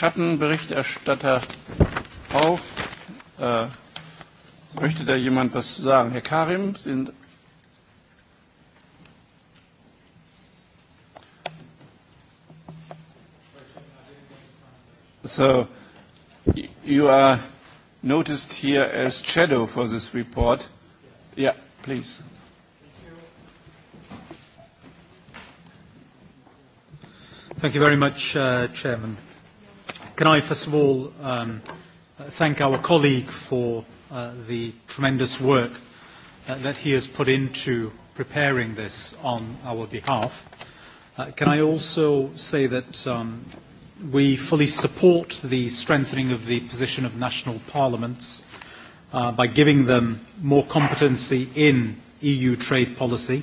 Schattenberichterstatter auf. Äh, möchte da jemand was sagen? Herr Karim, sind So, you are noticed here as shadow for this report. Yeah, please. Thank you very much, uh, Chairman. Can I first of all um, thank our colleague for uh, the tremendous work uh, that he has put into preparing this on our behalf. Uh, can I also say that um, we fully support the strengthening of the position of national parliaments uh, by giving them more competency in EU trade policy.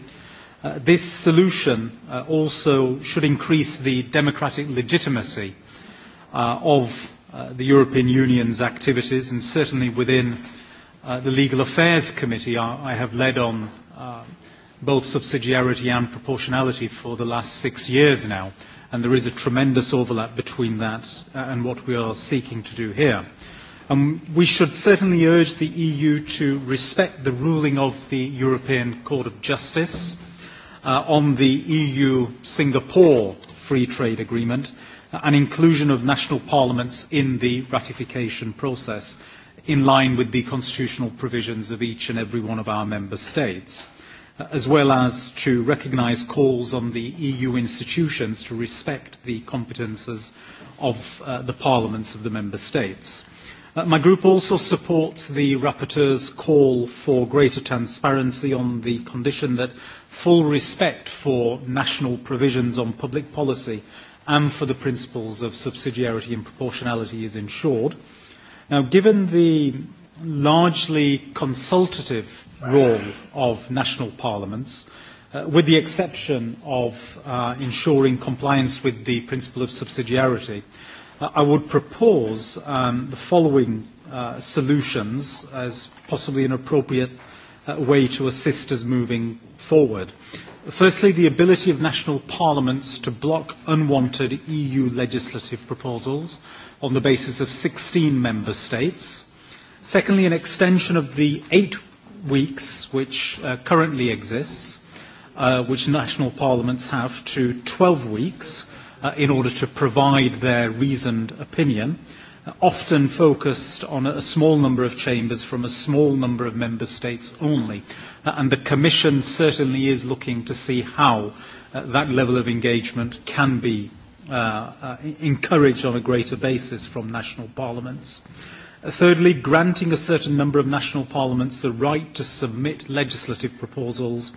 Uh, this solution uh, also should increase the democratic legitimacy Uh, of uh, the European Union's activities and certainly within uh, the Legal Affairs Committee I, have led on both subsidiarity and proportionality for the last six years now and there is a tremendous overlap between that and what we are seeking to do here. And um, we should certainly urge the EU to respect the ruling of the European Court of Justice on the EU-Singapore Free Trade Agreement and inclusion of national parliaments in the ratification process in line with the constitutional provisions of each and every one of our member states uh, as well as to recognise calls on the EU institutions to respect the competences of uh, the parliaments of the member states. Uh, my group also supports the rapporteur's call for greater transparency on the condition that full respect for national provisions on public policy and for the principles of subsidiarity and proportionality is ensured. Now, given the largely consultative role of national parliaments, uh, with the exception of uh, ensuring compliance with the principle of subsidiarity, uh, I would propose um, the following solutions as possibly an appropriate way to assist us moving forward. Firstly, the ability of national parliaments to block unwanted EU legislative proposals on the basis of 16 member states. Secondly, an extension of the eight weeks which uh, currently exists, uh, which national parliaments have, to 12 weeks uh, in order to provide their reasoned opinion often focused on a small number of chambers from a small number of member states only. Uh, and the Commission certainly is looking to see how uh, that level of engagement can be uh, encouraged on a greater basis from national parliaments. Thirdly, granting a certain number of national parliaments the right to submit legislative proposals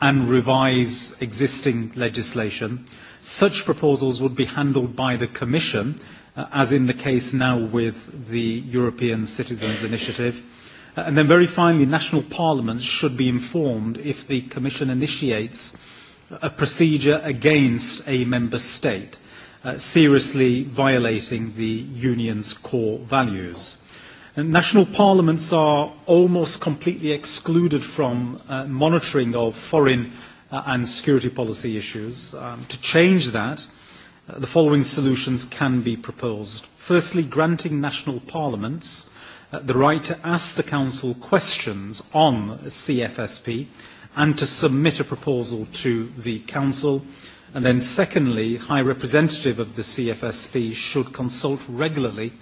and revise existing legislation. Such proposals would be handled by the Commission Uh, as in the case now with the European Citizens Initiative. Uh, and then very finally, national parliaments should be informed if the Commission initiates a procedure against a member state, uh, seriously violating the Union's core values. And national parliaments are almost completely excluded from uh, monitoring of foreign uh, and security policy issues. Um, to change that, Uh, the following solutions can be proposed. Firstly, granting national parliaments uh, the right to ask the Council questions on CFSP and to submit a proposal to the Council. And then secondly, High Representative of the CFSP should consult regularly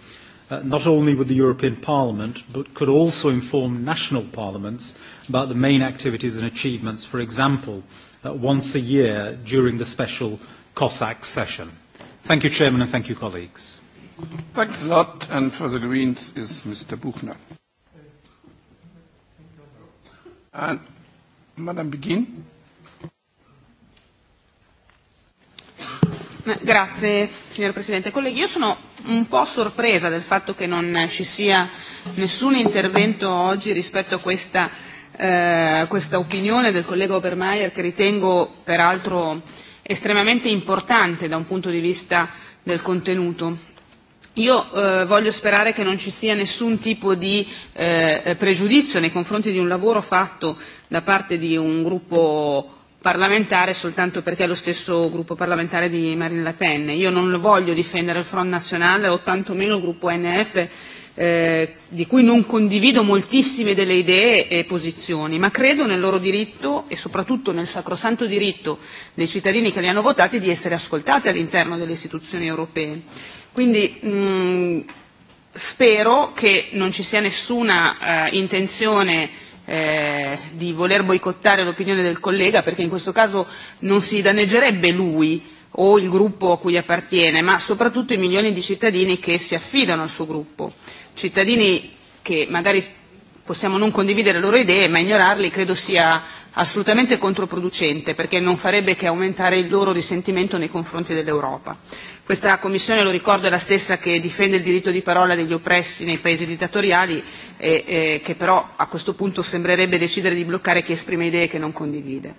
uh, not only with the European Parliament but could also inform national parliaments about the main activities and achievements, for example, once a year during the special Cossack session. Thank you, Chairman, and thank you, colleagues. Thanks a lot. And for the Greens is Mr. Buchner. And Madam Begin. Grazie signor Presidente. Colleghi, io sono un po' sorpresa del fatto che non ci sia nessun intervento oggi rispetto a questa, eh, questa opinione del collega Obermeier che ritengo peraltro estremamente importante da un punto di vista del contenuto. Io eh, voglio sperare che non ci sia nessun tipo di eh, pregiudizio nei confronti di un lavoro fatto da parte di un gruppo parlamentare soltanto perché è lo stesso gruppo parlamentare di Marine Le Pen. Io non voglio difendere il Front Nazionale o tantomeno il gruppo NF Eh, di cui non condivido moltissime delle idee e posizioni, ma credo nel loro diritto e soprattutto nel sacrosanto diritto dei cittadini che li hanno votati di essere ascoltati all'interno delle istituzioni europee. Quindi mm, spero che non ci sia nessuna eh, intenzione eh, di voler boicottare l'opinione del collega perché in questo caso non si danneggerebbe lui o il gruppo a cui appartiene, ma soprattutto i milioni di cittadini che si affidano al suo gruppo cittadini che magari possiamo non condividere le loro idee, ma ignorarli credo sia assolutamente controproducente, perché non farebbe che aumentare il loro risentimento nei confronti dell'Europa. Questa Commissione, lo ricordo, è la stessa che difende il diritto di parola degli oppressi nei paesi dittatoriali e, eh, che però a questo punto sembrerebbe decidere di bloccare chi esprime idee che non condivide.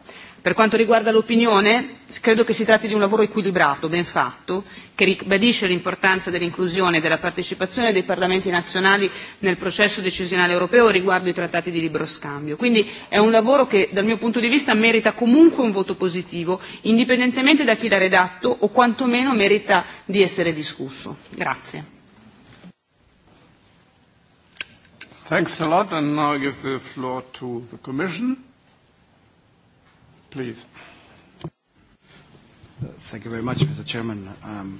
Per quanto riguarda l'opinione, credo che si tratti di un lavoro equilibrato, ben fatto, che ribadisce l'importanza dell'inclusione e della partecipazione dei parlamenti nazionali nel processo decisionale europeo riguardo i trattati di libero scambio. Quindi è un lavoro che dal mio punto di vista merita comunque un voto positivo, indipendentemente da chi l'ha redatto o quantomeno merita di essere discusso. Grazie. Thanks a give the floor to please. Thank you very much, Mr. Chairman. Um,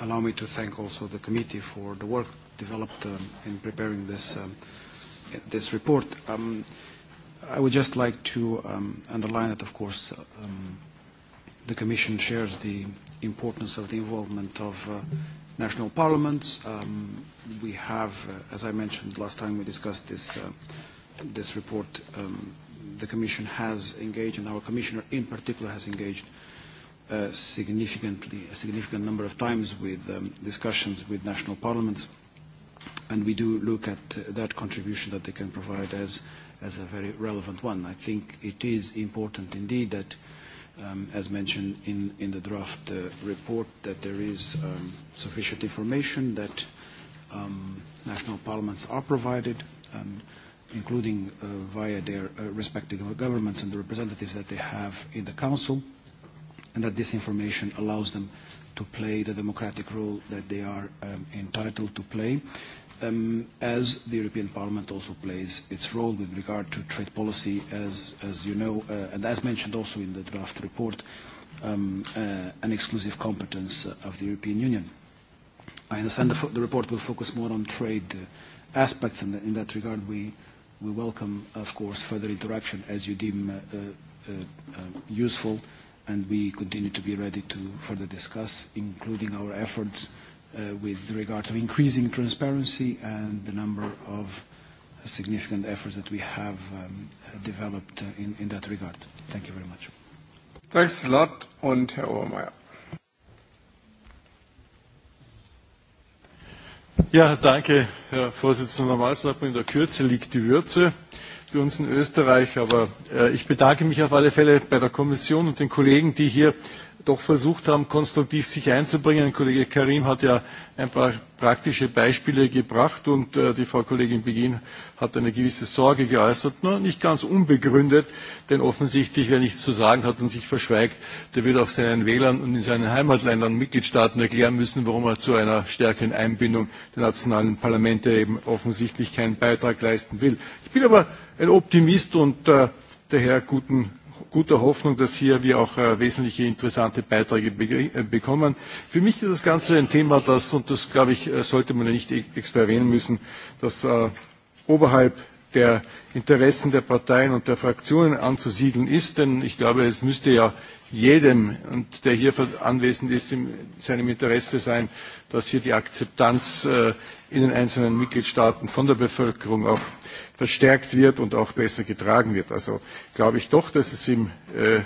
allow me to thank also the committee for the work developed um, in preparing this, um, this report. Um, I would just like to um, underline that, of course, um, the Commission shares the importance of the involvement of uh, national parliaments. Um, we have, uh, as I mentioned last time we discussed this, uh, this report, um, the Commission has engaged, and our Commissioner in particular has engaged uh, significantly, a significant number of times with um, discussions with national parliaments. And we do look at uh, that contribution that they can provide as, as a very relevant one. I think it is important indeed that um, as mentioned in, in the draft uh, report, that there is um, sufficient information, that national parliaments are provided, and including uh, via their uh, respective governments and the representatives that they have in the Council, and that this information allows them to play the democratic role that they are um, entitled to play, um, as the European Parliament also plays its role with regard to trade policy, as, as you know, uh, and as mentioned also in the draft report, um, uh, an exclusive competence uh, of the European Union. I understand the, the report will focus more on trade uh, aspects, and in that regard we we welcome, of course, further interaction as you deem uh, uh, uh, useful, and we continue to be ready to further discuss, including our efforts with regard to increasing transparency and the number of significant efforts that we have um, developed in, in that regard. Thank you very much. Thanks a lot, and Herr Obermeier. Ja, danke, Herr Vorsitzender In der Kürze liegt die Würze für uns in Österreich. Aber äh, ich bedanke mich auf alle Fälle bei der Kommission und den Kollegen, die hier doch versucht haben, konstruktiv sich einzubringen. Kollege Karim hat ja ein paar praktische Beispiele gebracht und äh, die Frau Kollegin Begin hat eine gewisse Sorge geäußert, nur nicht ganz unbegründet, denn offensichtlich, wer nichts zu sagen hat und sich verschweigt, der wird auch seinen Wählern und in seinen Heimatländern Mitgliedstaaten erklären müssen, warum er zu einer stärkeren Einbindung der nationalen Parlamente eben offensichtlich keinen Beitrag leisten will. Ich bin aber ein Optimist und äh, daher guten guter Hoffnung, dass hier wir auch äh, wesentliche interessante Beiträge äh, bekommen. Für mich ist das Ganze ein Thema, das, und das glaube ich, äh, sollte man ja nicht e-, extra erwähnen müssen, das oberhalb der Interessen der Parteien und der Fraktionen anzusiedeln ist, denn ich glaube, es müsste ja jedem und der hier anwesend ist in seinem interesse sein dass hier die akzeptanz äh, in den einzelnen mitgliedstaaten von der bevölkerung auch verstärkt wird und auch besser getragen wird. also glaube ich doch dass es im äh,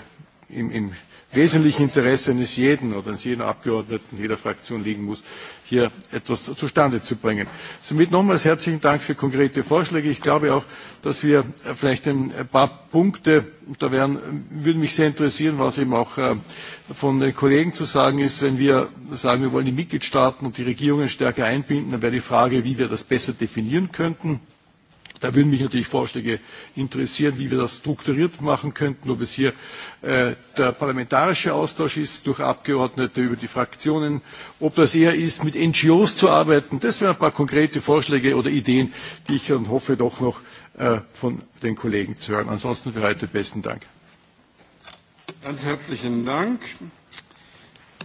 im, wesentlichen Interesse eines jeden oder eines jeden Abgeordneten jeder Fraktion liegen muss, hier etwas zustande zu bringen. Somit nochmals herzlichen Dank für konkrete Vorschläge. Ich glaube auch, dass wir äh, vielleicht ein paar Punkte, da wären, würde mich sehr interessieren, was eben auch äh, von den Kollegen zu sagen ist, wenn wir sagen, wir wollen die Mitgliedstaaten und die Regierungen stärker einbinden, dann wäre die Frage, wie wir das besser definieren könnten da würden mich natürlich Vorschläge interessieren, wie wir das strukturiert machen könnten, ob es hier äh, der parlamentarische Austausch ist durch Abgeordnete über die Fraktionen, ob das eher ist, mit NGOs zu arbeiten. Das wären ein paar konkrete Vorschläge oder Ideen, die ich dann hoffe, doch noch äh, von den Kollegen zu hören. Ansonsten für heute besten Dank. Ganz herzlichen Dank.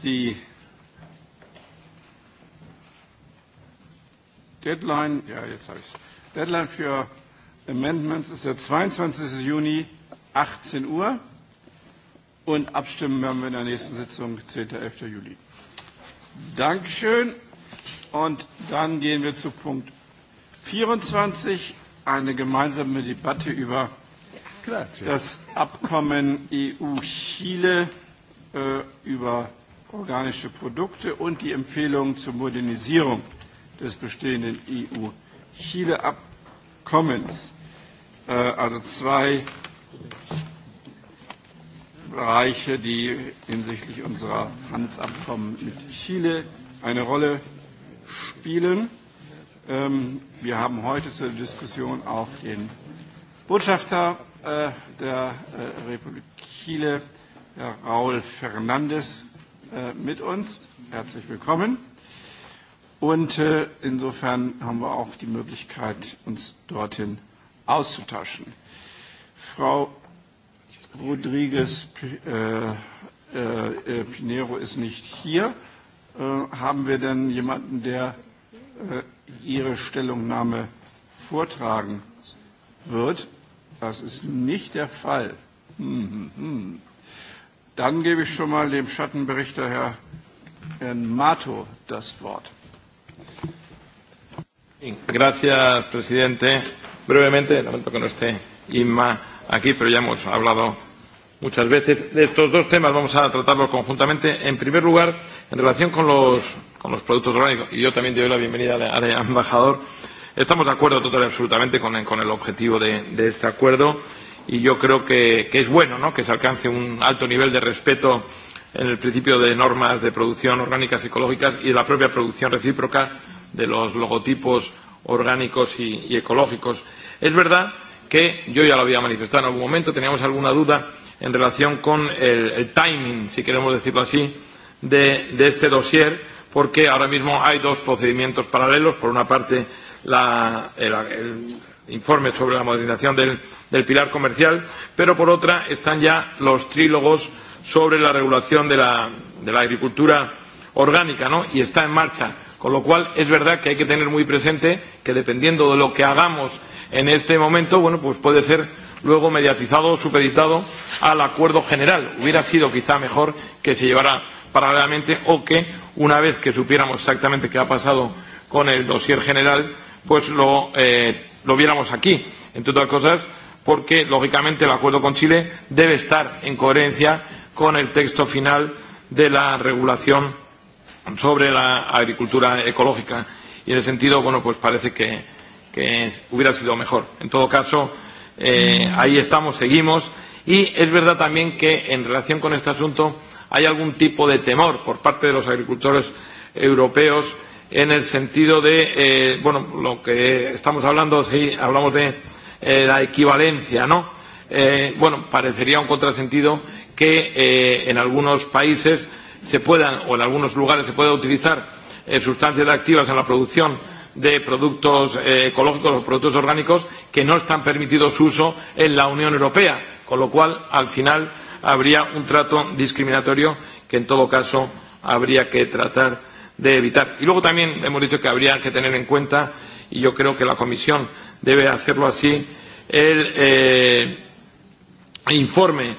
Die Deadline, ja, jetzt habe ich Deadline für Amendments ist der 22. Juni, 18 Uhr. Und abstimmen werden wir in der nächsten Sitzung, 10. 11. Juli. Dankeschön. Und dann gehen wir zu Punkt 24, eine gemeinsame Debatte über das Abkommen EU-Chile äh, über organische Produkte und die Empfehlungen zur Modernisierung des bestehenden EU Chile Abkommens, äh, also zwei Bereiche, die hinsichtlich unserer Handelsabkommen mit Chile eine Rolle spielen. Ähm, wir haben heute zur Diskussion auch den Botschafter äh, der äh, Republik Chile, Herr Raul Fernandes, äh, mit uns. Herzlich willkommen. Und äh, insofern haben wir auch die Möglichkeit, uns dorthin auszutauschen. Frau Rodriguez äh, äh, äh Pinero ist nicht hier. Äh, haben wir denn jemanden, der äh, Ihre Stellungnahme vortragen wird? Das ist nicht der Fall. Hm, hm, hm. Dann gebe ich schon mal dem Schattenberichter Herrn Mato das Wort. Gracias, presidente. Brevemente, lamento que no esté Inma aquí, pero ya hemos hablado muchas veces de estos dos temas. Vamos a tratarlos conjuntamente. En primer lugar, en relación con los, con los productos orgánicos, y yo también doy la bienvenida al embajador, estamos de acuerdo total y absolutamente con el, con el objetivo de, de este acuerdo y yo creo que, que es bueno ¿no? que se alcance un alto nivel de respeto en el principio de normas de producción orgánicas ecológicas y de la propia producción recíproca de los logotipos orgánicos y, y ecológicos. Es verdad que yo ya lo había manifestado en algún momento, teníamos alguna duda en relación con el, el timing, si queremos decirlo así, de, de este dossier, porque ahora mismo hay dos procedimientos paralelos. Por una parte, la, el, el informe sobre la modernización del, del pilar comercial, pero por otra están ya los trílogos sobre la regulación de la, de la agricultura orgánica, ¿no? Y está en marcha Con lo cual, es verdad que hay que tener muy presente que dependiendo de lo que hagamos en este momento, bueno, pues puede ser luego mediatizado o supeditado al acuerdo general. Hubiera sido quizá mejor que se llevara paralelamente o que, una vez que supiéramos exactamente qué ha pasado con el dossier general, pues lo, eh, lo viéramos aquí, entre otras cosas, porque, lógicamente, el acuerdo con Chile debe estar en coherencia con el texto final de la regulación sobre la agricultura ecológica y en el sentido, bueno, pues parece que, que hubiera sido mejor. En todo caso, eh, ahí estamos, seguimos y es verdad también que en relación con este asunto hay algún tipo de temor por parte de los agricultores europeos en el sentido de, eh, bueno, lo que estamos hablando, si hablamos de eh, la equivalencia, ¿no? Eh, bueno, parecería un contrasentido que eh, en algunos países se puedan, o en algunos lugares se pueda utilizar eh, sustancias activas en la producción de productos eh, ecológicos o productos orgánicos que no están permitidos su uso en la Unión Europea, con lo cual, al final, habría un trato discriminatorio que, en todo caso, habría que tratar de evitar. Y luego también hemos dicho que habría que tener en cuenta, y yo creo que la Comisión debe hacerlo así, el eh, informe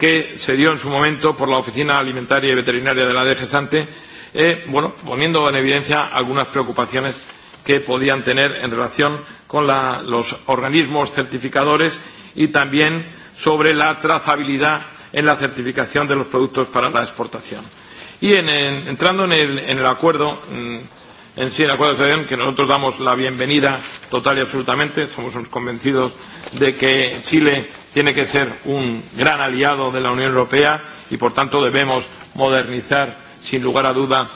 que se dio en su momento por la Oficina Alimentaria y Veterinaria de la DG Sante, eh, bueno, poniendo en evidencia algunas preocupaciones que podían tener en relación con la, los organismos certificadores y también sobre la trazabilidad en la certificación de los productos para la exportación. Y en, en, entrando en el, en el acuerdo, mm, en sí el acuerdo de que nosotros damos la bienvenida total y absolutamente, somos convencidos de que Chile tiene que ser un gran aliado de la Unión Europea y, por tanto, debemos modernizar, sin lugar a duda,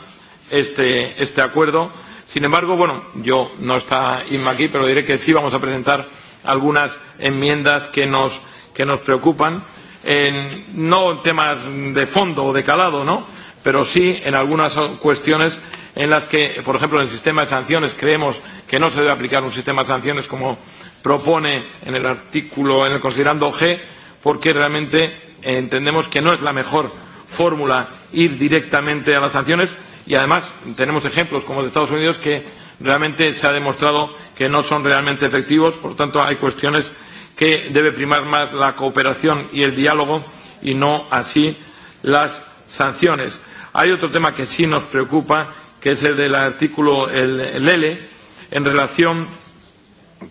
este, este acuerdo. Sin embargo, bueno, yo no está Inma aquí, pero diré que sí vamos a presentar algunas enmiendas que nos, que nos preocupan, en, no temas de fondo o de calado, ¿no? pero sí en algunas cuestiones en las que, por ejemplo, en el sistema de sanciones creemos que no se debe aplicar un sistema de sanciones como propone en el artículo, en el considerando G, porque realmente entendemos que no es la mejor fórmula ir directamente a las sanciones y además tenemos ejemplos como los de Estados Unidos que realmente se ha demostrado que no son realmente efectivos, por tanto hay cuestiones que debe primar más la cooperación y el diálogo y no así las sanciones. Hay otro tema que sí nos preocupa, que es el del artículo el, el L, en relación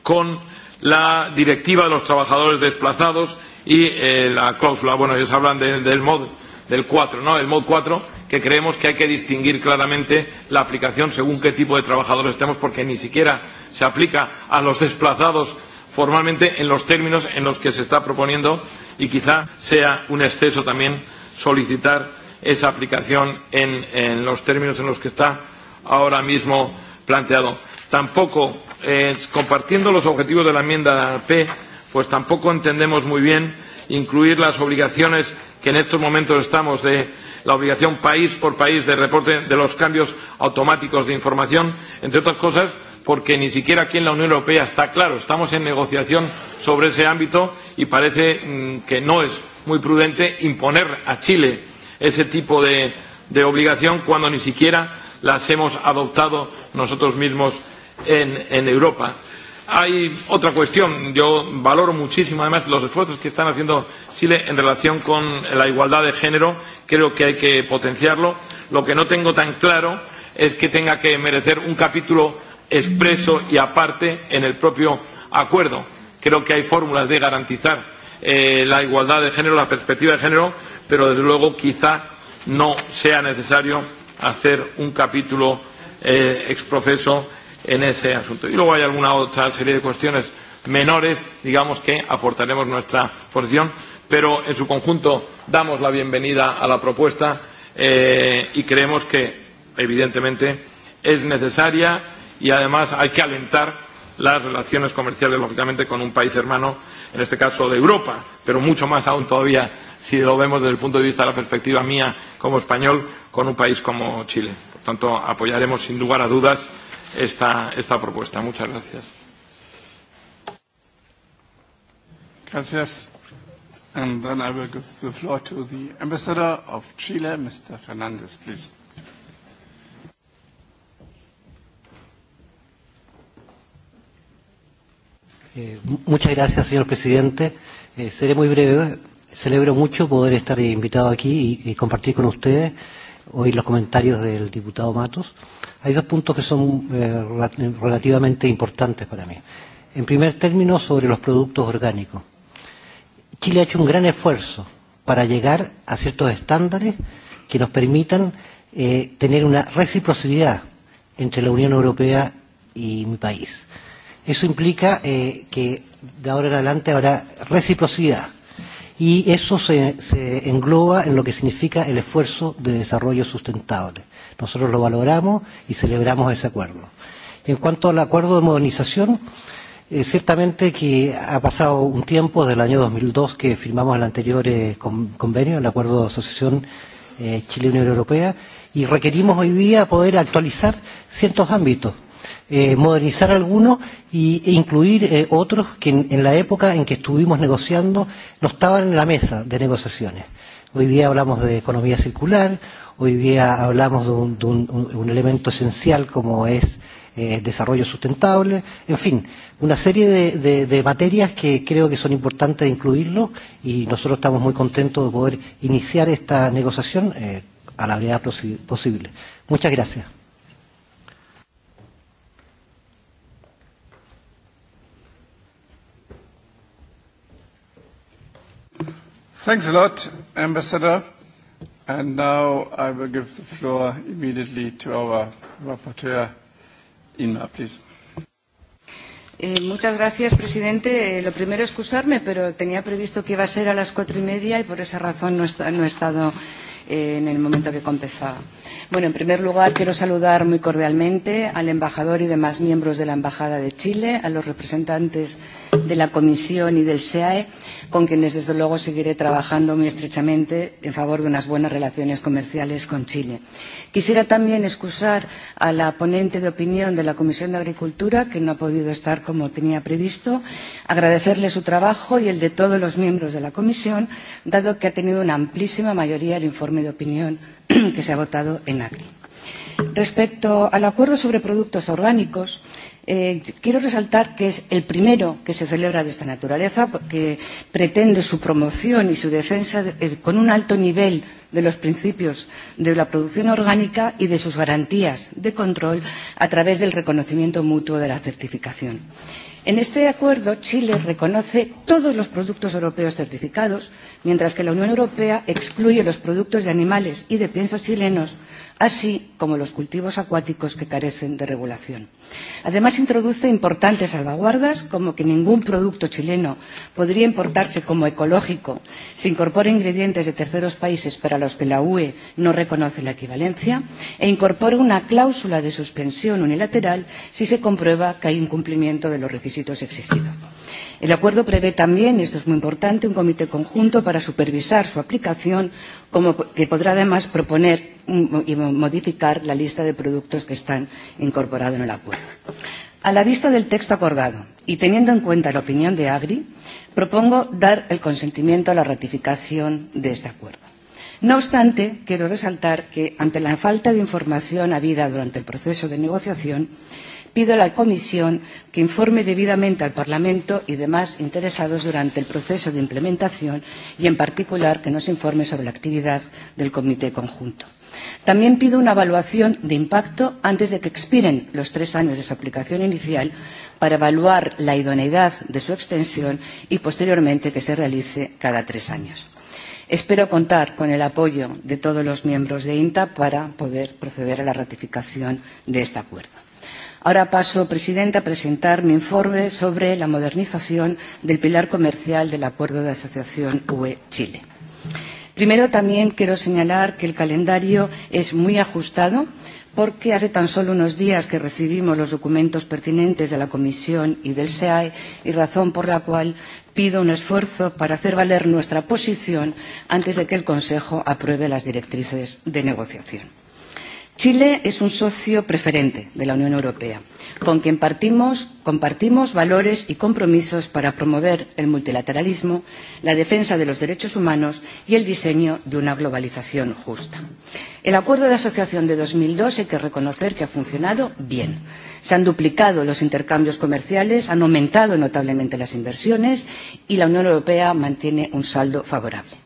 con la directiva de los trabajadores desplazados y eh, la cláusula, bueno, ellos hablan de, del mod del 4, ¿no? El mod 4, que creemos que hay que distinguir claramente la aplicación según qué tipo de trabajadores estemos, porque ni siquiera se aplica a los desplazados formalmente en los términos en los que se está proponiendo y quizá sea un exceso también solicitar esa aplicación en, en los términos en los que está ahora mismo planteado. Tampoco eh, compartiendo los objetivos de la enmienda P, pues tampoco entendemos muy bien incluir las obligaciones que en estos momentos estamos de la obligación país por país de reporte de los cambios automáticos de información, entre otras cosas porque ni siquiera aquí en la Unión Europea está claro. Estamos en negociación sobre ese ámbito y parece mm, que no es muy prudente imponer a Chile ese tipo de, de obligación cuando ni siquiera las hemos adoptado nosotros mismos en, en Europa. Hay otra cuestión. Yo valoro muchísimo, además, los esfuerzos que están haciendo Chile en relación con la igualdad de género. Creo que hay que potenciarlo. Lo que no tengo tan claro es que tenga que merecer un capítulo expreso y aparte en el propio acuerdo. Creo que hay fórmulas de garantizar eh, la igualdad de género, la perspectiva de género, pero desde luego quizá no sea necesario hacer un capítulo eh, exprofeso en ese asunto. Y luego hay alguna otra serie de cuestiones menores, digamos que aportaremos nuestra posición, pero en su conjunto damos la bienvenida a la propuesta eh, y creemos que, evidentemente, es necesaria y además hay que alentar las relaciones comerciales, lógicamente, con un país hermano, en este caso de Europa, pero mucho más aún todavía si lo vemos desde el punto de vista de la perspectiva mía como español, con un país como Chile. Por tanto, apoyaremos sin lugar a dudas esta, esta propuesta. Muchas gracias. Gracias. And then I will give the floor to the ambassador of Chile, Mr. Fernandez, please. Eh, muchas gracias, señor presidente. Eh, seré muy breve. Celebro mucho poder estar invitado aquí y, y compartir con ustedes hoy los comentarios del diputado Matos. Eh, hay dos puntos que son eh, relativamente importantes para mí. En primer término, sobre los productos orgánicos. Chile ha hecho un gran esfuerzo para llegar a ciertos estándares que nos permitan eh, tener una reciprocidad entre la Unión Europea y mi país. Eso implica eh, que de ahora en adelante habrá reciprocidad y eso se, se engloba en lo que significa el esfuerzo de desarrollo sustentable. Nosotros lo valoramos y celebramos ese acuerdo. En cuanto al acuerdo de modernización, eh, ciertamente que ha pasado un tiempo desde el año 2002 que firmamos el anterior eh, con, convenio, el acuerdo de asociación eh, Chile-Unión Europea, y requerimos hoy día poder actualizar ciertos ámbitos eh, modernizar algunos e incluir eh, otros que en, en la época en que estuvimos negociando no estaban en la mesa de negociaciones. Hoy día hablamos de economía circular, hoy día hablamos de un, de un, un elemento esencial como es eh, desarrollo sustentable, en fin, una serie de, de, de materias que creo que son importantes de incluirlo y nosotros estamos muy contentos de poder iniciar esta negociación eh, a la brevedad posible. Muchas gracias. Thanks a lot, Ambassador. And now I will give the floor immediately to our rapporteur, Inma, please. Eh, muchas gracias, presidente. Eh, lo primero, excusarme, pero tenía previsto que iba a ser a las cuatro y media y por esa razón no, está, no he estado en el momento que comenzaba. Bueno, en primer lugar, quiero saludar muy cordialmente al embajador y demás miembros de la Embajada de Chile, a los representantes de la Comisión y del SEAE, con quienes, desde luego, seguiré trabajando muy estrechamente en favor de unas buenas relaciones comerciales con Chile. Quisiera también excusar a la ponente de opinión de la Comisión de Agricultura, que no ha podido estar como tenía previsto, agradecerle su trabajo y el de todos los miembros de la Comisión, dado que ha tenido una amplísima mayoría el informe de opinión que se ha votado en ACRI. Respecto al acuerdo sobre productos orgánicos, eh, quiero resaltar que es el primero que se celebra de esta naturaleza porque pretende su promoción y su defensa eh, con un alto nivel de los principios de la producción orgánica y de sus garantías de control a través del reconocimiento mutuo de la certificación. En este acuerdo, Chile reconoce todos los productos europeos certificados mientras que la Unión Europea excluye los productos de animales y de piensos chilenos, así como los cultivos acuáticos que carecen de regulación. Además, introduce importantes salvaguardas, como que ningún producto chileno podría importarse como ecológico si incorpora ingredientes de terceros países para los que la UE no reconoce la equivalencia, e incorpora una cláusula de suspensión unilateral si se comprueba que hay incumplimiento de los requisitos exigidos. El acuerdo prevé también, y esto es muy importante, un comité conjunto para supervisar su aplicación, que podrá además proponer y modificar la lista de productos que están incorporados en el acuerdo. A la vista del texto acordado y teniendo en cuenta la opinión de Agri, propongo dar el consentimiento a la ratificación de este acuerdo. No obstante, quiero resaltar que, ante la falta de información habida durante el proceso de negociación, pido a la Comisión que informe debidamente al Parlamento y demás interesados durante el proceso de implementación y, en particular, que nos informe sobre la actividad del Comité Conjunto. También pido una evaluación de impacto antes de que expiren los tres años de su aplicación inicial para evaluar la idoneidad de su extensión y, posteriormente, que se realice cada tres años. Espero contar con el apoyo de todos los miembros de INTA para poder proceder a la ratificación de este acuerdo. Ahora paso, Presidenta, a presentar mi informe sobre la modernización del pilar comercial del Acuerdo de Asociación UE-Chile. Primero, también quiero señalar que el calendario es muy ajustado porque hace tan solo unos días que recibimos los documentos pertinentes de la Comisión y del SEAE e, y razón por la cual pido un esfuerzo para hacer valer nuestra posición antes de que el Consejo apruebe las directrices de negociación. Chile es un socio preferente de la Unión Europea, con quien partimos, compartimos valores y compromisos para promover el multilateralismo, la defensa de los derechos humanos y el diseño de una globalización justa. El acuerdo de asociación de 2002 hay que reconocer que ha funcionado bien. Se han duplicado los intercambios comerciales, han aumentado notablemente las inversiones y la Unión Europea mantiene un saldo favorable.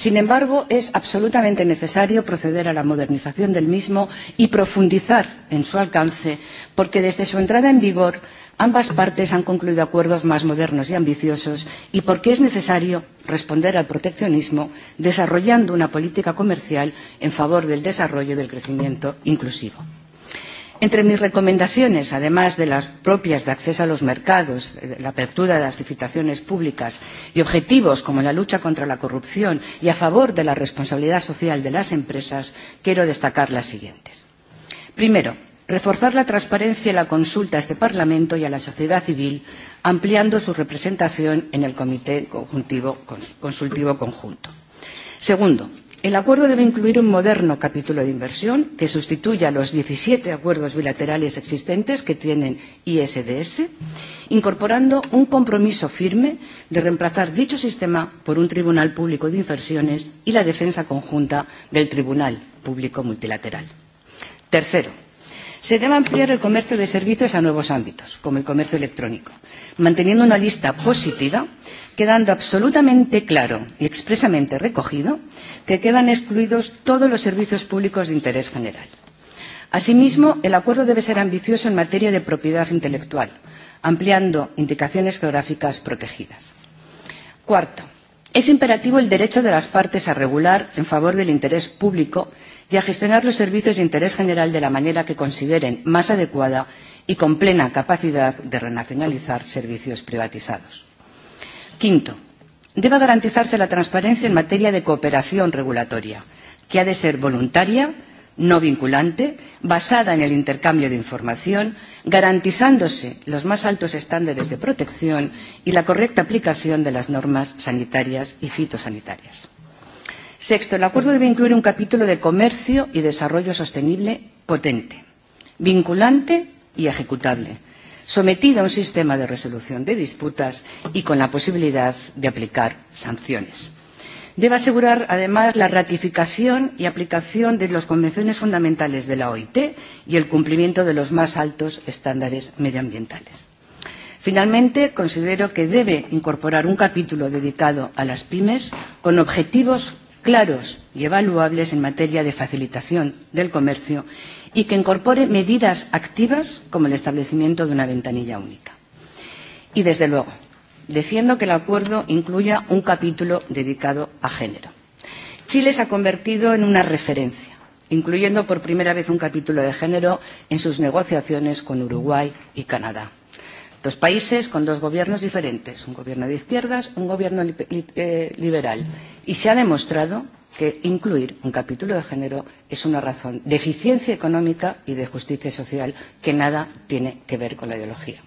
Sin embargo, es absolutamente necesario proceder a la modernización del mismo y profundizar en su alcance, porque desde su entrada en vigor ambas partes han concluido acuerdos más modernos y ambiciosos y porque es necesario responder al proteccionismo desarrollando una política comercial en favor del desarrollo y del crecimiento inclusivo. Entre mis recomendaciones, además de las propias de acceso a los mercados, eh, la apertura de las licitaciones públicas y objetivos como la lucha contra la corrupción y a favor de la responsabilidad social de las empresas, quiero destacar las siguientes. Primero, reforzar la transparencia y la consulta a este Parlamento y a la sociedad civil, ampliando su representación en el Comité Consultivo Conjunto. Segundo, El acuerdo debe incluir un moderno capítulo de inversión que sustituya los 17 acuerdos bilaterales existentes que tienen ISDS, incorporando un compromiso firme de reemplazar dicho sistema por un Tribunal Público de Inversiones y la defensa conjunta del Tribunal Público Multilateral. Tercero, se debe ampliar el comercio de servicios a nuevos ámbitos como el comercio electrónico manteniendo una lista positiva quedando absolutamente claro y expresamente recogido que quedan excluidos todos los servicios públicos de interés general. asimismo el acuerdo debe ser ambicioso en materia de propiedad intelectual ampliando indicaciones geográficas protegidas. cuarto es imperativo el derecho de las partes a regular en favor del interés público y a gestionar los servicios de interés general de la manera que consideren más adecuada y con plena capacidad de renacionalizar servicios privatizados. Quinto, debe garantizarse la transparencia en materia de cooperación regulatoria, que ha de ser voluntaria, no vinculante, basada en el intercambio de información, garantizándose los más altos estándares de protección y la correcta aplicación de las normas sanitarias y fitosanitarias. Sexto, el acuerdo debe incluir un capítulo de comercio y desarrollo sostenible potente, vinculante y ejecutable, sometido a un sistema de resolución de disputas y con la posibilidad de aplicar sanciones debe asegurar además la ratificación y aplicación de las convenciones fundamentales de la oit y el cumplimiento de los más altos estándares medioambientales. finalmente considero que debe incorporar un capítulo dedicado a las pymes con objetivos claros y evaluables en materia de facilitación del comercio y que incorpore medidas activas como el establecimiento de una ventanilla única. y desde luego Defiendo que el acuerdo incluya un capítulo dedicado a género. Chile se ha convertido en una referencia, incluyendo por primera vez un capítulo de género en sus negociaciones con Uruguay y Canadá. Dos países con dos gobiernos diferentes, un gobierno de izquierdas, un gobierno li eh, liberal. Y se ha demostrado que incluir un capítulo de género es una razón de eficiencia económica y de justicia social que nada tiene que ver con la ideología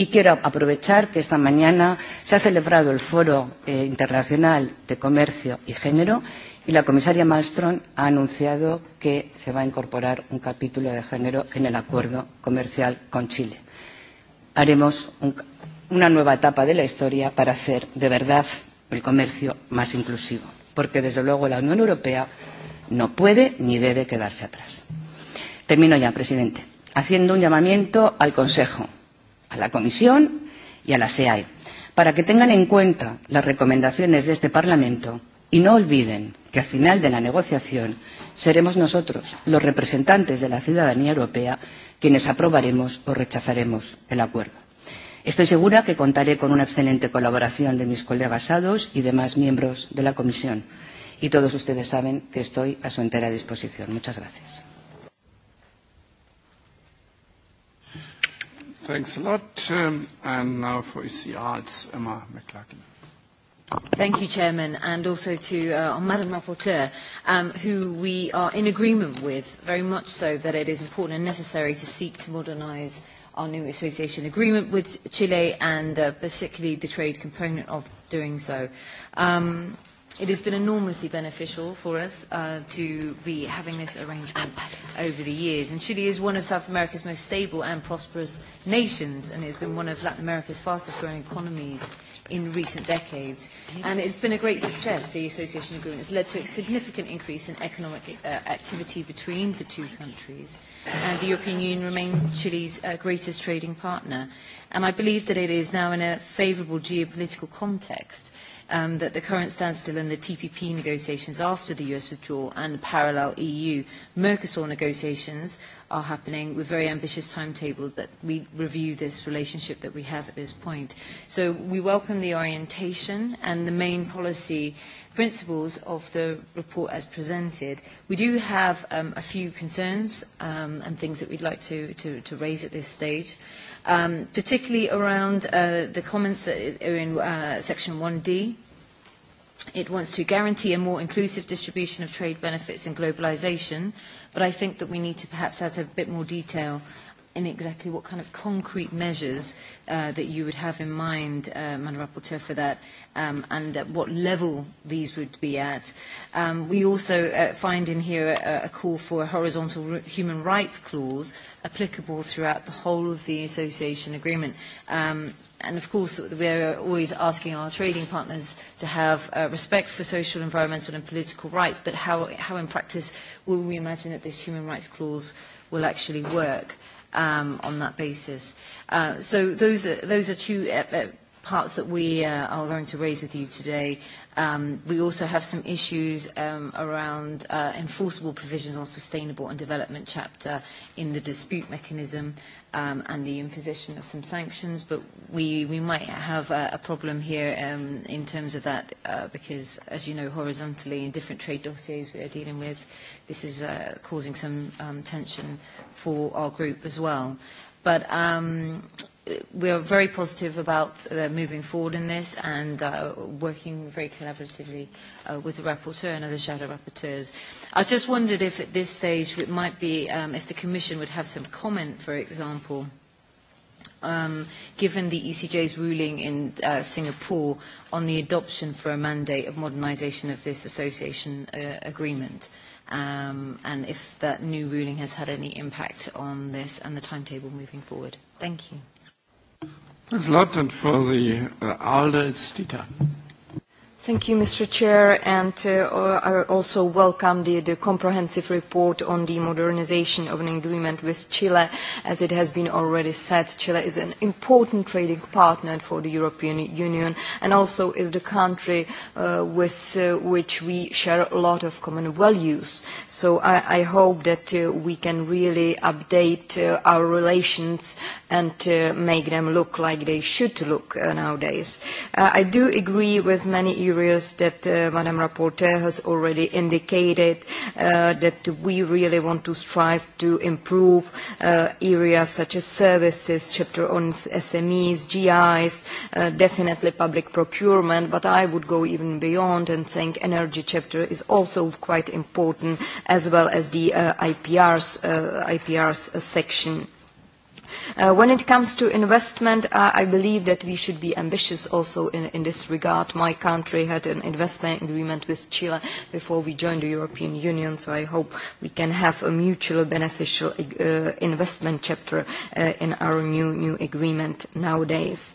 y quiero aprovechar que esta mañana se ha celebrado el foro eh, internacional de comercio y género y la comisaria Malmström ha anunciado que se va a incorporar un capítulo de género en el acuerdo comercial con Chile. Haremos una nueva etapa de la historia para hacer de verdad el comercio más inclusivo, porque desde luego la Unión Europea no puede ni debe quedarse atrás. Termino ya, presidente, haciendo un llamamiento al Consejo a la Comisión y a la SEAE para que tengan en cuenta las recomendaciones de este Parlamento y no olviden que al final de la negociación seremos nosotros, los representantes de la ciudadanía europea, quienes aprobaremos o rechazaremos el acuerdo. Estoy segura que contaré con una excelente colaboración de mis colegas SADOS y demás miembros de la Comisión. Y todos ustedes saben que estoy a su entera disposición. Muchas gracias. Thanks a lot. Um, and now for ECR, it's Emma McLaughlin. Thank you, Chairman, and also to uh, our Madam Rapporteur, um, who we are in agreement with, very much so that it is important and necessary to seek to modernise our new association agreement with Chile and uh, particularly the trade component of doing so. Um, It has been enormously beneficial for us uh, to be having this arrangement over the years. And Chile is one of South America's most stable and prosperous nations, and it has been one of Latin America's fastest growing economies in recent decades. And it's been a great success, the association agreement. has led to a significant increase in economic uh, activity between the two countries. And the European Union remains Chile's uh, greatest trading partner. And I believe that it is now in a favourable geopolitical context um, that the current standstill in the TPP negotiations after the US withdrawal and the parallel EU-Mercosur negotiations are happening with very ambitious timetables that we review this relationship that we have at this point. So we welcome the orientation and the main policy principles of the report as presented. We do have um, a few concerns um, and things that we'd like to, to, to raise at this stage um, particularly around uh, the comments that are in uh, Section 1D. It wants to guarantee a more inclusive distribution of trade benefits and globalization, but I think that we need to perhaps add a bit more detail in exactly what kind of concrete measures uh, that you would have in mind, uh, Madam Rapporteur, for that, um, and at what level these would be at. Um, we also uh, find in here a, a call for a horizontal human rights clause applicable throughout the whole of the association agreement. Um, and of course, we are always asking our trading partners to have uh, respect for social, environmental, and political rights, but how, how in practice will we imagine that this human rights clause will actually work? um, on that basis. Uh, so those are, those are two uh, uh, parts that we are going to raise with you today. Um, we also have some issues um, around enforceable provisions on sustainable and development chapter in the dispute mechanism um, and the imposition of some sanctions, but we, we might have a, problem here um, in terms of that because, as you know, horizontally in different trade dossiers we are dealing with, this is causing some um, tension for our group as well. But um, we are very positive about uh, moving forward in this and uh, working very collaboratively uh, with the rapporteur and other shadow rapporteurs. I just wondered if at this stage it might be um, if the Commission would have some comment, for example, um, given the ECJ's ruling in Singapore on the adoption for a mandate of modernization of this association agreement. Um, and if that new ruling has had any impact on this and the timetable moving forward. Thank you. Thanks a lot. And for the uh, ALDE, it's Dieter. Thank you, Mr. Chair, and uh, I also welcome the, the comprehensive report on the modernization of an agreement with Chile. As it has been already said, Chile is an important trading partner for the European Union and also is the country uh, with uh, which we share a lot of common values. So I, I hope that uh, we can really update uh, our relations and uh, make them look like they should look uh, nowadays. Uh, I do agree with many EU curious that uh, Madam Rapporteur has already indicated uh, that we really want to strive to improve uh, areas such as services, chapter on SMEs, GIs, definitely public procurement, but I would go even beyond and think energy chapter is also quite important as well as the IPRs section. Uh, when it comes to investment, I believe that we should be ambitious also in, this regard. My country had an investment agreement with Chile before we joined the European Union, so I hope we can have a mutually beneficial uh, investment chapter uh, in our new, agreement nowadays.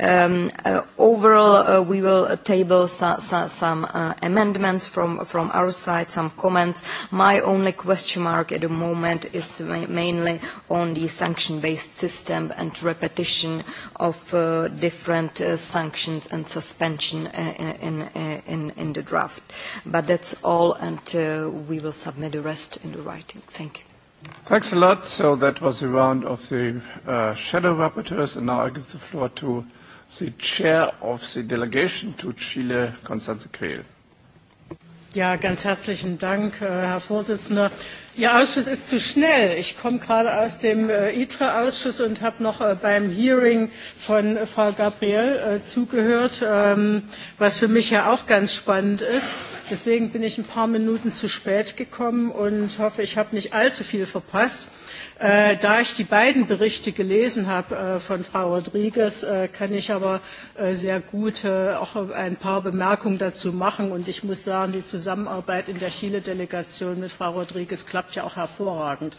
Um, overall, we will table some amendments from our side, some comments. My only question mark at the moment is mainly on the sanction-based system and repetition of uh, different uh, sanctions and suspension uh, in, uh, in, in the draft. But that's all, and we will submit the rest in the writing. Thank you. Thanks a lot. So that was the round of the shadow rapporteurs, and now I give the floor to the chair of the delegation to Chile, Constanze Creel ganz herzlichen Dank, äh, Herr Vorsitzender. Ihr Ausschuss ist zu schnell. Ich komme gerade aus dem äh, ITRE-Ausschuss und habe noch äh, beim Hearing von Frau Gabriel zugehört, ähm, was für mich ja auch ganz spannend ist. Deswegen bin ich ein paar Minuten zu spät gekommen und hoffe, ich habe nicht allzu viel verpasst. Äh, da ich die beiden Berichte gelesen habe äh, von Frau Rodriguez, äh, kann ich aber sehr gut auch ein paar Bemerkungen dazu machen. Und ich muss sagen, die Zusammenarbeit in der Chile-Delegation mit Frau Rodriguez klappt ja auch hervorragend.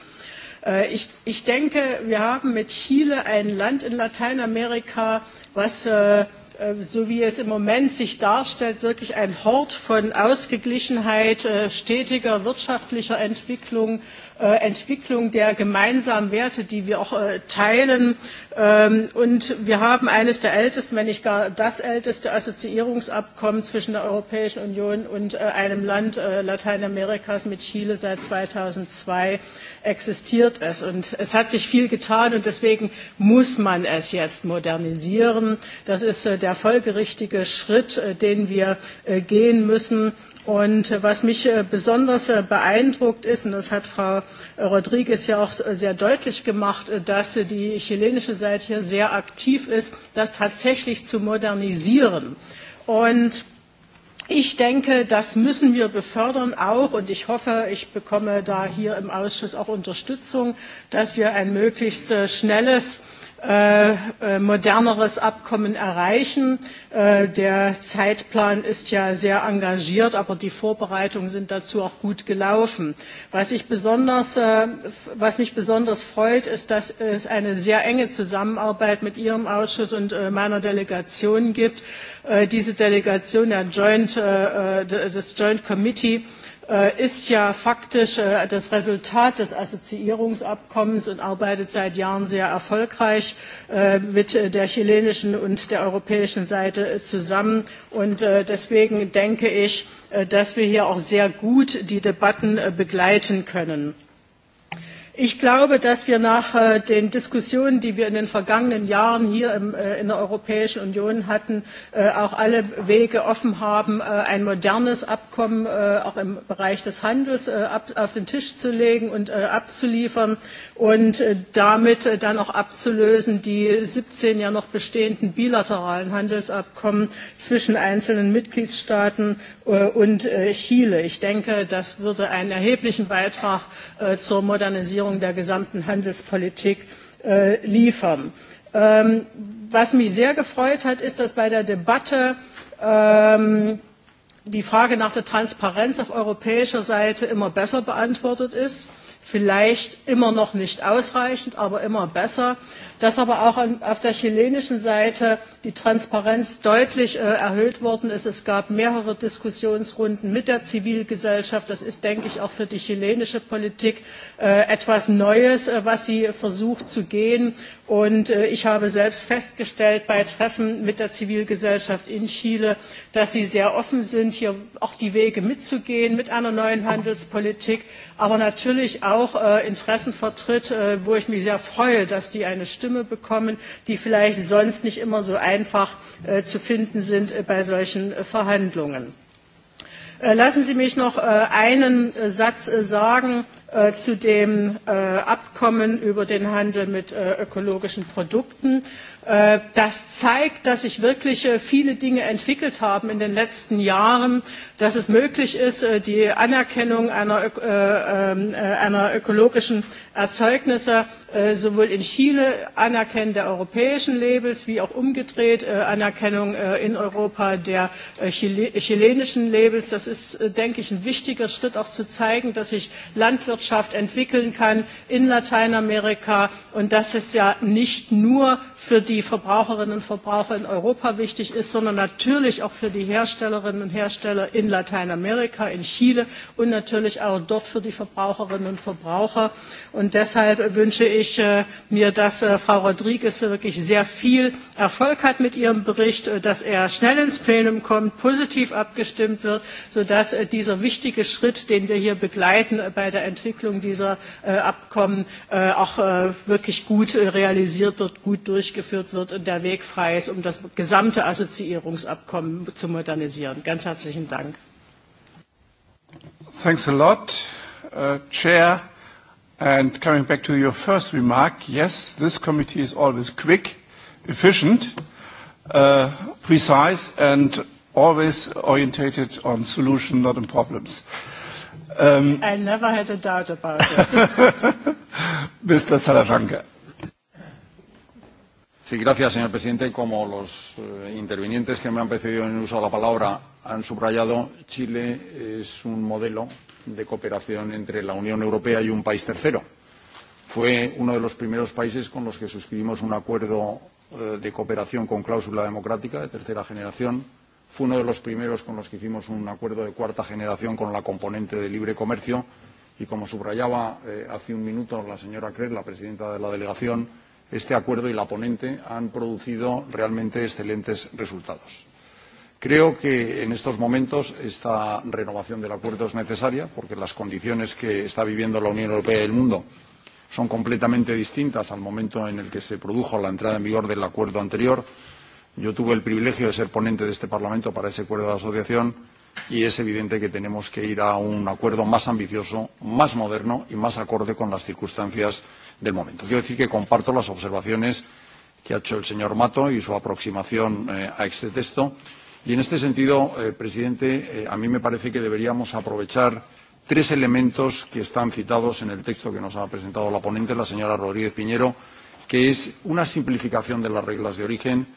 Ich, ich denke, wir haben mit Chile ein Land in Lateinamerika, was so wie es im Moment sich darstellt, wirklich ein Hort von Ausgeglichenheit, stetiger wirtschaftlicher Entwicklung Äh, Entwicklung der gemeinsamen Werte, die wir auch äh, teilen. Ähm, und wir haben eines der ältesten, wenn nicht gar das älteste Assoziierungsabkommen zwischen der Europäischen Union und äh, einem Land Lateinamerikas mit Chile seit 2002 existiert es. Und es hat sich viel getan und deswegen muss man es jetzt modernisieren. Das ist der folgerichtige Schritt, den wir gehen müssen Und äh, was mich äh, besonders äh, beeindruckt ist, und das hat Frau Rodriguez ja auch sehr deutlich gemacht, dass die chilenische Seite hier sehr aktiv ist, das tatsächlich zu modernisieren. Und ich denke, das müssen wir befördern auch, und ich hoffe, ich bekomme da hier im Ausschuss auch Unterstützung, dass wir ein möglichst schnelles Äh, äh, moderneres Abkommen erreichen. Äh, der Zeitplan ist ja sehr engagiert, aber die Vorbereitungen sind dazu auch gut gelaufen. Was, ich besonders, was mich besonders freut, ist, dass es eine sehr enge Zusammenarbeit mit Ihrem Ausschuss und meiner Delegation gibt. Diese Delegation der Joint Committee Äh, ist ja faktisch äh, das Resultat des Assoziierungsabkommens und arbeitet seit Jahren sehr erfolgreich äh, mit der chilenischen und der europäischen Seite zusammen. Und deswegen denke ich, dass wir hier auch sehr gut die Debatten begleiten können. Ich glaube, dass wir nach äh, den Diskussionen, die wir in den vergangenen Jahren hier äh, in der Europäischen Union hatten, äh, auch alle Wege offen haben, ein modernes Abkommen auch im Bereich des Handels auf den Tisch zu legen und abzuliefern und damit dann auch abzulösen die 17 ja noch bestehenden bilateralen Handelsabkommen zwischen einzelnen Mitgliedstaaten Äh, und äh, Chile. Ich denke, das würde einen erheblichen Beitrag äh, zur Modernisierung der gesamten Handelspolitik liefern. Ähm, was mich sehr gefreut hat, ist, dass bei der Debatte ähm, die Frage nach der Transparenz auf europäischer Seite immer besser beantwortet ist vielleicht immer noch nicht ausreichend, aber immer besser, dass aber auch an, auf der chilenischen Seite die Transparenz deutlich äh, erhöht worden ist. Es gab mehrere Diskussionsrunden mit der Zivilgesellschaft. Das ist, denke ich, auch für die chilenische Politik äh, etwas Neues, äh, was sie versucht zu gehen. Und äh, ich habe selbst festgestellt bei Treffen mit der Zivilgesellschaft in Chile, dass sie sehr offen sind, hier auch die Wege mitzugehen mit einer neuen Handelspolitik, aber natürlich auch äh, Interessen vertritt, äh, wo ich mich sehr freue, dass die eine Stimme bekommen, die vielleicht sonst nicht immer so einfach äh, zu finden sind äh, bei solchen äh, Verhandlungen. Äh, lassen Sie mich noch einen Satz sagen zu dem Abkommen über den Handel mit ökologischen Produkten. Äh, das zeigt, dass sich wirklich äh, viele Dinge entwickelt haben in den letzten Jahren, dass es möglich ist, äh, die Anerkennung einer, ähm, einer ökologischen Erzeugnisse sowohl in Chile Anerkennung der europäischen Labels wie auch umgedreht Anerkennung in Europa der chilenischen Labels. Das ist, denke ich, ein wichtiger Schritt, auch zu zeigen, dass sich Landwirtschaft entwickeln kann in Lateinamerika und dass es ja nicht nur für die die Verbraucherinnen und Verbraucher in Europa wichtig ist, sondern natürlich auch für die Herstellerinnen und Hersteller in Lateinamerika, in Chile und natürlich auch dort für die Verbraucherinnen und Verbraucher. Und deshalb wünsche ich äh, mir, dass äh, Frau Rodriguez wirklich sehr viel Erfolg hat mit ihrem Bericht, äh, dass er schnell ins Plenum kommt, positiv abgestimmt wird, sodass dieser wichtige Schritt, den wir hier begleiten bei der Entwicklung dieser Abkommen, auch wirklich gut realisiert wird, gut durchgeführt durchgeführt wird und der Weg frei ist, um das gesamte Assoziierungsabkommen zu modernisieren. Ganz herzlichen Dank. Thanks a lot, uh, Chair. And coming back to your first remark, yes, this committee is always quick, efficient, uh, precise, and always orientated on solution, not on problems. Um, I never had a doubt about this. Mr. Salafranca señor presidente. Como los eh, intervinientes que me han precedido en el uso de la palabra han subrayado, Chile es un modelo de cooperación entre la Unión Europea y un país tercero. Fue uno de los primeros países con los que suscribimos un acuerdo eh, de cooperación con cláusula democrática de tercera generación. Fue uno de los primeros con los que hicimos un acuerdo de cuarta generación con la componente de libre comercio. Y como subrayaba eh, hace un minuto la señora Krell, la presidenta de la delegación, este acuerdo y la ponente han producido realmente excelentes resultados. Creo que en estos momentos esta renovación del acuerdo es necesaria porque las condiciones que está viviendo la Unión Europea y el mundo son completamente distintas al momento en el que se produjo la entrada en vigor del acuerdo anterior. Yo tuve el privilegio de ser ponente de este Parlamento para ese acuerdo de asociación y es evidente que tenemos que ir a un acuerdo más ambicioso, más moderno y más acorde con las circunstancias del momento. Quiero decir que comparto las observaciones que ha hecho el señor Mato y su aproximación eh, a este texto. Y en este sentido, eh, presidente, eh, a mí me parece que deberíamos aprovechar tres elementos que están citados en el texto que nos ha presentado la ponente, la señora Rodríguez Piñero, que es una simplificación de las reglas de origen,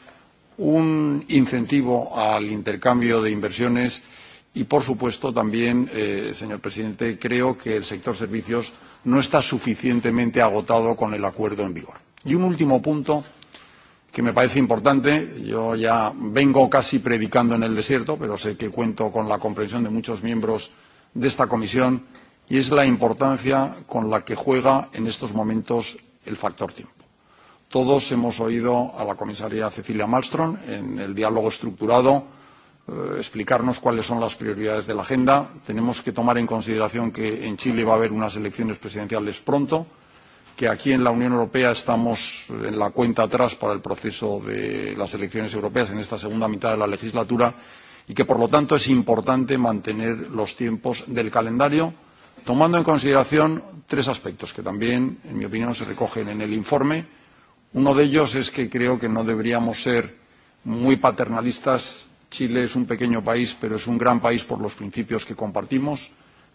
un incentivo al intercambio de inversiones y por supuesto también eh, señor presidente creo que el sector servicios no está suficientemente agotado con el acuerdo en vigor y un último punto que me parece importante yo ya vengo casi predicando en el desierto pero sé que cuento con la comprensión de muchos miembros de esta comisión y es la importancia con la que juega en estos momentos el factor tiempo todos hemos oído a la comisaria Cecilia Malmström en el diálogo estructurado Eh, explicarnos cuáles son las prioridades de la agenda. Tenemos que tomar en consideración que en Chile va a haber unas elecciones presidenciales pronto, que aquí en la Unión Europea estamos en la cuenta atrás para el proceso de las elecciones europeas en esta segunda mitad de la legislatura y que, por lo tanto, es importante mantener los tiempos del calendario, tomando en consideración tres aspectos que también, en mi opinión, se recogen en el informe. Uno de ellos es que creo que no deberíamos ser muy paternalistas Chile es un pequeño país, pero es un gran país por los principios que compartimos,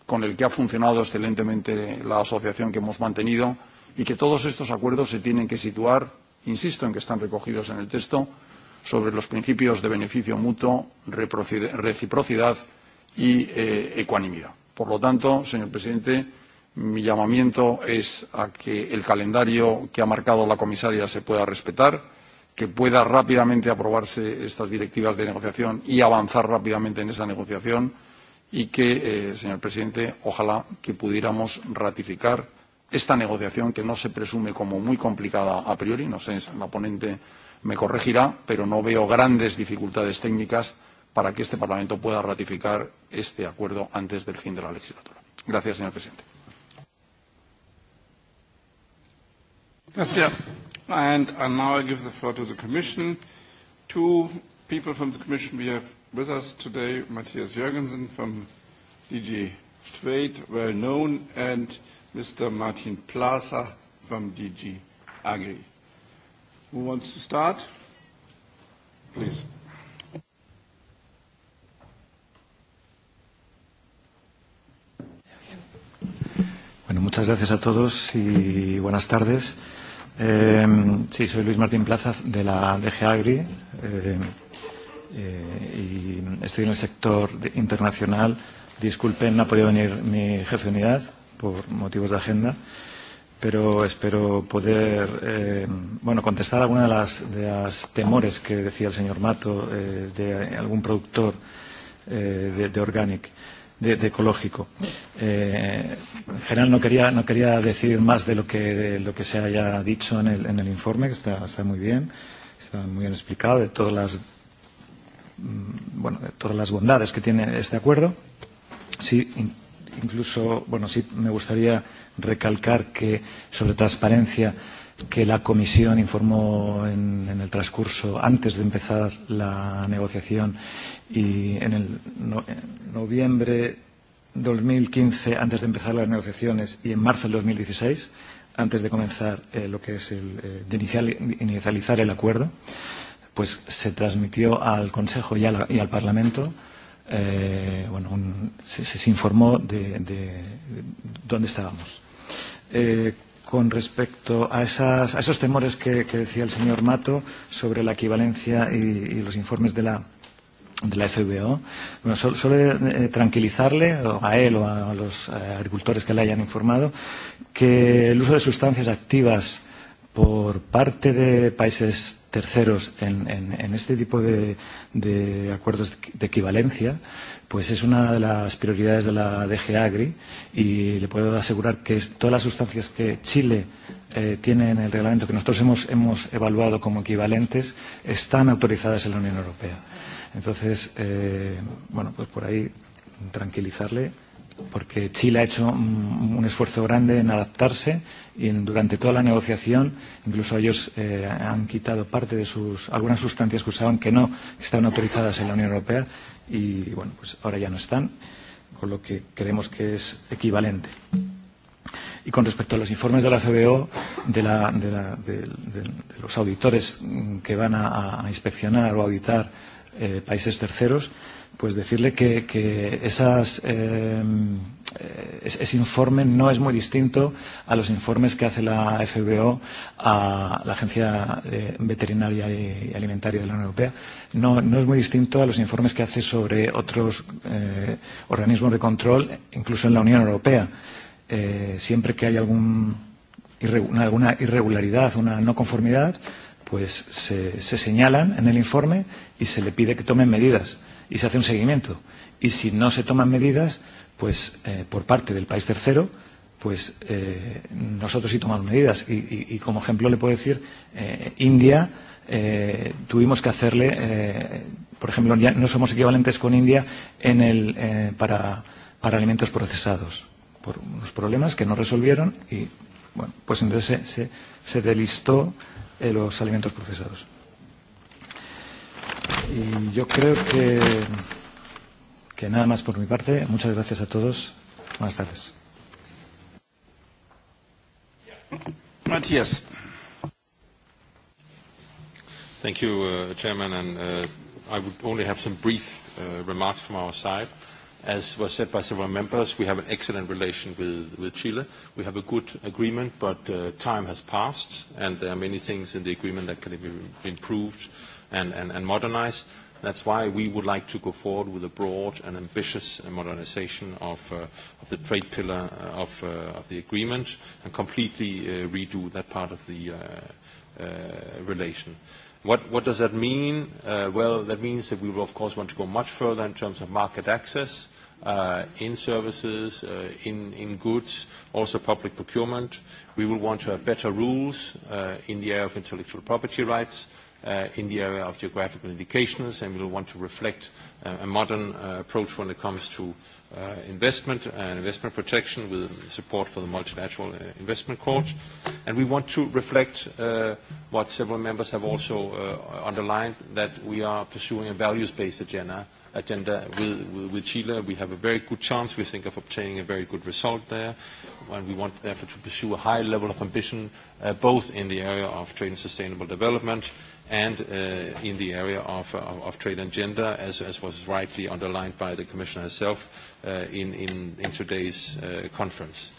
con el que ha funcionado excelentemente la asociación que hemos mantenido y que todos estos acuerdos se tienen que situar, insisto en que están recogidos en el texto, sobre los principios de beneficio mutuo, reciprocidad y eh, ecuanimidad. Por lo tanto, señor presidente, mi llamamiento es a que el calendario que ha marcado la comisaria se pueda respetar que pueda rápidamente aprobarse estas directivas de negociación y avanzar rápidamente en esa negociación y que, eh, señor presidente, ojalá que pudiéramos ratificar esta negociación que no se presume como muy complicada a priori, no sé, la ponente me corregirá, pero no veo grandes dificultades técnicas para que este Parlamento pueda ratificar este acuerdo antes del fin de la legislatura. Gracias, señor presidente. And, I now I give the floor to the Commission. Two people from the Commission we have with us today, Matthias Jürgensen from DG Trade, well known, and Mr. Martin Plaza from DG Agri. Who wants to start? Please. Bueno, muchas gracias a todos y buenas tardes. Eh, sí, soy Luis Martín Plaza de la DG Agri eh, eh, y estoy en el sector internacional. Disculpen, no ha podido venir mi jefe de unidad por motivos de agenda, pero espero poder eh, bueno, contestar alguna de las, de las temores que decía el señor Mato eh, de algún productor eh, de, de Organic de, de ecológico. Eh, en general no quería, no quería decir más de lo que, de lo que se haya dicho en el, en el informe, que está, está muy bien, está muy bien explicado, de todas las mm, bueno, de todas las bondades que tiene este acuerdo. Sí, incluso, bueno, sí me gustaría recalcar que sobre transparencia que la Comisión informó en, en el transcurso, antes de empezar la negociación, y en el no, en noviembre 2015, antes de empezar las negociaciones, y en marzo de 2016, antes de comenzar eh, lo que es el, eh, de inicial, inicializar el acuerdo, pues se transmitió al Consejo y, la, y al Parlamento eh, bueno, un, se, se informó de, de, de dónde estábamos. Eh, con respecto a, esas, a esos temores que, que decía el señor Mato sobre la equivalencia y, y los informes de la, de la FBO. Bueno, suele eh, tranquilizarle a él o a los eh, agricultores que le hayan informado que el uso de sustancias activas por parte de países terceros en, en, en este tipo de, de acuerdos de equivalencia, pues es una de las prioridades de la DG Agri y le puedo asegurar que es, todas las sustancias que Chile eh, tiene en el reglamento que nosotros hemos, hemos evaluado como equivalentes están autorizadas en la Unión Europea. Entonces, eh, bueno, pues por ahí tranquilizarle porque Chile ha hecho un, un esfuerzo grande en adaptarse y en, durante toda la negociación incluso ellos eh, han quitado parte de sus algunas sustancias que usaban que no estaban autorizadas en la Unión Europea y bueno, pues ahora ya no están, con lo que creemos que es equivalente. Y con respecto a los informes de la CBO, de, la, de, la, de, de, de los auditores que van a, a inspeccionar o auditar eh, países terceros, pues decirle que, que esas, eh, ese informe no es muy distinto a los informes que hace la FBO a la Agencia eh, Veterinaria y Alimentaria de la Unión Europea. No, no es muy distinto a los informes que hace sobre otros eh, organismos de control, incluso en la Unión Europea. Eh, siempre que hay algún, alguna irregularidad, una no conformidad, pues se, se señalan en el informe y se le pide que tomen medidas y se hace un seguimiento. Y si no se toman medidas, pues eh, por parte del país tercero, pues eh, nosotros sí tomamos medidas. Y, y, y como ejemplo le puedo decir, eh, India eh, tuvimos que hacerle, eh, por ejemplo, ya no somos equivalentes con India en el, eh, para, para alimentos procesados, por unos problemas que no resolvieron y, bueno, pues entonces se, se, se delistó eh, los alimentos procesados. Y yo creo que, que nada más por mi parte. Muchas gracias a todos. Buenas tardes. Matthias. Thank you, uh, Chairman, and uh, I would only have some brief uh, remarks from our side. As was said by several members, we have an excellent relation with, with Chile. We have a good agreement, but uh, time has passed, and there are many things in the agreement that can be improved and, and, and modernize. That's why we would like to go forward with a broad and ambitious modernization of, uh, of the trade pillar uh, of, uh, of the agreement and completely redo that part of the relation. What, what does that mean? Well, that means that we will, of course, want to go much further in terms of market access in services, in, in goods, also public procurement. We will want to have better rules in the area of intellectual property rights Uh, in the area of geographical indications, and we will want to reflect uh, a modern uh, approach when it comes to investment and investment protection with support for the multilateral investment court. And we want to reflect what several members have also underlined, that we are pursuing a values-based agenda agenda with, Chile. We have a very good chance, we think, of obtaining a very good result there. And we want, therefore, to pursue a high level of ambition, both in the area of trade and sustainable development, and uh, in the area of, uh, of, trade and gender, as, as was rightly underlined by the Commissioner herself uh, in, in, in today's conference.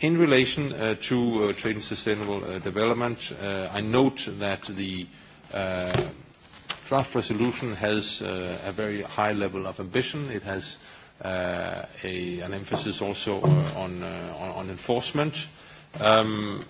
In relation to trade and sustainable development, I note that the draft resolution has a very high level of ambition. It has a, an emphasis also on, on, enforcement. Um,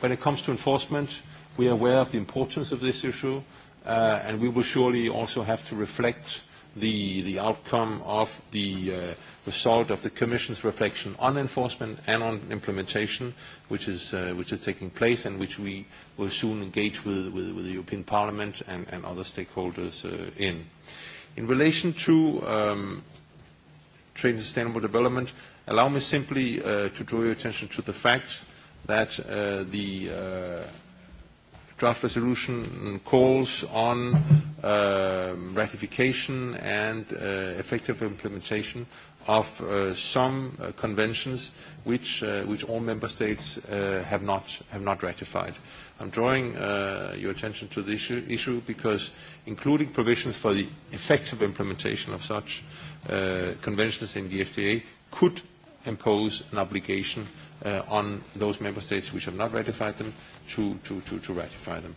when it comes to enforcement, We are aware of the importance of this issue, uh, and we will surely also have to reflect the, the outcome of the uh, result of the Commission's reflection on enforcement and on implementation, which is, uh, which is taking place and which we will soon engage with, with, with the European Parliament and, and other stakeholders uh, in. In relation to um, trade and sustainable development, allow me simply uh, to draw your attention to the fact that uh, the uh, draft resolution calls on um, ratification and uh, effective implementation of uh, some uh, conventions which, uh, which all member states uh, have, not, have not ratified. I'm drawing uh, your attention to the issue, issue because including provisions for the effective implementation of such uh, conventions in the FDA could impose an obligation uh, Uh, on those member states which have not ratified them to, to, to, to ratify them.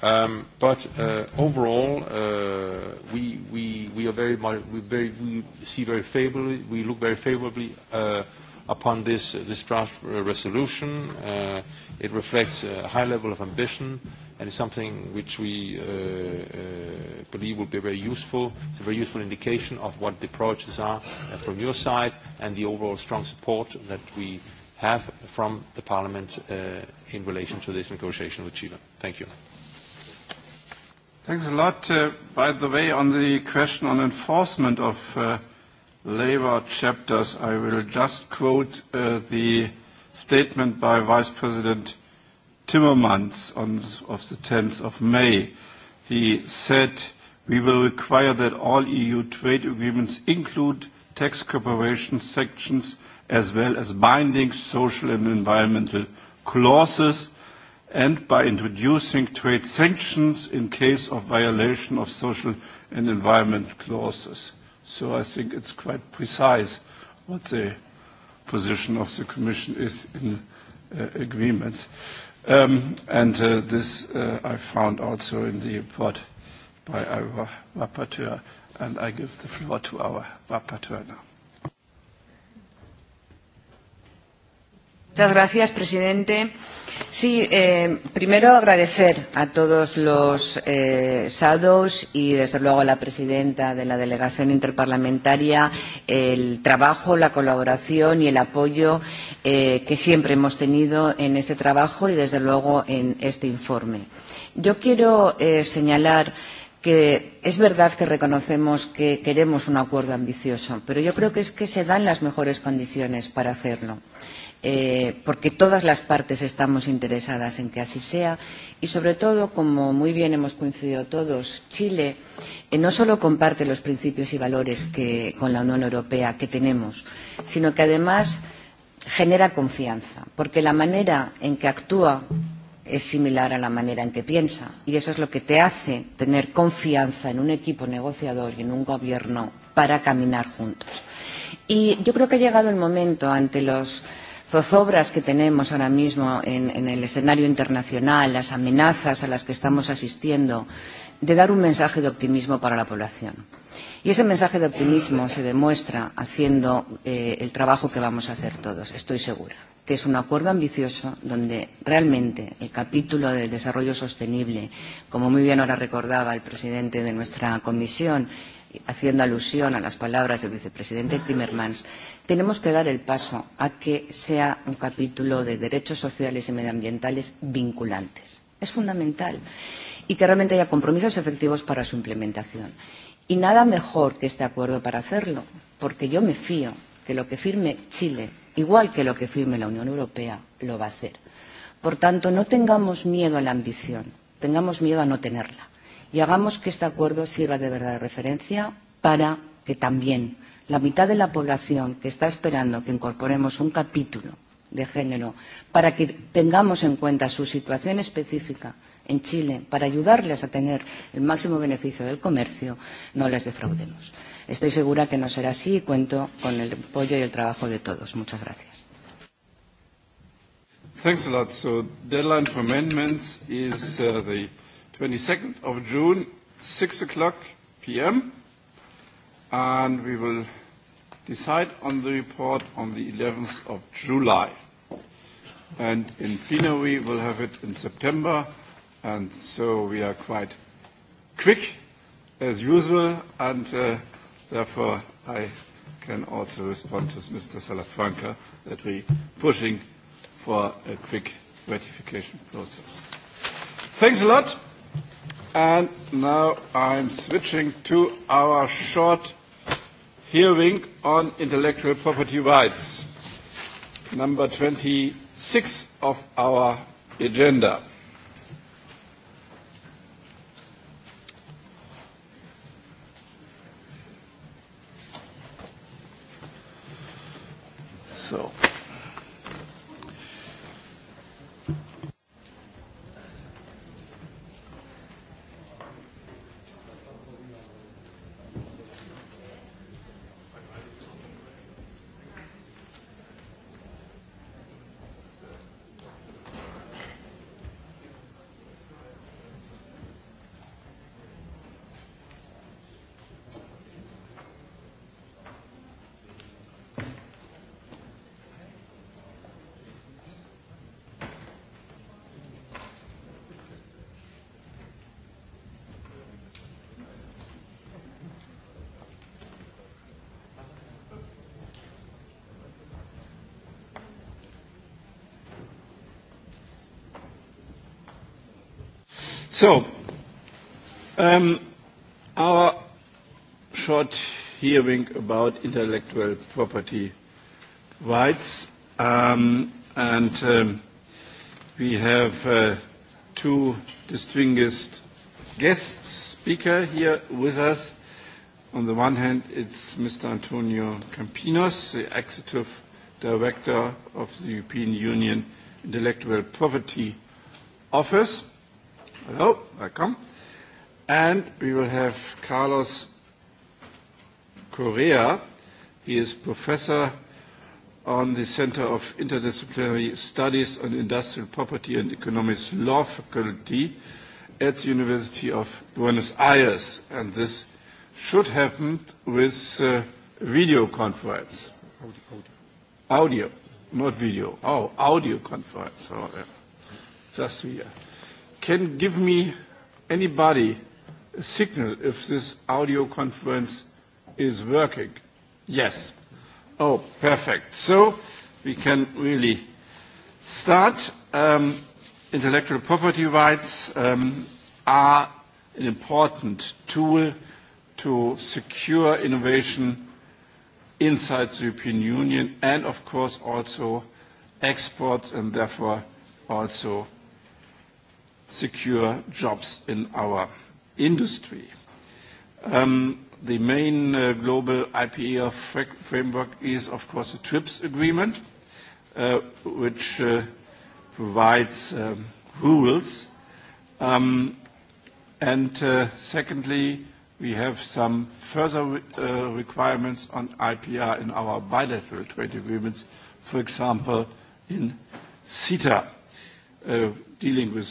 Um, but uh, overall, uh, we, we, we, are very, we, very, we see very favorably, we look very favorably upon this, this draft resolution. it reflects a high level of ambition and it's something which we believe will be very useful. It's a very useful indication of what the approaches are from your side and the overall strong support that we have from the Parliament uh, in relation to this negotiation with Chile. Thank you. Thanks a lot. Uh, by the way, on the question on enforcement of uh, labor chapters, I will just quote uh, the statement by Vice President Timmermans on, of the 10th of May. He said, we will require that all EU trade agreements include tax cooperation sections as well as binding social and environmental clauses, and by introducing trade sanctions in case of violation of social and environment clauses. So I think it's quite precise what the position of the Commission is in uh, agreements. Um, and uh, this uh, I found also in the report by our rapporteur, and I give the floor to our rapporteur now. Gracias, presidente. Sí, eh, primero agradecer a todos los eh, SADOS y desde luego a la presidenta de la delegación interparlamentaria el trabajo, la colaboración y el apoyo eh, que siempre hemos tenido en este trabajo y desde luego en este informe. Yo quiero eh, señalar que es verdad que reconocemos que queremos un acuerdo ambicioso, pero yo creo que es que se dan las mejores condiciones para hacerlo eh, porque todas las partes estamos interesadas en que así sea y sobre todo, como muy bien hemos coincidido todos, Chile eh, no solo comparte los principios y valores que, con la Unión Europea que tenemos, sino que además genera confianza, porque la manera en que actúa es similar a la manera en que piensa y eso es lo que te hace tener confianza en un equipo negociador y en un gobierno para caminar juntos. Y yo creo que ha llegado el momento ante los zozobras que tenemos ahora mismo en, en el escenario internacional, las amenazas a las que estamos asistiendo, de dar un mensaje de optimismo para la población. Y ese mensaje de optimismo se demuestra haciendo eh, el trabajo que vamos a hacer todos, estoy segura, que es un acuerdo ambicioso donde realmente el capítulo del desarrollo sostenible, como muy bien ahora recordaba el presidente de nuestra comisión, haciendo alusión a las palabras del vicepresidente Timmermans, tenemos que dar el paso a que sea un capítulo de derechos sociales y medioambientales vinculantes. Es fundamental. Y que realmente haya compromisos efectivos para su implementación. Y nada mejor que este acuerdo para hacerlo, porque yo me fío que lo que firme Chile, igual que lo que firme la Unión Europea, lo va a hacer. Por tanto, no tengamos miedo a la ambición, tengamos miedo a no tenerla y hagamos que este acuerdo sirva de verdad de referencia para que también la mitad de la población que está esperando que incorporemos un capítulo de género para que tengamos en cuenta su situación específica en Chile para ayudarles a tener el máximo beneficio del comercio, no les defraudemos. Estoy segura que no será así y cuento con el apoyo y el trabajo de todos. Muchas gracias. Thanks a lot. So deadline for amendments is uh, the 22nd of June, 6 o'clock p.m. And we will decide on the report on the 11th of July. And in plenary, will have it in September. And so we are quite quick, as usual. And uh, therefore, I can also respond to Mr. Salafranca that are pushing for a quick ratification process. Thanks a lot. And now I'm switching to our short hearing on intellectual property rights, number 26 of our agenda. So. So, um, our short hearing about intellectual property rights, um, and um, we have uh, two distinguished guest speaker here with us. On the one hand, it's Mr. Antonio Campinos, the Executive Director of the European Union Intellectual Property Office Hello, welcome. And we will have Carlos Correa. He is professor on the Center of Interdisciplinary Studies on Industrial Property and Economics Law Faculty at the University of Buenos Aires. And this should happen with uh, video conference. Audio, not video. Oh, audio conference. Oh, yeah. Just here can give me anybody a signal if this audio conference is working? Yes. Oh, perfect. So we can really start. Um, intellectual property rights um, are an important tool to secure innovation inside the European Union and, of course, also exports and therefore also secure jobs in our industry. Um, the main uh, global IPA e framework is, of course, the TRIPS agreement, uh, which uh, provides um, rules. Um, and secondly, we have some further requirements on IPR in our bilateral trade agreements, for example, in CETA, dealing with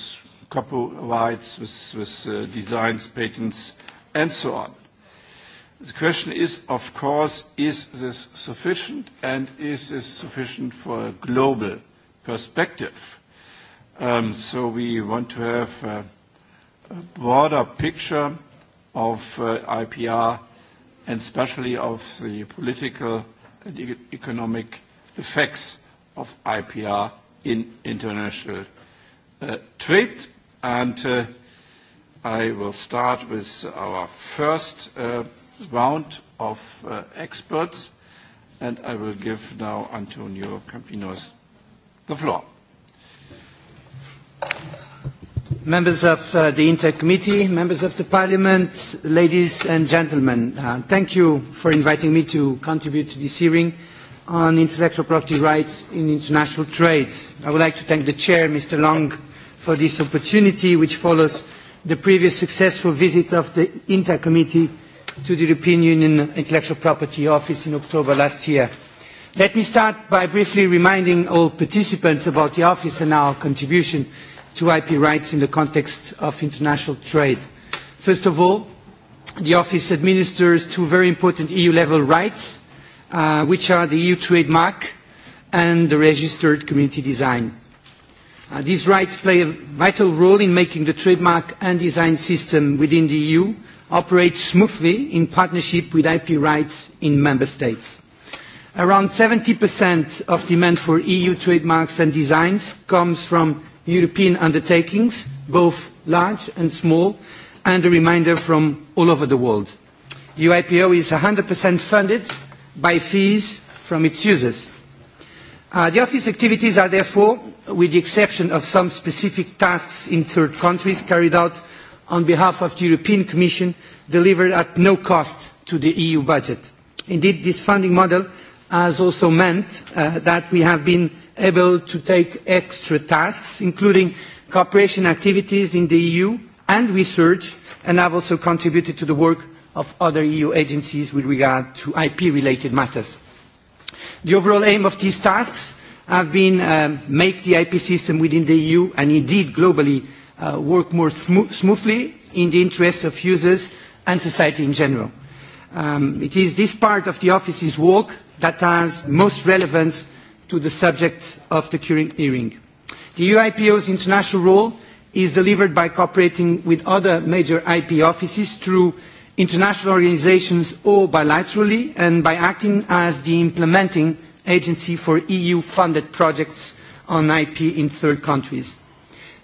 copyrights, rights with uh, designs, patents, and so on. The question is, of course, is this sufficient, and is this sufficient for a global perspective? Um, so we want to have a, broader picture of uh, IPR and especially of the political and e-, economic effects of IPR in international uh, trade and uh, I will start with our first uh, round of uh, experts, and I will give now Antonio Campinos the floor. Members of the Inter Committee, members of the Parliament, ladies and gentlemen, thank you for inviting me to contribute to this hearing on intellectual property rights in international trade. I would like to thank the Chair, Mr. Long, for this opportunity, which follows the previous successful visit of the Inter Committee to the European Union Intellectual Property Office in October last year. Let me start by briefly reminding all participants about the Office and our contribution to IP rights in the context of international trade. First of all, the Office administers two very important EU-level rights, uh, which are the EU trademark and the registered community design. Uh, these rights play a vital role in making the trademark and design system within the EU operate smoothly in partnership with IP rights in member states. Around 70% of demand for EU trademarks and designs comes from European undertakings, both large and small, and a reminder from all over the world. The UIPO is 100% funded by fees from its users. Uh, the office activities are therefore, with the exception of some specific tasks in third countries carried out on behalf of the European Commission, delivered at no cost to the EU budget. Indeed, this funding model has also meant uh, that we have been able to take extra tasks, including cooperation activities in the EU and research, and have also contributed to the work of other EU agencies with regard to IP-related matters. The overall aim of these tasks have been um, make the IP system within the EU and indeed globally uh, work more sm smoothly in the interests of users and society in general. Um, it is this part of the office's work that has most relevance to the subject of the current hearing. The e UIPO's international role is delivered by cooperating with other major IP offices through international organisations or bilaterally and by acting as the implementing agency for EU funded projects on IP in third countries.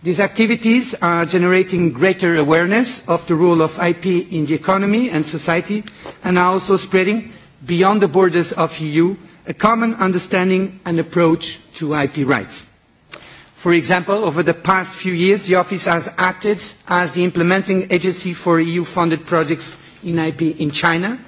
These activities are generating greater awareness of the role of IP in the economy and society and are also spreading beyond the borders of EU a common understanding and approach to IP rights. For example, over the past few years, the Office has acted as the implementing agency for EU-funded projects in IP in China,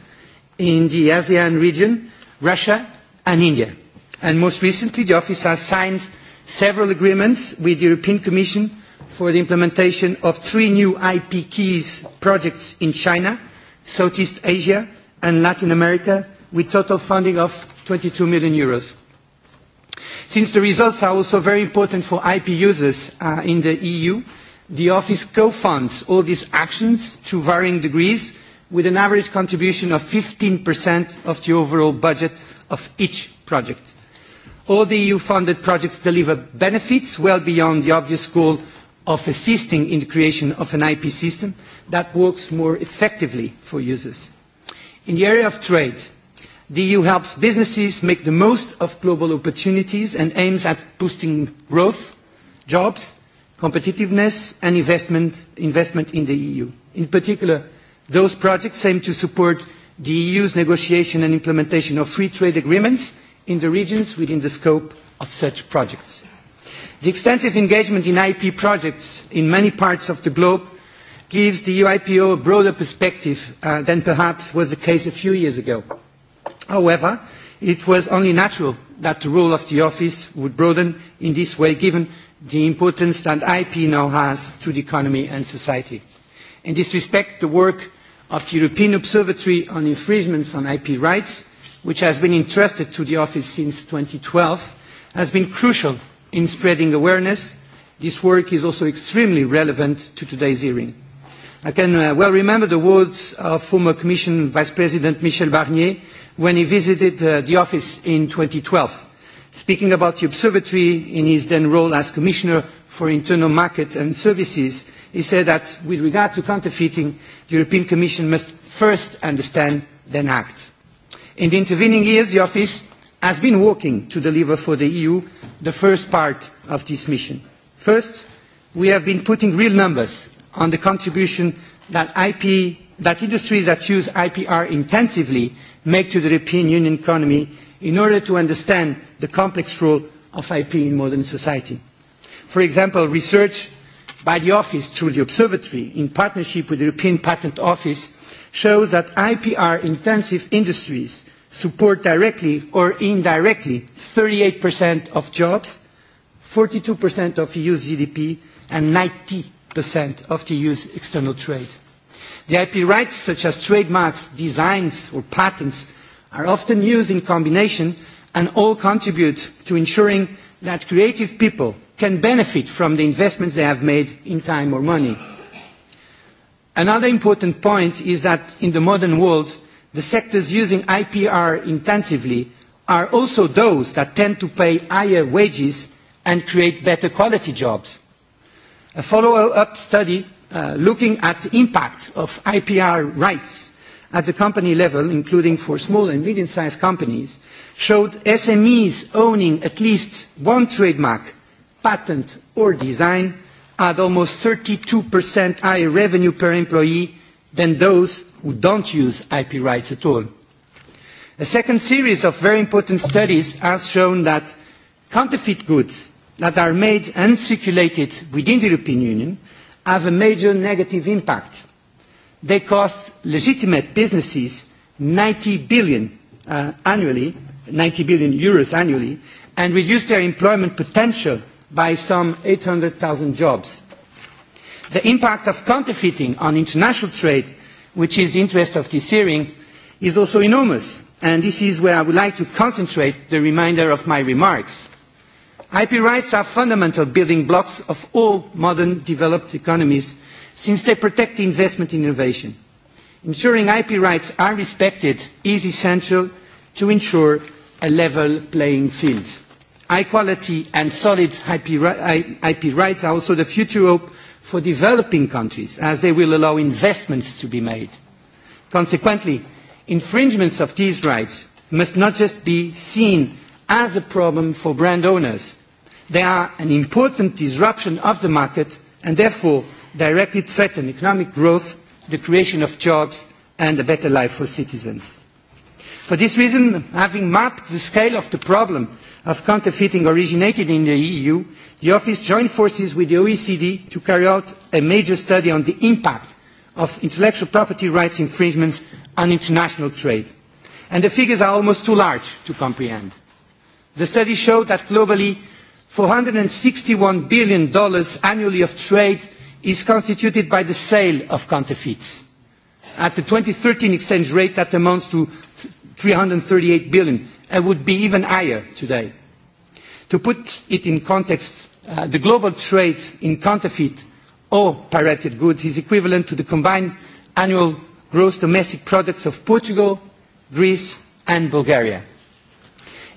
in the ASEAN region, Russia and India. And most recently, the Office has signed several agreements with the European Commission for the implementation of three new IP keys projects in China, Southeast Asia and Latin America, with total funding of 22 million euros. Since the results are also very important for IP users uh, in the EU, the Office co-funds all these actions to varying degrees with an average contribution of 15% of the overall budget of each project. All the EU-funded projects deliver benefits well beyond the obvious goal of assisting in the creation of an IP system that works more effectively for users. In the area of trade, the EU helps businesses make the most of global opportunities and aims at boosting growth, jobs, competitiveness and investment, investment in the EU. In particular, Those projects aim to support the EU's negotiation and implementation of free trade agreements in the regions within the scope of such projects. The extensive engagement in IP projects in many parts of the globe gives the UIPO a broader perspective uh, than perhaps was the case a few years ago. However, it was only natural that the role of the office would broaden in this way given the importance that IP now has to the economy and society. In this respect, the work of the European Observatory on Infringements on IP Rights, which has been entrusted to the office since 2012, has been crucial in spreading awareness. This work is also extremely relevant to today's hearing. I can uh, well remember the words of former Commission Vice President Michel Barnier when he visited uh, the office in 2012, speaking about the observatory in his then role as Commissioner for Internal Market and Services – He said that with regard to counterfeiting, the European Commission must first understand, then act. In the intervening years, the Office has been working to deliver for the EU the first part of this mission. First, we have been putting real numbers on the contribution that, IP, that industries that use IPR intensively make to the European Union economy in order to understand the complex role of IP in modern society. For example, research by the office through the observatory in partnership with the European Patent Office shows that IPR intensive industries support directly or indirectly 38% of jobs, 42% of EU GDP and 90% of the EU's external trade. The IP rights such as trademarks, designs or patents are often used in combination and all contribute to ensuring that creative people can benefit from the investments they have made in time or money. Another important point is that in the modern world, the sectors using IPR intensively are also those that tend to pay higher wages and create better quality jobs. A follow-up study uh, looking at the impact of IPR rights at the company level, including for small and medium-sized companies, showed SMEs owning at least one trademark patent or design add almost 32% higher revenue per employee than those who don't use IP rights at all. A second series of very important studies has shown that counterfeit goods that are made and circulated within the European Union have a major negative impact. They cost legitimate businesses 90 billion uh, annually, 90 billion euros annually, and reduce their employment potential by some 800,000 jobs. The impact of counterfeiting on international trade, which is the interest of this hearing, is also enormous, and this is where I would like to concentrate the remainder of my remarks. IP rights are fundamental building blocks of all modern developed economies since they protect investment in innovation. Ensuring IP rights are respected is essential to ensure a level playing field. High quality and solid IP rights are also the future hope for developing countries, as they will allow investments to be made. Consequently, infringements of these rights must not just be seen as a problem for brand owners. They are an important disruption of the market and therefore directly threaten economic growth, the creation of jobs and a better life for citizens. For this reason, having mapped the scale of the problem of counterfeiting originated in the EU, the Office joined forces with the OECD to carry out a major study on the impact of intellectual property rights infringements on international trade. And the figures are almost too large to comprehend. The study showed that globally, $461 billion annually of trade is constituted by the sale of counterfeits. At the 2013 exchange rate, that amounts to 338 billion and would be even higher today. To put it in context, uh, the global trade in counterfeit or pirated goods is equivalent to the combined annual gross domestic products of Portugal, Greece and Bulgaria.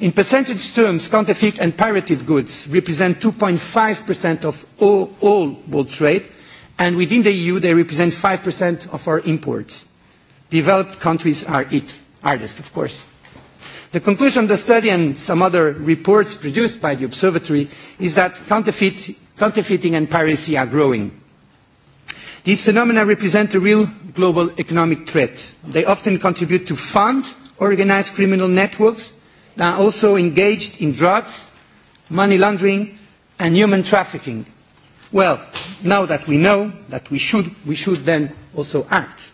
In percentage terms, counterfeit and pirated goods represent 2.5% of all, all world trade, and within the EU they represent 5% of our imports. Developed countries are it artists, of course. The conclusion of the study and some other reports produced by the observatory is that counterfeit, counterfeiting and piracy are growing. These phenomena represent a real global economic threat. They often contribute to fund organized criminal networks that are also engaged in drugs, money laundering and human trafficking. Well, now that we know that we should, we should then also act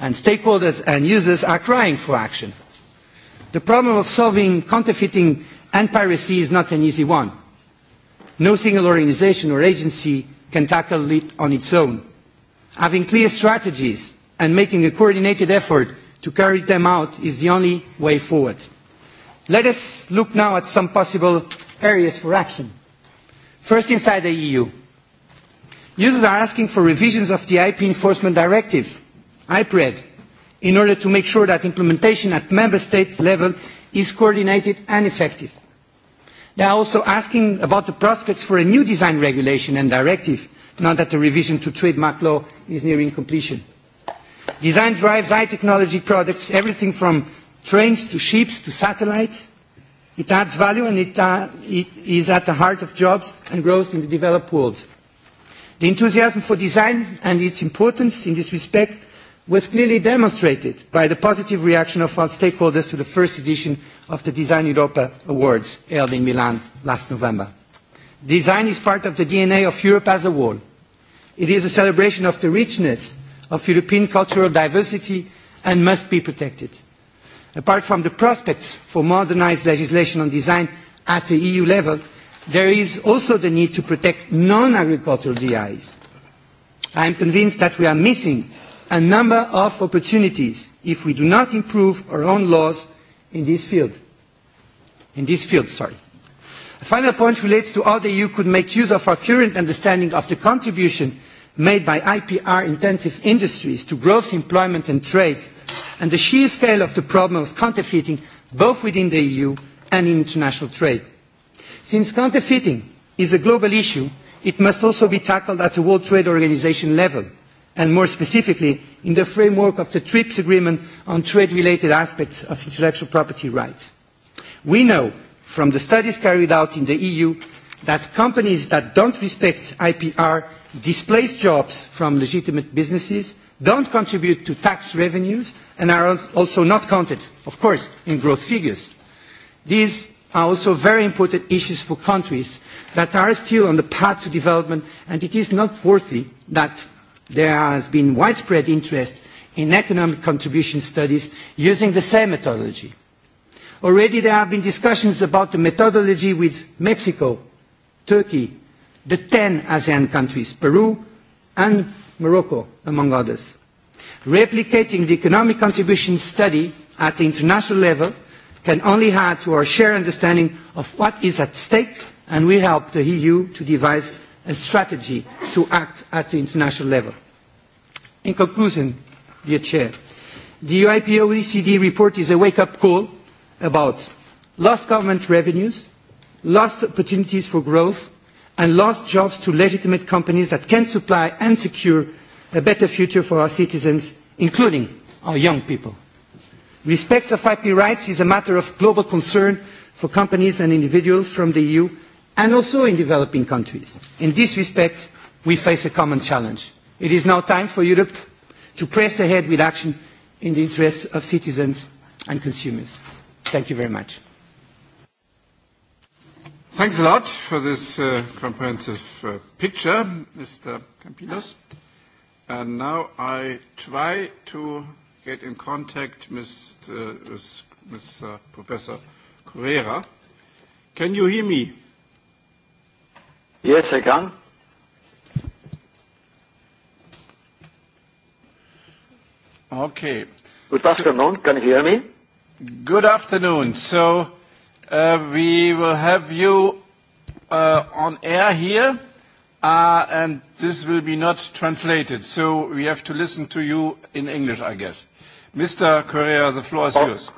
and stakeholders and users are crying for action. The problem of solving counterfeiting and piracy is not an easy one. No single organisation or agency can tackle it on its own. Having clear strategies and making a coordinated effort to carry them out is the only way forward. Let us look now at some possible areas for action. First, inside the EU. Users are asking for revisions of the IP Enforcement Directive IPRED, in order to make sure that implementation at member state level is coordinated and effective. They are also asking about the prospects for a new design regulation and directive now that the revision to trademark law is nearing completion. Design drives high technology products, everything from trains to ships to satellites. It adds value and it, uh, it is at the heart of jobs and growth in the developed world. The enthusiasm for design and its importance in this respect was clearly demonstrated by the positive reaction of our stakeholders to the first edition of the Design Europa Awards held in Milan last November. Design is part of the DNA of Europe as a whole. It is a celebration of the richness of European cultural diversity and must be protected. Apart from the prospects for modernized legislation on design at the EU level, there is also the need to protect non-agricultural DIs. I am convinced that we are missing a number of opportunities if we do not improve our own laws in this field. In this field, sorry. A final point relates to how the EU could make use of our current understanding of the contribution made by IPR-intensive industries to growth, employment and trade, and the sheer scale of the problem of counterfeiting both within the EU and in international trade. Since counterfeiting is a global issue, it must also be tackled at the World Trade Organization level and more specifically in the framework of the TRIPS agreement on trade-related aspects of intellectual property rights. We know from the studies carried out in the EU that companies that don't respect IPR displace jobs from legitimate businesses, don't contribute to tax revenues, and are also not counted, of course, in growth figures. These are also very important issues for countries that are still on the path to development, and it is not worthy that There has been widespread interest in economic contribution studies using the same methodology. Already there have been discussions about the methodology with Mexico, Turkey, the 10 ASEAN countries, Peru and Morocco, among others. Replicating the economic contribution study at the international level can only add to our shared understanding of what is at stake and will help the EU to devise and strategy to act at the international level. In conclusion, dear Chair, the UIPO ECD report is a wake-up call about lost government revenues, lost opportunities for growth, and lost jobs to legitimate companies that can supply and secure a better future for our citizens, including our young people. Respect of IP rights is a matter of global concern for companies and individuals from the EU and also in developing countries. In this respect, we face a common challenge. It is now time for Europe to press ahead with action in the interests of citizens and consumers. Thank you very much. Thanks a lot for this uh, comprehensive uh, picture, Mr. Campinos. And now I try to get in contact with, uh, with Mr. Professor Correa. Can you hear me? Yes, I can. Okay. Good afternoon. Can you hear me? Good afternoon. So uh, we will have you uh, on air here, uh, and this will be not translated. So we have to listen to you in English, I guess. Mr. Correa, the floor is oh. yours.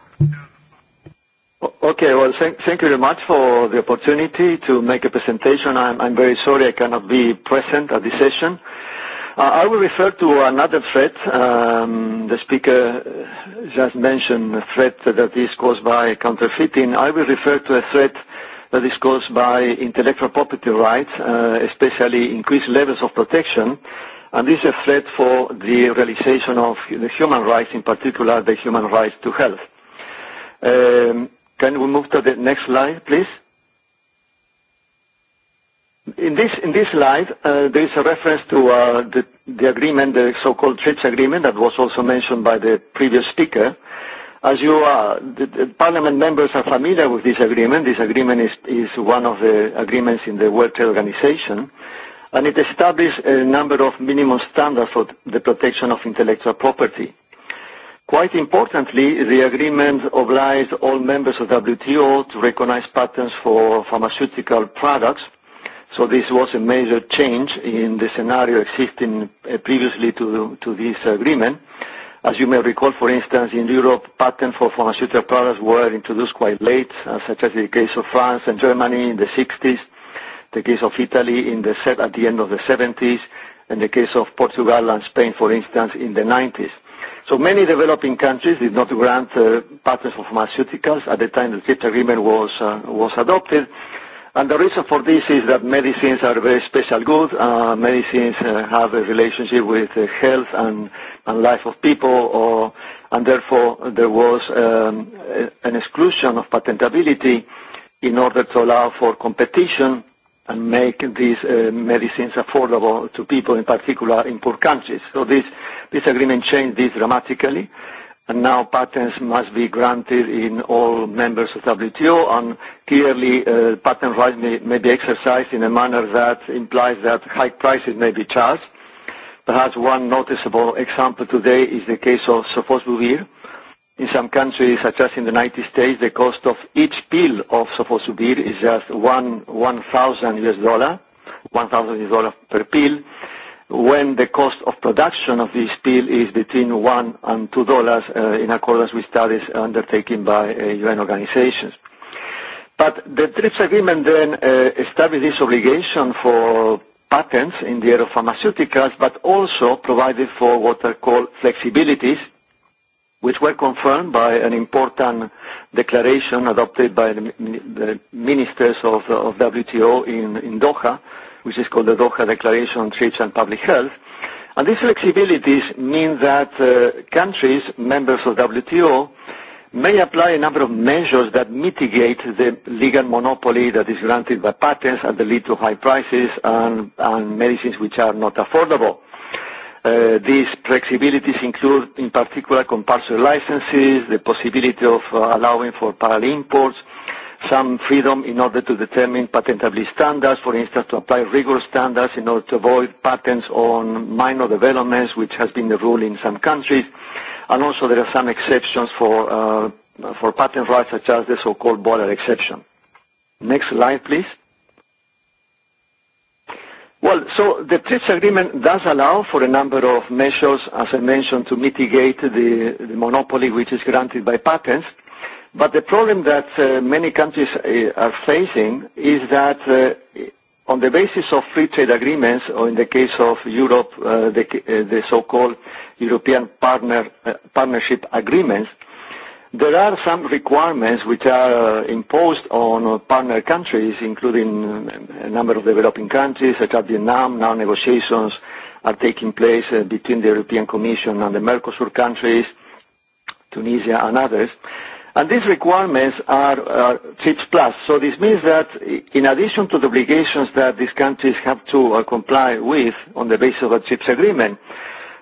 Okay. Well, thank you very much for the opportunity to make a presentation. I'm very sorry I cannot be present at this session. Uh, I will refer to another threat. Um, the speaker just mentioned a threat that is caused by counterfeiting. I will refer to a threat that is caused by intellectual property rights, uh, especially increased levels of protection. And this is a threat for the realization of the human rights, in particular the human rights to health. Um, Can we move to the next slide, please? In this in this slide, uh, there is a reference to uh, the, the agreement, the so-called TRIPS agreement that was also mentioned by the previous speaker. As you are, the, the Parliament members are familiar with this agreement. This agreement is, is one of the agreements in the World Trade Organization, and it established a number of minimum standards for the protection of intellectual property. Quite importantly, the agreement obliged all members of WTO to recognize patents for pharmaceutical products. So this was a major change in the scenario existing uh, previously to, to this agreement. As you may recall, for instance, in Europe, patents for pharmaceutical products were introduced quite late, uh, such as the case of France and Germany in the 60s, the case of Italy in the set at the end of the 70s, and the case of Portugal and Spain, for instance, in the 90s. So many developing countries did not grant uh, patents for pharmaceuticals at the time the TRIPS agreement was, uh, was adopted. And the reason for this is that medicines are a very special good. Uh, medicines uh, have a relationship with uh, health and, and life of people, or, and therefore there was um, an exclusion of patentability in order to allow for competition and make these uh, medicines affordable to people, in particular in poor countries. So this This agreement changed this dramatically, and now patents must be granted in all members of WTO, and clearly uh, patent rights may, may be exercised in a manner that implies that high prices may be charged. Perhaps one noticeable example today is the case of sofosbuvir. In some countries, such as in the United States, the cost of each pill of sofosbuvir is just one one US dollar, one US dollar per pill, when the cost of production of this steel is between one and two dollars uh, in accordance with studies undertaken by UN uh, organizations. But the TRIPS agreement then uh, established this obligation for patents in the area of pharmaceuticals, but also provided for what are called flexibilities, which were confirmed by an important declaration adopted by the, ministers of, of WTO in, in Doha, which is called the Doha Declaration on Trade and Public Health. And these flexibilities mean that uh, countries, members of WTO, may apply a number of measures that mitigate the legal monopoly that is granted by patents and the lead to high prices and, and medicines which are not affordable. Uh, these flexibilities include, in particular, compulsory licenses, the possibility of uh, allowing for parallel imports, some freedom in order to determine patentability standards, for instance, to apply rigorous standards in order to avoid patents on minor developments, which has been the rule in some countries. And also there are some exceptions for, uh, for patent rights, such as the so-called border exception. Next slide, please. Well, so the TRIPS agreement does allow for a number of measures, as I mentioned, to mitigate the, the monopoly which is granted by patents. But the problem that uh, many countries uh, are facing is that uh, on the basis of free trade agreements, or in the case of Europe, uh, the, uh, the so-called European partner, uh, partnership agreements, there are some requirements which are uh, imposed on uh, partner countries, including um, a number of developing countries, such as Vietnam. Now negotiations are taking place uh, between the European Commission and the Mercosur countries, Tunisia and others. And these requirements are, are Plus. So this means that in addition to the obligations that these countries have to uh, comply with on the basis of the TRIPS agreement,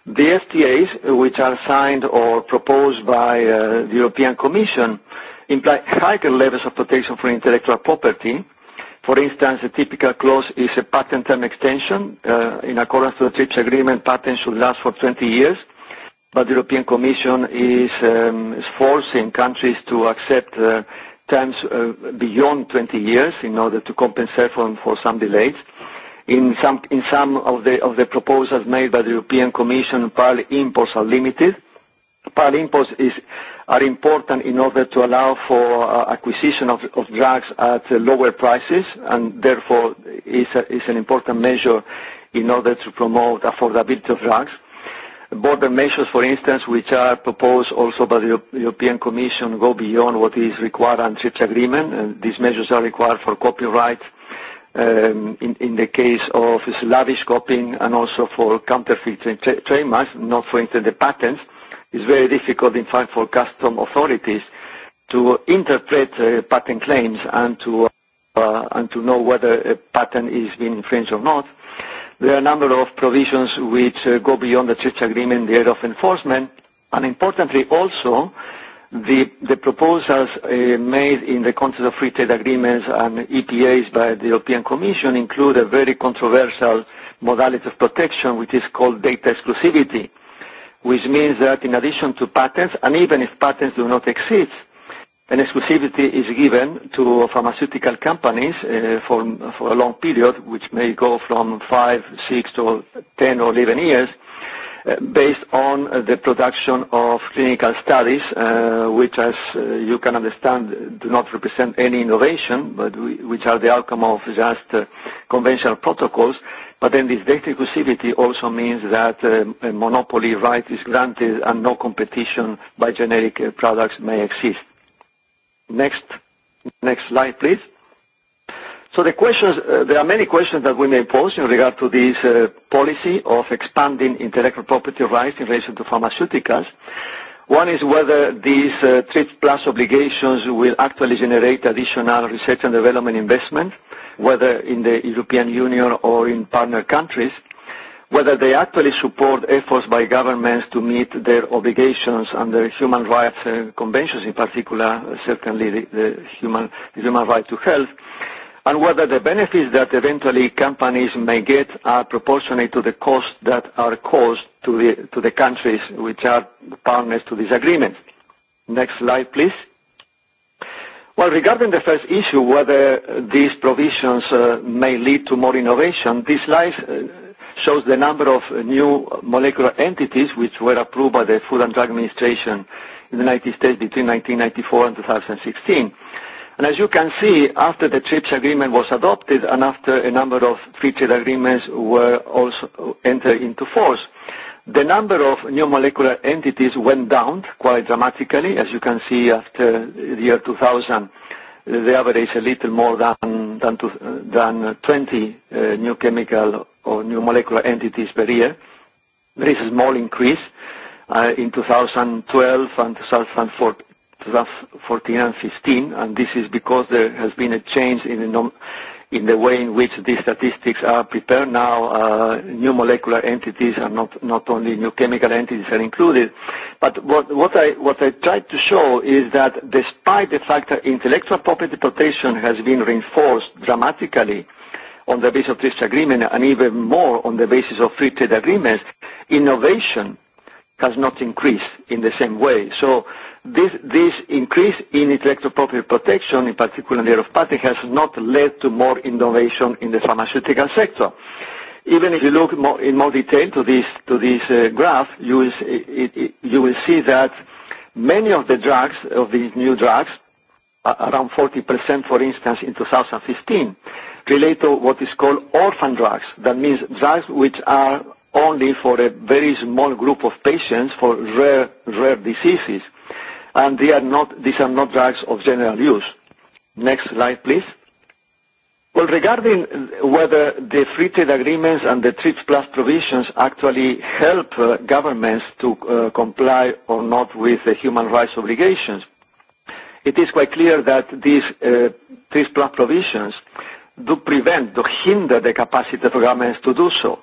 the FTAs, which are signed or proposed by uh, the European Commission, imply higher levels of protection for intellectual property. For instance, a typical clause is a patent term extension. Uh, in accordance to the TRIPS agreement, patents should last for 20 years. But the European Commission is, um, is forcing countries to accept uh, terms uh, beyond 20 years in order to compensate for, for some delays. In some, in some of, the, of the proposals made by the European Commission, parallel imports are limited. Parallel imports is, are important in order to allow for uh, acquisition of, of drugs at lower prices and therefore is, is an important measure in order to promote affordability of drugs border measures, for instance, which are proposed also by the European Commission, go beyond what is required under TRIPS agreement. And these measures are required for copyright um, in, in the case of slavish copying and also for counterfeit tra trademarks, not for instance the patents. It's very difficult, in fact, for custom authorities to interpret uh, patent claims and to, uh, and to know whether a patent is being infringed or not. There are a number of provisions which uh, go beyond the church agreement, in the area of enforcement, and importantly also, the, the proposals uh, made in the context of free trade agreements and EPAs by the European Commission include a very controversial modality of protection which is called data exclusivity, which means that in addition to patents, and even if patents do not exist, An exclusivity is given to pharmaceutical companies uh, for for a long period, which may go from five, six to 10 or 11 years, uh, based on the production of clinical studies, uh, which as you can understand, do not represent any innovation, but which are the outcome of just conventional protocols. But then This data exclusivity also means that a monopoly right is granted and no competition by generic products may exist. Next, next slide, please. So the questions, uh, there are many questions that we may pose in regard to this uh, policy of expanding intellectual property rights in relation to pharmaceuticals. One is whether these uh, Plus obligations will actually generate additional research and development investment, whether in the European Union or in partner countries whether they actually support efforts by governments to meet their obligations under human rights uh, conventions, in particular, uh, certainly the, the, human, the human right to health, and whether the benefits that eventually companies may get are proportionate to the costs that are caused to the, to the countries which are partners to this agreement. Next slide, please. Well, regarding the first issue, whether these provisions uh, may lead to more innovation, this slide shows the number of new molecular entities which were approved by the Food and Drug Administration in the United States between 1994 and 2016. And as you can see, after the TRIPS agreement was adopted and after a number of free trade agreements were also entered into force, the number of new molecular entities went down quite dramatically, as you can see after the year 2000 the average a little more than than, to, than 20 uh, new chemical or new molecular entities per year. There is a small increase uh, in 2012 and 2014, 2014 and 15, and this is because there has been a change in the in the way in which these statistics are prepared now. Uh, new molecular entities are not, not only new chemical entities are included. But what, what, I, what I tried to show is that despite the fact that intellectual property protection has been reinforced dramatically on the basis of this agreement and even more on the basis of free trade agreements, innovation has not increased in the same way. So This, this increase in intellectual property protection, in particular in the area of patent, has not led to more innovation in the pharmaceutical sector. Even if you look more, in more detail to this, to this uh, graph, you will, it, you will see that many of the drugs, of these new drugs, around 40%, for instance, in 2015, relate to what is called orphan drugs. That means drugs which are only for a very small group of patients for rare, rare diseases and they are not, these are not drugs of general use. Next slide, please. Well, regarding whether the free trade agreements and the TRIPS Plus provisions actually help uh, governments to uh, comply or not with the human rights obligations, it is quite clear that these uh, TRIPS Plus provisions do prevent, do hinder the capacity of governments to do so.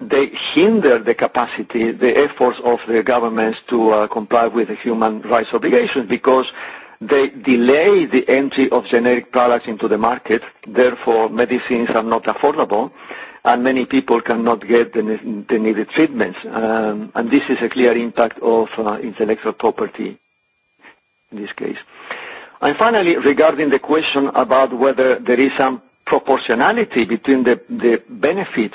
they hinder the capacity, the efforts of the governments to uh, comply with the human rights obligations because they delay the entry of generic products into the market. Therefore, medicines are not affordable and many people cannot get the, the needed treatments. Um, and this is a clear impact of uh, intellectual property in this case. And finally, regarding the question about whether there is some proportionality between the, the benefits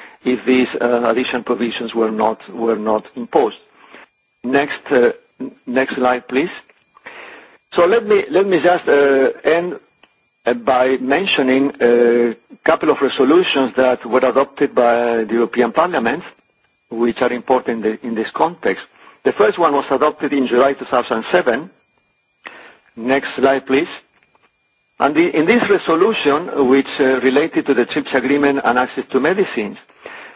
if these uh, additional provisions were not were not imposed. Next uh, next slide, please. So let me let me just uh, end by mentioning a couple of resolutions that were adopted by the European Parliament, which are important in, the, in this context. The first one was adopted in July 2007. Next slide, please. And the, in this resolution, which uh, related to the CHIPS agreement and access to medicines,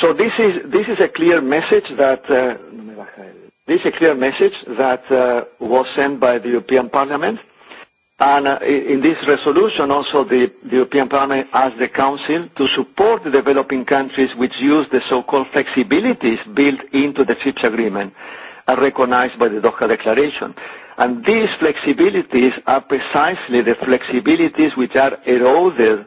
So this is this is a clear message that uh, this is a clear message that uh, was sent by the European Parliament, and uh, in this resolution also the, the European Parliament asked the Council to support the developing countries which use the so-called flexibilities built into the CHIPS agreement, and uh, recognised by the Doha Declaration. And these flexibilities are precisely the flexibilities which are eroded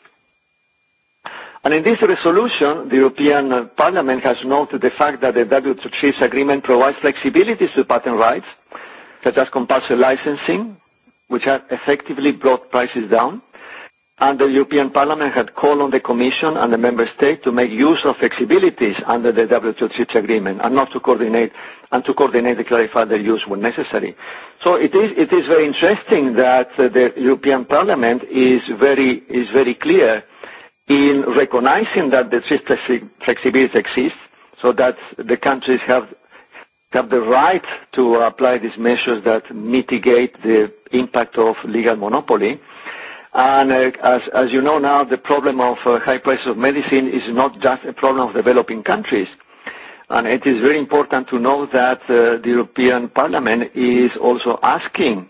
And in this resolution, the European Parliament has noted the fact that the w agreement provides flexibility to patent rights, such as compulsory licensing, which have effectively brought prices down. And the European Parliament had called on the Commission and the Member State to make use of flexibilities under the WTO agreement and not to coordinate and to coordinate the clarify their use when necessary. So it is, it is very interesting that the European Parliament is very, is very clear in recognizing that the flexibility exists so that the countries have have the right to apply these measures that mitigate the impact of legal monopoly. And uh, as, as you know now, the problem of uh, high prices of medicine is not just a problem of developing countries. And it is very important to know that uh, the European Parliament is also asking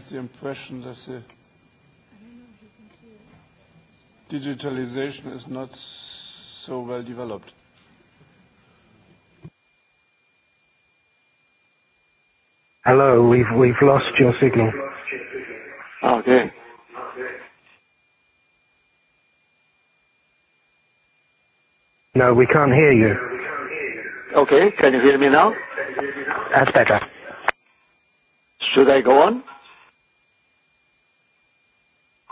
have the impression that the digitalization is not so well developed. Hello, we've we've lost your signal. Okay. No, we can't hear you. Okay, can you hear me now? That's better. Should I go on?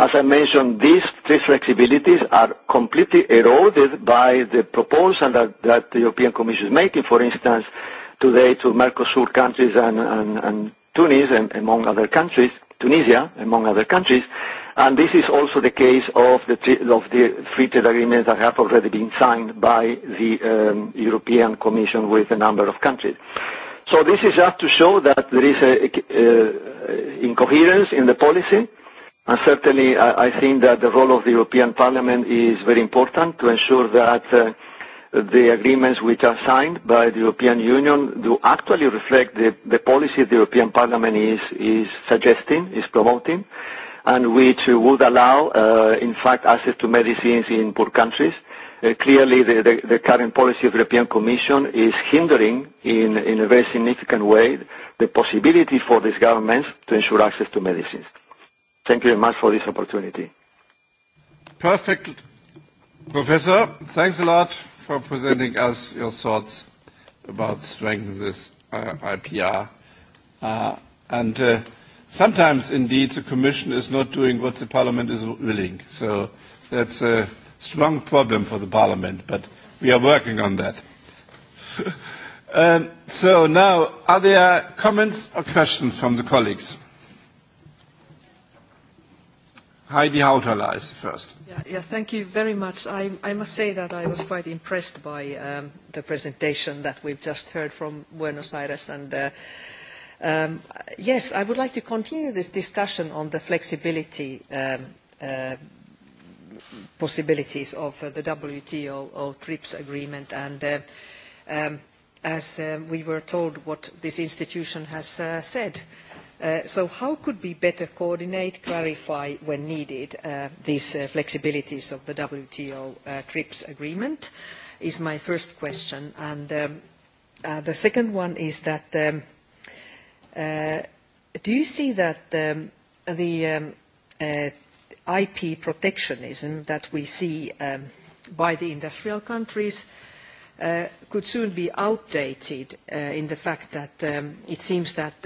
As I mentioned, these three flexibilities are completely eroded by the proposal that, that the European Commission is making, for instance, today to Mercosur countries and, and, and Tunis, and among other countries, Tunisia, among other countries. And this is also the case of the, of the free trade agreements that have already been signed by the um, European Commission with a number of countries. So this is just to show that there is an incoherence in the policy certainly, I, I think that the role of the European Parliament is very important to ensure that uh, the agreements which are signed by the European Union do actually reflect the, the policy the European Parliament is, is suggesting, is promoting, and which would allow, uh, in fact, access to medicines in poor countries. Uh, clearly, the, the, the current policy of the European Commission is hindering, in, in a very significant way, the possibility for these governments to ensure access to medicines. Thank you very much for this opportunity. Perfect. Professor, thanks a lot for presenting us your thoughts about strengthening this uh, IPR. Uh, and uh, sometimes, indeed, the Commission is not doing what the Parliament is willing. So that's a strong problem for the Parliament, but we are working on that. um, so now, are there comments or questions from the colleagues? Heidi Hautala is first. Yeah, yeah, thank you very much. I, I must say that I was quite impressed by um, the presentation that we've just heard from Buenos Aires. And uh, um, yes, I would like to continue this discussion on the flexibility um, uh, possibilities of uh, the WTO or TRIPS agreement. And uh, um, as uh, we were told what this institution has uh, said, Uh, so how could we better coordinate, clarify when needed uh, these uh, flexibilities of the WTO TRIPS agreement is my first question. Um, the second one is that um, do you see that um, the IP protectionism that we see by the industrial countries could soon be outdated in the fact that it seems that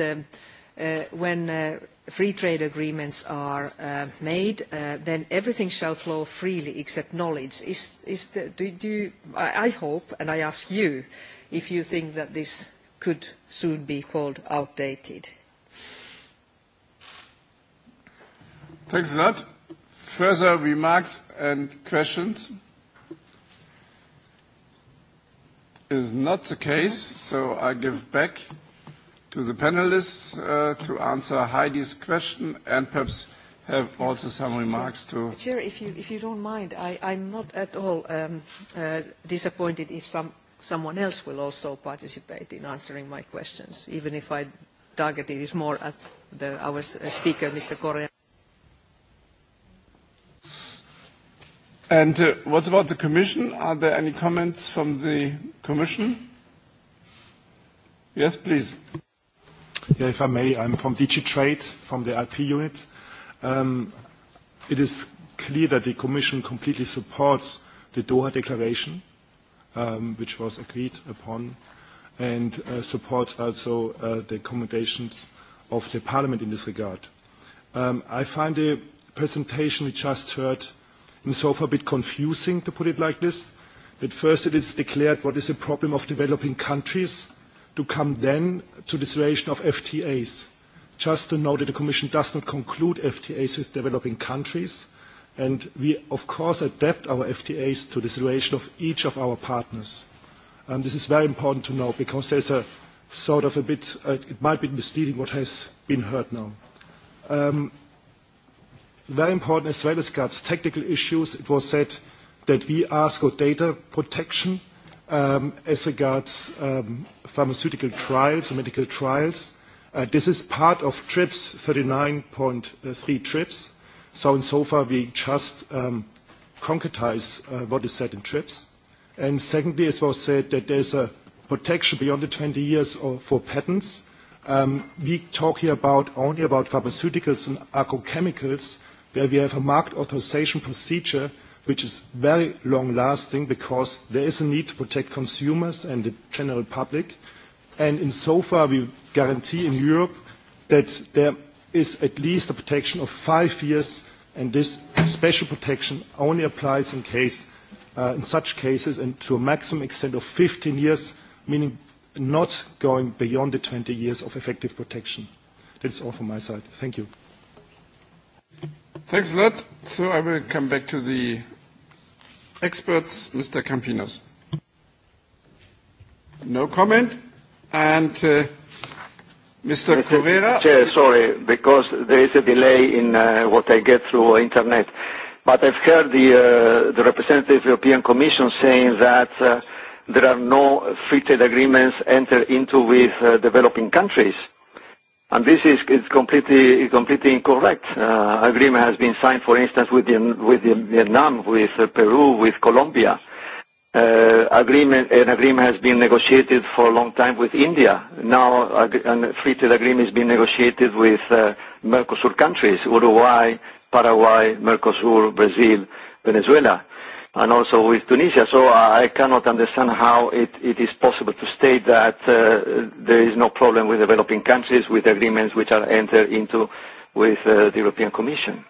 Uh, when uh, free trade agreements are uh, made then everything shall flow freely except knowledge. Is, do, I, hope and I ask you if you think that this could soon be called outdated. Thanks a lot. Further remarks and questions? Is not the case, so I give back to the panelists uh, to answer Heidi's question and perhaps have also some remarks to... Chair, if you, if you don't mind, I, I'm not at all um, uh, disappointed if someone else will also participate in answering my questions, even if I targeted it is more at the, our uh, speaker, Mr. Correa. And uh, what about the Commission? Are there any comments from the Commission? Yes, please. Yeah, if I may, I'm from DigiTrade, from the IP unit. Um, it is clear that the Commission completely supports the Doha Declaration, um, which was agreed upon, and uh, supports also uh, the accommodations of the Parliament in this regard. Um, I find the presentation we just heard in so far a bit confusing, to put it like this. At first it is declared what is the problem of developing countries, to come then to the situation of FTAs. Just to note that the Commission does not conclude FTAs with developing countries, and we, of course, adapt our FTAs to the situation of each of our partners. Um, this is very important to know because there's a sort of a bit, uh, it might be misleading what has been heard now. Um, very important as well as regards technical issues, it was said that we ask for data protection um, as regards um, pharmaceutical trials or medical trials. Uh, this is part of TRIPS 39.3 TRIPS. So in so far we just um, concretize uh, what is said in TRIPS. And secondly, it was said that there's a protection beyond the 20 years of, for patents. Um, we talk here about only about pharmaceuticals and agrochemicals, where we have a market authorization procedure which is very long lasting because there is a need to protect consumers and the general public and in so far we guarantee in Europe that there is at least a protection of five years and this special protection only applies in case uh, in such cases and to a maximum extent of 15 years meaning not going beyond the 20 years of effective protection. That's all from my side. Thank you. Thanks a lot. So I will come back to the experts, Mr. Campinos. No comment. And uh, Mr. Correra. Chair, sorry, because there is a delay in uh, what I get through internet. But I've heard the, uh, representative of the European Commission saying that there are no free trade agreements entered into with developing countries. And this is it's completely completely incorrect. Uh, agreement has been signed, for instance, with with Vietnam, with uh, Peru, with Colombia. Uh, agreement an agreement has been negotiated for a long time with India. Now a free trade agreement is being negotiated with uh, Mercosur countries: Uruguay, Paraguay, Mercosur, Brazil, Venezuela and also with Tunisia. So I cannot understand how it, it is possible to state that uh, there is no problem with developing countries with agreements which are entered into with uh, the European Commission.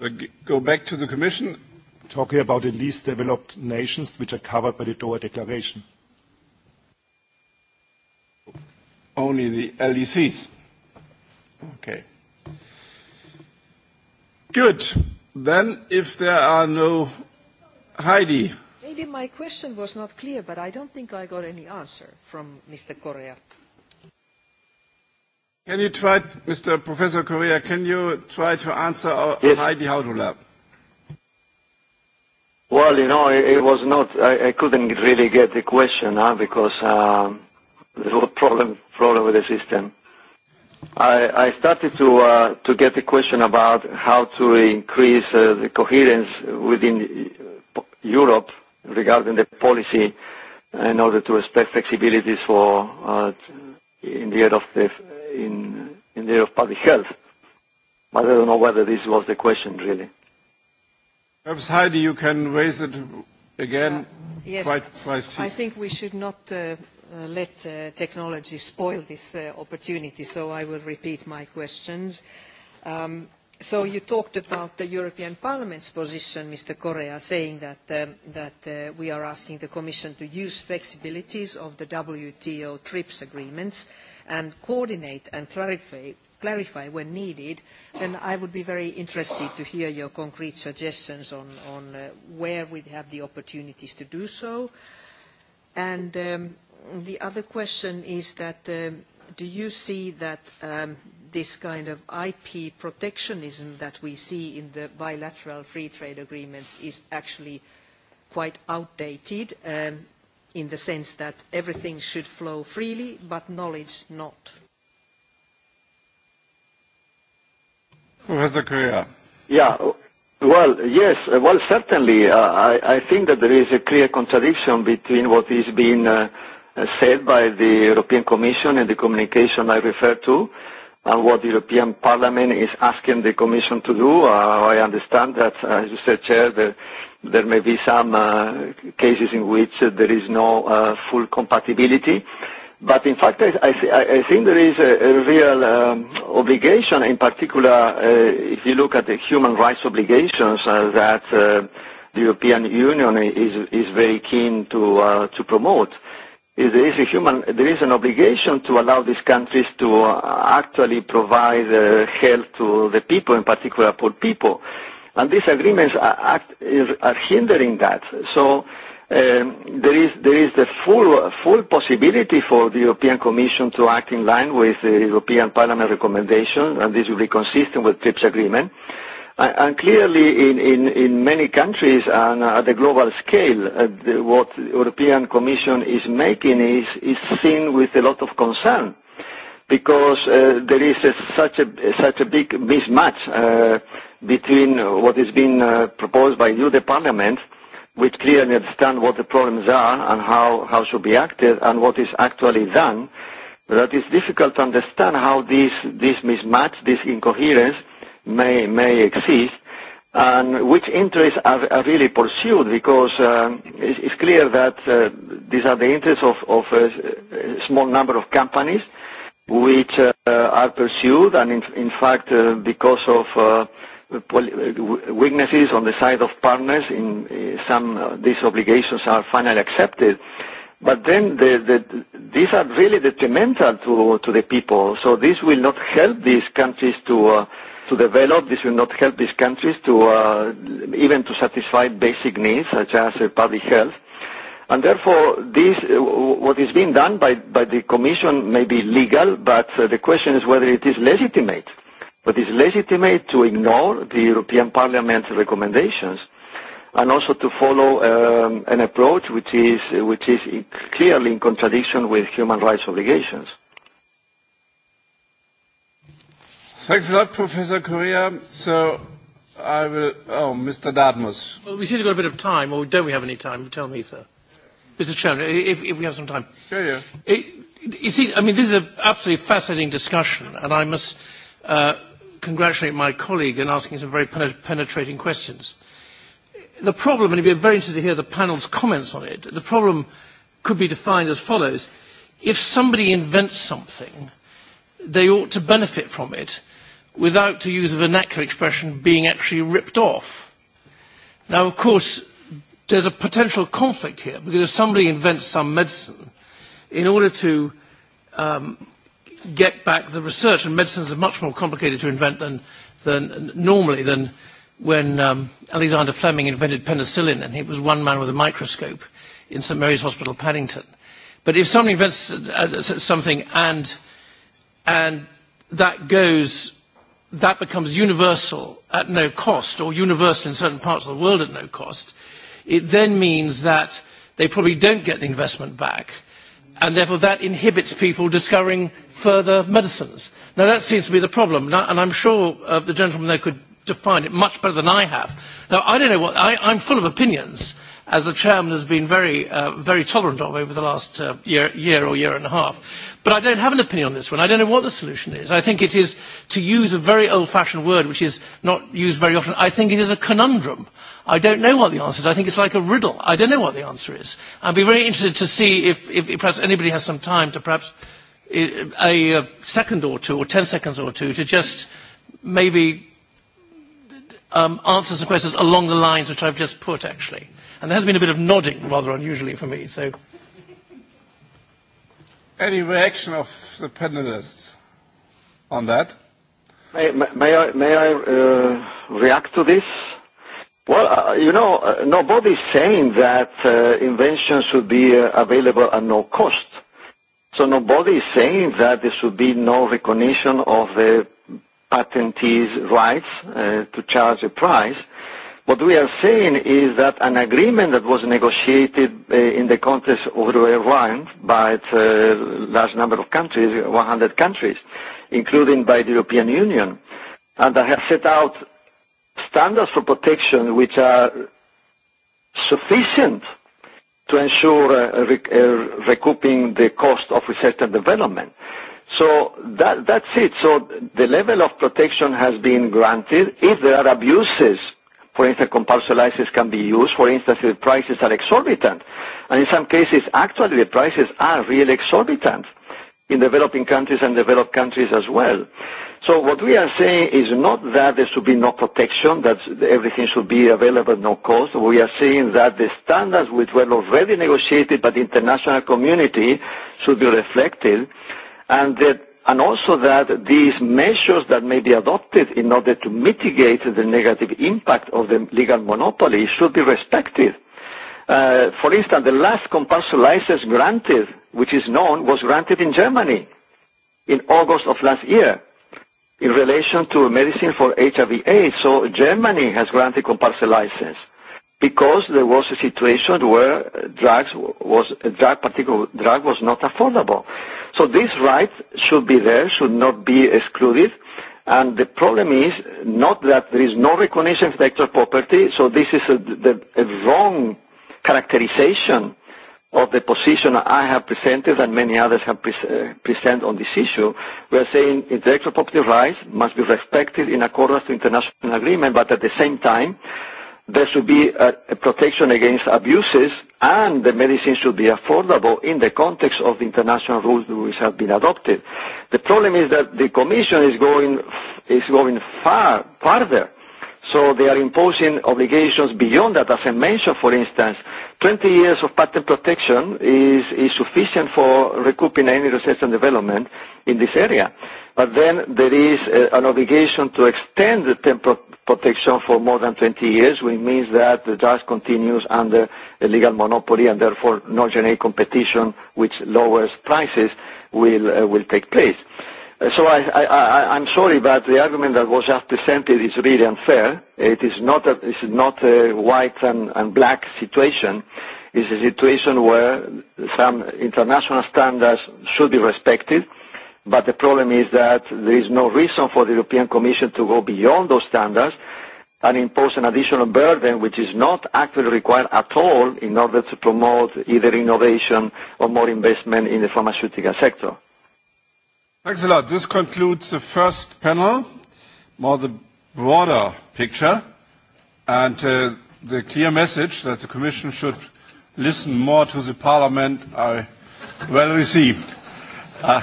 Uh, go back to the Commission. Talking about the least developed nations which are covered by the Doha Declaration. Only the LDCs. E okay. Good. Then, if there are no... Heidi. Maybe my question was not clear, but I don't think I got any answer from Mr. Correa. Can you try, Mr. Professor Correa, can you try to answer our yes. Heidi Haudula? Well, you know, it, it was not, I, I couldn't really get the question huh, because uh, there was problem, problem with the system. I, I started to uh, to get the question about how to increase uh, the coherence within uh, Europe regarding the policy in order to respect flexibilities for uh, in the area of the in in the area of public health. But I don't know whether this was the question really. Perhaps Heidi, you can raise it again. yes, quite, quite I think we should not. Uh, Uh, let uh, technology spoil this uh, opportunity so i will repeat my questions. Um, so you talked about the european parliament's position mr correa saying that, um, we are asking the commission to use flexibilities of the wto trips agreements and coordinate and clarify, when needed then i would be very interested to hear your concrete suggestions on, where we have the opportunities to do so and um, the other question is that um, do you see that um, this kind of IP protectionism that we see in the bilateral free trade agreements is actually quite outdated um, in the sense that everything should flow freely but knowledge not? Professor Korea. well, yes, well, certainly. Uh, I, think that there is a clear contradiction between what is being uh, said by the European Commission in the communication I referred to, and what the European Parliament is asking the Commission to do. Uh, I understand that, uh, as you said, Chair, there, there may be some uh, cases in which uh, there is no uh, full compatibility. But in fact, I, I, I think there is a, a real um, obligation, in particular, uh, if you look at the human rights obligations uh, that uh, the European Union is, is very keen to, uh, to promote there is a human, there is an obligation to allow these countries to uh, actually provide uh, help to the people, in particular poor people. And these agreements are, act, is, are hindering that. So um, there is there is the full full possibility for the European Commission to act in line with the European Parliament recommendation, and this will be consistent with TRIPS agreement. And clearly, in, in, in many countries and at the global scale, uh, the, what the European Commission is making is, is seen with a lot of concern because uh, there is a, such, a, such a big mismatch uh, between what is being uh, proposed by you, the Parliament, which clearly understand what the problems are and how, how should be acted and what is actually done. That it's difficult to understand how this, this mismatch, this incoherence, may, may exist and which interests are, are really pursued because um, it's, it's clear that uh, these are the interests of, of a, small number of companies which uh, are pursued and in, in fact uh, because of uh, uh, weaknesses on the side of partners in uh, some uh, these obligations are finally accepted but then the, the, these are really detrimental to, to the people so this will not help these countries to uh, to develop. This will not help these countries to uh, even to satisfy basic needs such as uh, public health. And therefore, this, uh, what is being done by, by the Commission may be legal, but uh, the question is whether it is legitimate. But it is legitimate to ignore the European Parliament's recommendations and also to follow um, an approach which is, which is clearly in contradiction with human rights obligations. Thanks a lot, Professor Correa. So I will. Oh, Mr. Dartmouth. Well, we seem to got a bit of time, or don't we have any time? Tell me, sir. Mr. Chairman, if, if we have some time. Yeah, yeah. It, you see, I mean, this is an absolutely fascinating discussion, and I must uh, congratulate my colleague in asking some very penetrating questions. The problem, and it would be very interesting to hear the panel's comments on it, the problem could be defined as follows. If somebody invents something, they ought to benefit from it without, to use a vernacular expression, being actually ripped off. Now, of course, there's a potential conflict here because if somebody invents some medicine in order to um, get back the research, and medicines are much more complicated to invent than, than normally than when um, Alexander Fleming invented penicillin and he was one man with a microscope in St Mary's Hospital, Paddington. But if somebody invents uh, something and, and that goes that becomes universal at no cost, or universal in certain parts of the world at no cost, it then means that they probably don't get the investment back, and therefore that inhibits people discovering further medicines. Now that seems to be the problem, and I'm sure uh, the gentleman there could define it much better than I have. Now I don't know what, I, I'm full of opinions, as the chairman has been very, uh, very tolerant of over the last uh, year, year or year and a half. But I don't have an opinion on this one. I don't know what the solution is. I think it is, to use a very old-fashioned word, which is not used very often, I think it is a conundrum. I don't know what the answer is. I think it's like a riddle. I don't know what the answer is. I'd be very interested to see if, if, if perhaps anybody has some time to perhaps a, a second or two or ten seconds or two to just maybe um, answer some questions along the lines which I've just put, actually. And there has been a bit of nodding, rather unusually for me. So, Any reaction of the panelists on that? May, may I, may I uh, react to this? Well, uh, you know, uh, nobody's saying that uh, inventions should be uh, available at no cost. So nobody is saying that there should be no recognition of the patentee's rights uh, to charge a price. What we are saying is that an agreement that was negotiated uh, in the context of the Airlines by a eh, large number of countries, 100 countries, including by the European Union, and that has set out standards for protection which are sufficient to ensure uh, rec uh, recouping the cost of research and development. So that, that's it. So the level of protection has been granted. If there are abuses For instance, compulsory can be used. For instance, the prices are exorbitant. And in some cases, actually, the prices are really exorbitant in developing countries and developed countries as well. So what we are saying is not that there should be no protection, that everything should be available at no cost. We are saying that the standards which were already negotiated by the international community should be reflected and that and also that these measures that may be adopted in order to mitigate the negative impact of the legal monopoly should be respected. Uh, for instance, the last compulsory license granted, which is known, was granted in Germany in August of last year in relation to medicine for HIV/AIDS. So Germany has granted compulsory license because there was a situation where drugs was a drug, particular drug was not affordable. So these rights should be there, should not be excluded. And the problem is not that there is no recognition of intellectual property, so this is a, the, a wrong characterization of the position I have presented and many others have pre uh, presented on this issue. We are saying intellectual property rights must be respected in accordance to international agreement, but at the same time, there should be a, a protection against abuses and the medicine should be affordable in the context of the international rules which have been adopted. The problem is that the Commission is going, is going far, farther. So they are imposing obligations beyond that. As I mentioned, for instance, 20 years of patent protection is, is sufficient for recouping any research and development in this area. But then there is uh, an obligation to extend the, temp- protection for more than 20 years, which means that the drug continues under a legal monopoly and therefore no generic competition, which lowers prices, will uh, will take place. Uh, so I I I I'm sorry, but the argument that was just presented is really unfair. It is not a white and black situation. It's a situation where some international standards should be respected, But the problem is that there is no reason for the European Commission to go beyond those standards and impose an additional burden which is not actually required at all in order to promote either innovation or more investment in the pharmaceutical sector. Thanks a lot. This concludes the first panel, more the broader picture, and uh, the clear message that the Commission should listen more to the Parliament I well received. Uh,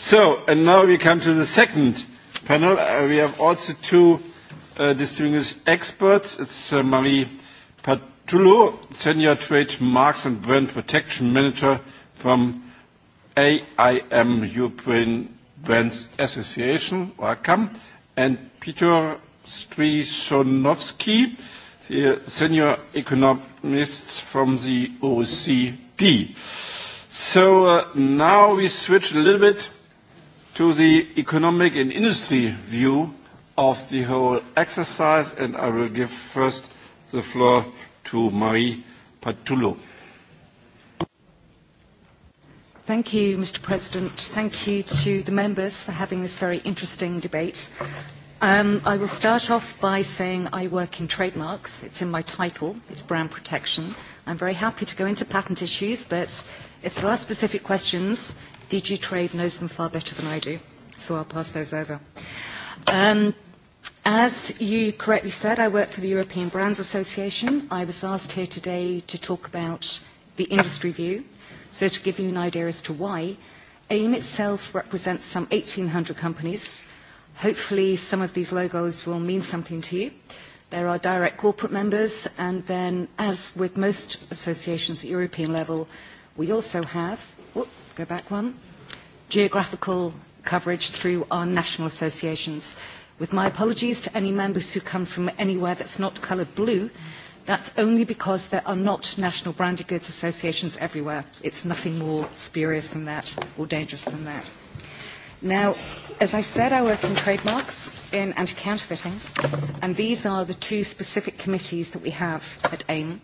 So, and now we come to the second panel. Uh, we have also two uh, distinguished experts. It's uh, Marie Patullo, Senior Trade Marks and Brand Protection Manager from AIM, European Brands Association. Welcome. And Peter Strisonovsky, the Senior Economist from the OECD. So now we switch a little bit to the economic and industry view of the whole exercise, and I will give first the floor to Marie Patullo. Thank you, Mr. President. Thank you to the members for having this very interesting debate. Um, I will start off by saying I work in trademarks. It's in my title. It's brand protection. I'm very happy to go into patent issues, but if there are specific questions, DG Trade knows them far better than I do, so I'll pass those over. Um, as you correctly said, I work for the European Brands Association. I was asked here today to talk about the industry view. So to give you an idea as to why, AIM itself represents some 1,800 companies. Hopefully some of these logos will mean something to you. There are direct corporate members, and then as with most associations at European level, we also have go back one, geographical coverage through our national associations. With my apologies to any members who come from anywhere that's not coloured blue, that's only because there are not national branded goods associations everywhere. It's nothing more spurious than that or dangerous than that. Now, as I said, I work in trademarks in anti-counterfeiting, and these are the two specific committees that we have at AIM.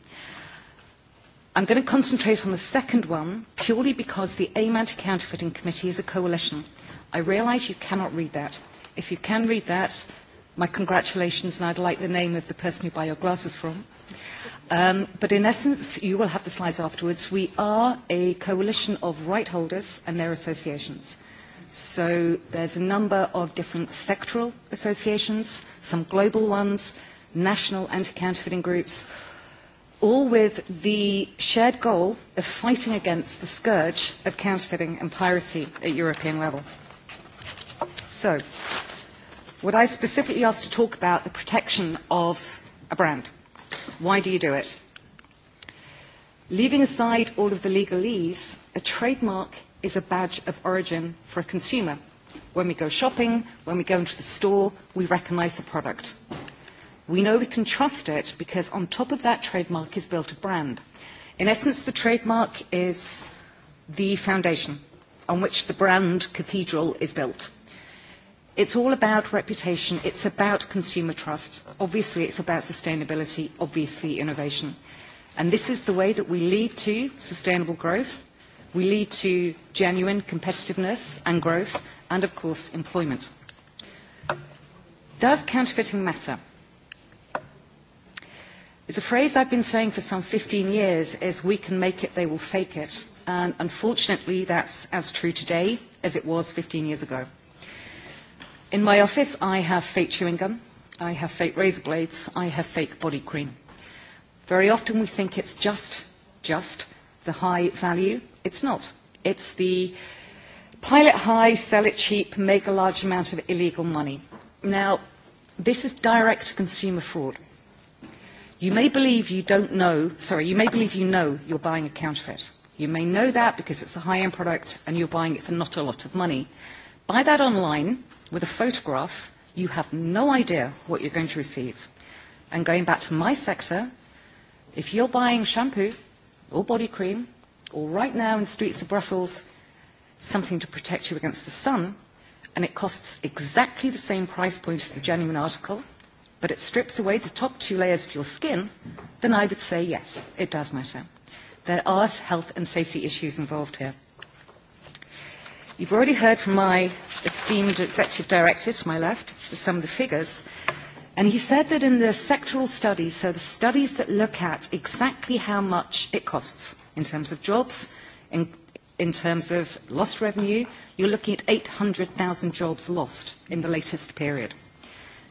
I'm going to concentrate on the second one purely because the AIM Anti-Counterfeiting Committee is a coalition. I realise you cannot read that. If you can read that, my congratulations, and I'd like the name of the person you buy your glasses from. Um, but in essence, you will have the slides afterwards. We are a coalition of right holders and their associations. So there's a number of different sectoral associations, some global ones, national anti-counterfeiting groups, all with the shared goal of fighting against the scourge of counterfeiting and piracy at European level. So, would I specifically ask to talk about the protection of a brand. Why do you do it? Leaving aside all of the legalese, a trademark is a badge of origin for a consumer. When we go shopping, when we go into the store, we recognize the product. We know we can trust it because on top of that trademark is built a brand. In essence, the trademark is the foundation on which the brand cathedral is built. It's all about reputation. It's about consumer trust. Obviously, it's about sustainability. Obviously, innovation. And this is the way that we lead to sustainable growth. We lead to genuine competitiveness and growth, and of course, employment. Does counterfeiting matter? It's a phrase I've been saying for some 15 years is we can make it, they will fake it. And unfortunately, that's as true today as it was 15 years ago. In my office, I have fake chewing gum, I have fake razor blades, I have fake body cream. Very often we think it's just, just the high value. It's not. It's the pile it high, sell it cheap, make a large amount of illegal money. Now, this is direct consumer fraud. You may believe you don't know, sorry, you may believe you know you're buying a counterfeit. You may know that because it's a high-end product and you're buying it for not a lot of money. Buy that online with a photograph, you have no idea what you're going to receive. And going back to my sector, if you're buying shampoo or body cream, or right now in the streets of Brussels, something to protect you against the sun, and it costs exactly the same price point as the genuine article, but it strips away the top two layers of your skin, then I would say yes, it does matter. There are health and safety issues involved here. You've already heard from my esteemed executive director to my left some of the figures, and he said that in the sectoral studies, so the studies that look at exactly how much it costs in terms of jobs, in, in terms of lost revenue, you're looking at 800,000 jobs lost in the latest period.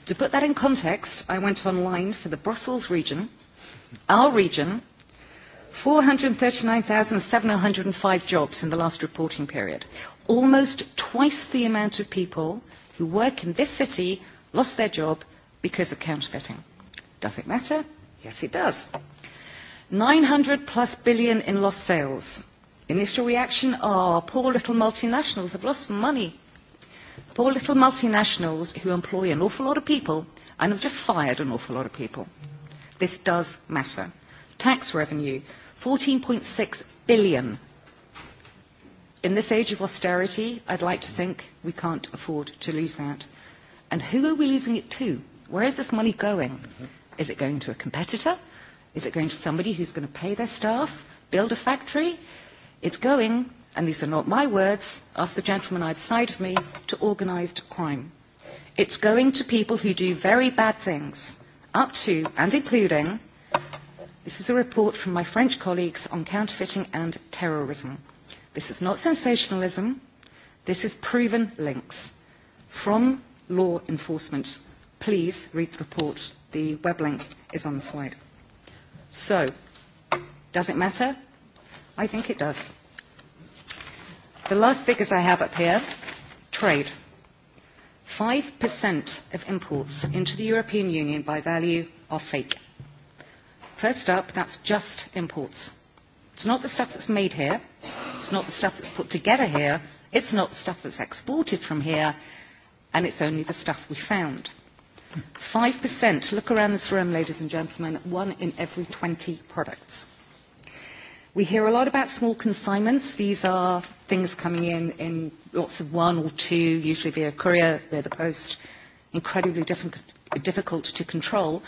To put that in context, I went online for the Brussels region, our region, 439,705 jobs in the last reporting period. Almost twice the amount of people who work in this city lost their job because of counterfeiting. Does it matter? Yes, it does. 900 plus billion in lost sales. Initial reaction, oh, poor little multinationals have lost money poor little multinationals who employ an awful lot of people and have just fired an awful lot of people. This does matter. Tax revenue, 14.6 billion. In this age of austerity, I'd like to think we can't afford to lose that. And who are we losing it to? Where is this money going? Is it going to a competitor? Is it going to somebody who's going to pay their staff, build a factory? It's going and these are not my words, ask the gentleman outside of me, to organised crime. It's going to people who do very bad things, up to and including, this is a report from my French colleagues on counterfeiting and terrorism. This is not sensationalism. This is proven links from law enforcement. Please read the report. The web link is on the slide. So, does it matter? I think it does. The last figures I have up here, trade. 5% of imports into the European Union by value are fake. First up, that's just imports. It's not the stuff that's made here. It's not the stuff that's put together here. It's not the stuff that's exported from here. And it's only the stuff we found. 5%, look around this room, ladies and gentlemen, one in every 20 products. We hear a lot about small consignments. These are things coming in in lots of one or two, usually via courier, via the post, incredibly difficult to control.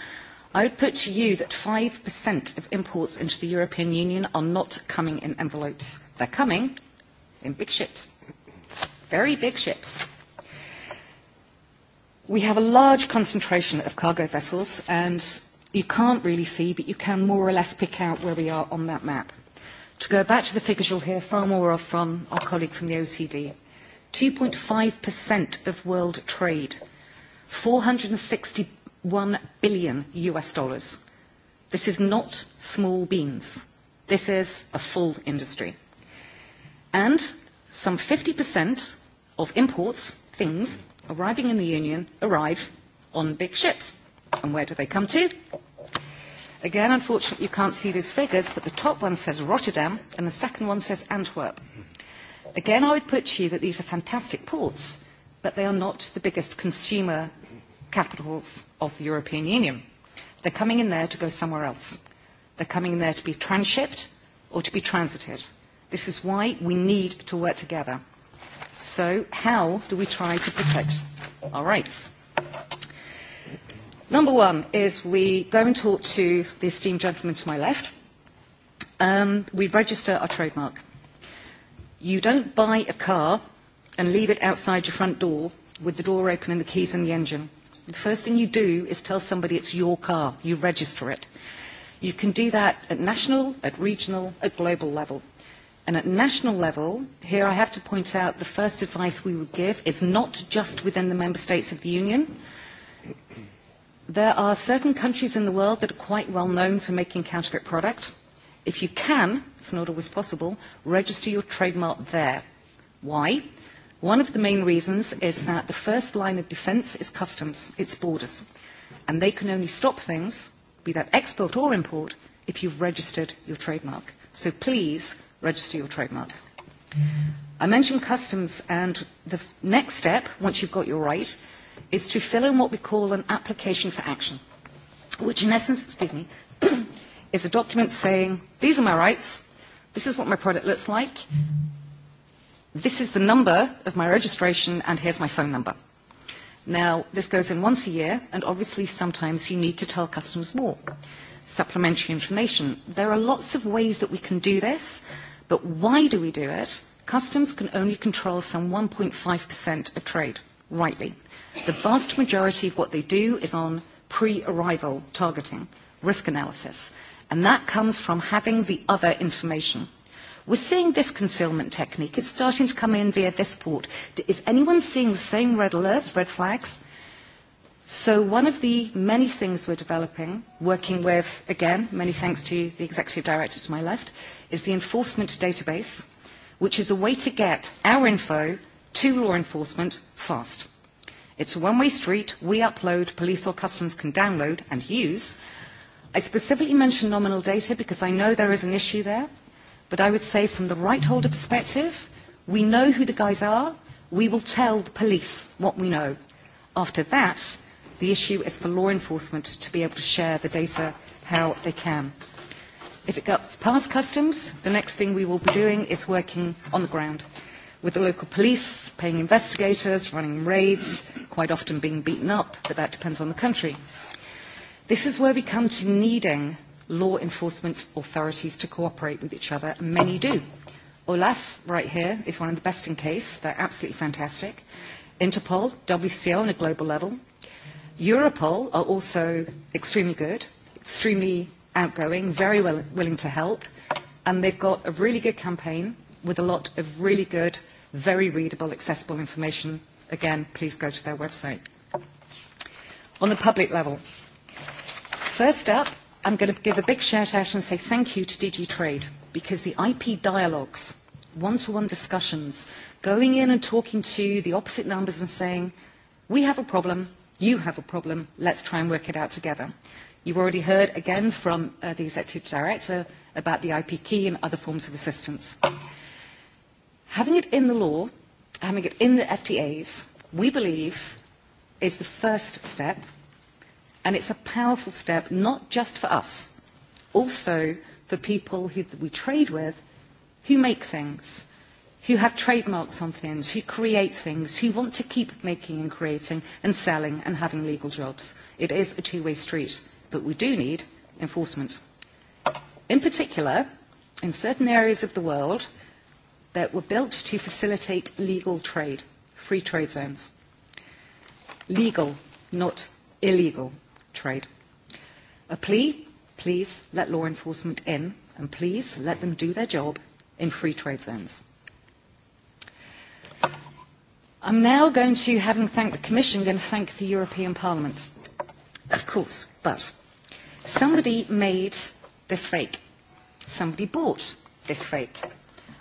I would put to you that 5% of imports into the European Union are not coming in envelopes. They're coming in big ships, very big ships. We have a large concentration of cargo vessels, and you can't really see, but you can more or less pick out where we are on that map. To go back to the figures you'll hear far more of from our colleague from the OCD, 2.5% of world trade, 461 billion US dollars. This is not small beans. This is a full industry. And some 50% of imports, things, arriving in the Union arrive on big ships. And where do they come to? Again, unfortunately, you can't see these figures, but the top one says Rotterdam and the second one says Antwerp. Again, I would put to you that these are fantastic ports, but they are not the biggest consumer capitals of the European Union. They're coming in there to go somewhere else. They're coming in there to be transshipped or to be transited. This is why we need to work together. So how do we try to protect our rights? Number one is we go and talk to the esteemed gentleman to my left. Um, we register our trademark. You don't buy a car and leave it outside your front door with the door open and the keys in the engine. The first thing you do is tell somebody it's your car. You register it. You can do that at national, at regional, at global level. And at national level, here I have to point out the first advice we would give is not just within the member states of the union, There are certain countries in the world that are quite well known for making counterfeit product. If you can, it's not always possible, register your trademark there. Why? One of the main reasons is that the first line of defence is customs, its borders. And they can only stop things, be that export or import, if you've registered your trademark. So please register your trademark. I mentioned customs and the next step, once you've got your right, is to fill in what we call an application for action, which in essence, excuse me, is a document saying, these are my rights, this is what my product looks like, this is the number of my registration, and here's my phone number. Now, this goes in once a year, and obviously sometimes you need to tell customers more. Supplementary information. There are lots of ways that we can do this, but why do we do it? Customs can only control some 1.5% of trade rightly. The vast majority of what they do is on pre-arrival targeting, risk analysis, and that comes from having the other information. We're seeing this concealment technique. It's starting to come in via this port. Is anyone seeing the same red alerts, red flags? So one of the many things we're developing, working with, again, many thanks to the Executive Director to my left, is the enforcement database, which is a way to get our info to law enforcement fast. It's a one-way street we upload, police or customs can download and use. I specifically mention nominal data because I know there is an issue there, but I would say from the right holder perspective, we know who the guys are, we will tell the police what we know. After that, the issue is for law enforcement to be able to share the data how they can. If it gets past customs, the next thing we will be doing is working on the ground with the local police paying investigators, running raids, quite often being beaten up, but that depends on the country. This is where we come to needing law enforcement authorities to cooperate with each other, and many do. Olaf, right here, is one of the best in case. They're absolutely fantastic. Interpol, WCO on a global level. Europol are also extremely good, extremely outgoing, very well, willing to help, and they've got a really good campaign with a lot of really good, very readable, accessible information. Again, please go to their website. On the public level, first up, I'm going to give a big shout out and say thank you to DG Trade because the IP dialogues, one-to-one discussions, going in and talking to the opposite numbers and saying, we have a problem, you have a problem, let's try and work it out together. You've already heard again from uh, the Executive Director about the IP key and other forms of assistance. Having it in the law, having it in the FTAs, we believe is the first step, and it's a powerful step, not just for us, also for people who we trade with, who make things, who have trademarks on things, who create things, who want to keep making and creating and selling and having legal jobs. It is a two-way street, but we do need enforcement. In particular, in certain areas of the world, that were built to facilitate legal trade, free trade zones. Legal, not illegal trade. A plea, please let law enforcement in and please let them do their job in free trade zones. I'm now going to, having thanked the Commission, going to thank the European Parliament. Of course, but somebody made this fake. Somebody bought this fake.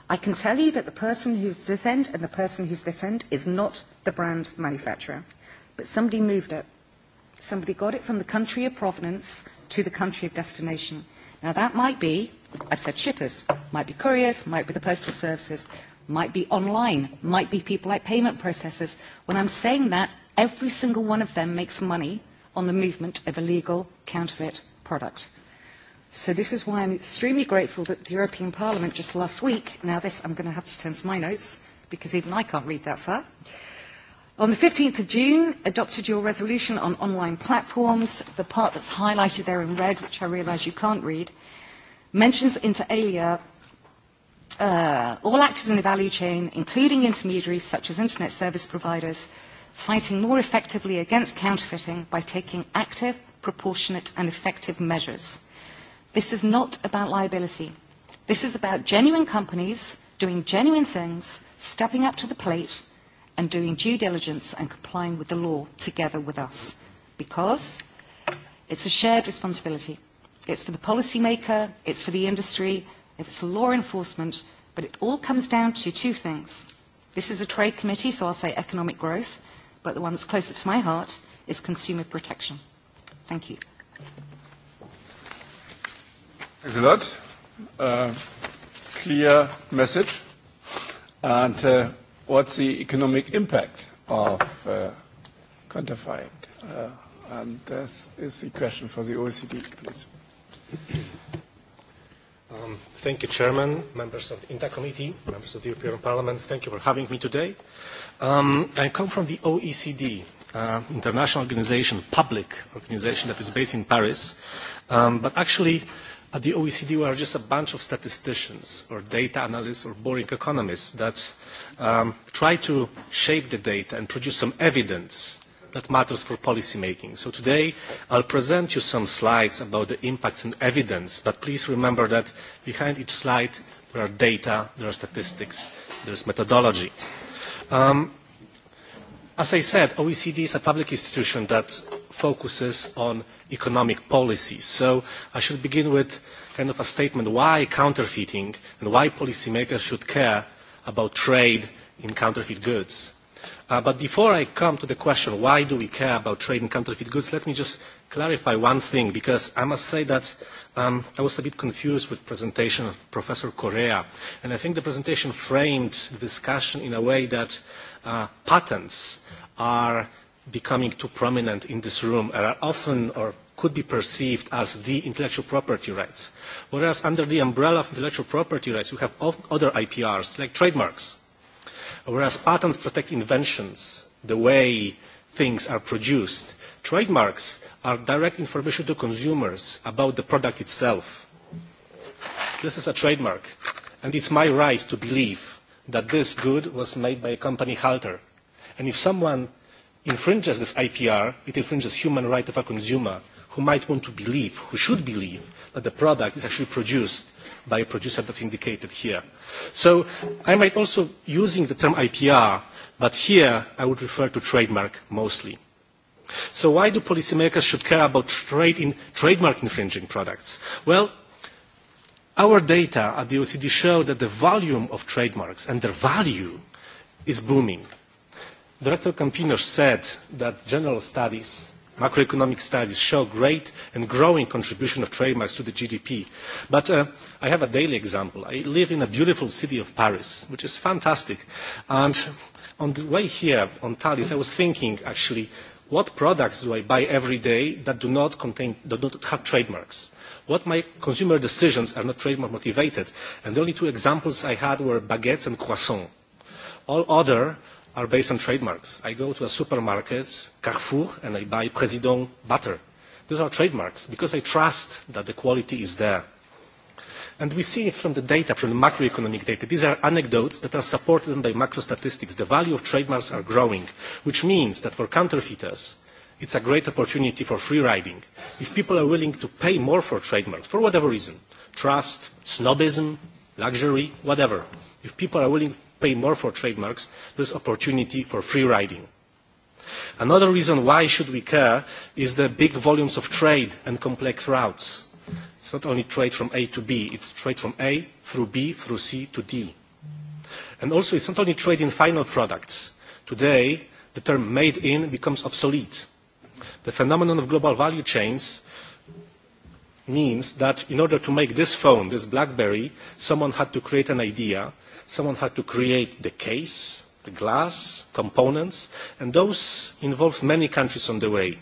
I can tell you that the person who's this end and the person who's this end is not the brand manufacturer. But somebody moved it. Somebody got it from the country of provenance to the country of destination. Now that might be, I've said shippers, might be couriers, might be the postal services, might be online, might be people like payment processors. When I'm saying that, every single one of them makes money on the movement of illegal counterfeit product. So this is why I'm extremely grateful that the European Parliament just last week, now this I'm going to have to turn to my notes because even I can't read that far, on the 15th of June adopted your resolution on online platforms, the part that's highlighted there in red, which I realise you can't read, mentions inter alia uh, all actors in the value chain, including intermediaries such as internet service providers, fighting more effectively against counterfeiting by taking active, proportionate and effective measures. This is not about liability. This is about genuine companies doing genuine things, stepping up to the plate, and doing due diligence and complying with the law together with us. Because it's a shared responsibility. It's for the policymaker, it's for the industry, it's law enforcement, but it all comes down to two things. This is a trade committee, so I'll say economic growth, but the one that's closer to my heart is consumer protection. Thank you. Thanks a uh, clear message. And uh, what's the economic impact of uh, quantifying? Uh, and this is the question for the OECD, please. Um, thank you, Chairman, members of the INTA Committee, members of the European Parliament. Thank you for having me today. Um, I come from the OECD, uh, international organization, public organization that is based in Paris. Um, but actually, At the OECD, we are just a bunch of statisticians or data analysts or boring economists that um, try to shape the data and produce some evidence that matters for policy making. So today, I'll present you some slides about the impacts and evidence, but please remember that behind each slide, there are data, there are statistics, there is methodology. Um, as I said, OECD is a public institution that focuses on economic policies. So I should begin with kind of a statement why counterfeiting and why policymakers should care about trade in counterfeit goods. Uh, but before I come to the question why do we care about trade in counterfeit goods, let me just clarify one thing because I must say that um, I was a bit confused with the presentation of Professor Correa. And I think the presentation framed the discussion in a way that uh, patents are becoming too prominent in this room are often or could be perceived as the intellectual property rights. Whereas under the umbrella of intellectual property rights, we have other IPRs, like trademarks. Whereas patents protect inventions, the way things are produced. Trademarks are direct information to consumers about the product itself. This is a trademark, and it's my right to believe that this good was made by a company halter. And if someone infringes this IPR, it infringes human right of a consumer who might want to believe, who should believe, that the product is actually produced by a producer that's indicated here. So I might also using the term IPR, but here I would refer to trademark mostly. So why do policymakers should care about trade in trademark infringing products? Well, our data at the OECD show that the volume of trademarks and their value is booming. Director Campinos said that general studies, macroeconomic studies, show great and growing contribution of trademarks to the GDP. But uh, I have a daily example. I live in a beautiful city of Paris, which is fantastic. And on the way here, on Thalys, I was thinking, actually, what products do I buy every day that do not, contain, that do not have trademarks? What my consumer decisions are not trademark motivated? And the only two examples I had were baguettes and croissants. All other are based on trademarks. I go to a supermarket, Carrefour, and I buy President butter. Those are trademarks because I trust that the quality is there. And we see it from the data, from the macroeconomic data. These are anecdotes that are supported by macro statistics. The value of trademarks are growing, which means that for counterfeiters, it's a great opportunity for free riding. If people are willing to pay more for trademarks, for whatever reason, trust, snobism, luxury, whatever, if people are willing pay more for trademarks, there's opportunity for free riding. Another reason why should we care is the big volumes of trade and complex routes. It's not only trade from A to B, it's trade from A through B through C to D. And also it's not only trade in final products. Today, the term made in becomes obsolete. The phenomenon of global value chains means that in order to make this phone, this BlackBerry, someone had to create an idea, someone had to create the case the glass components and those involved many countries on the way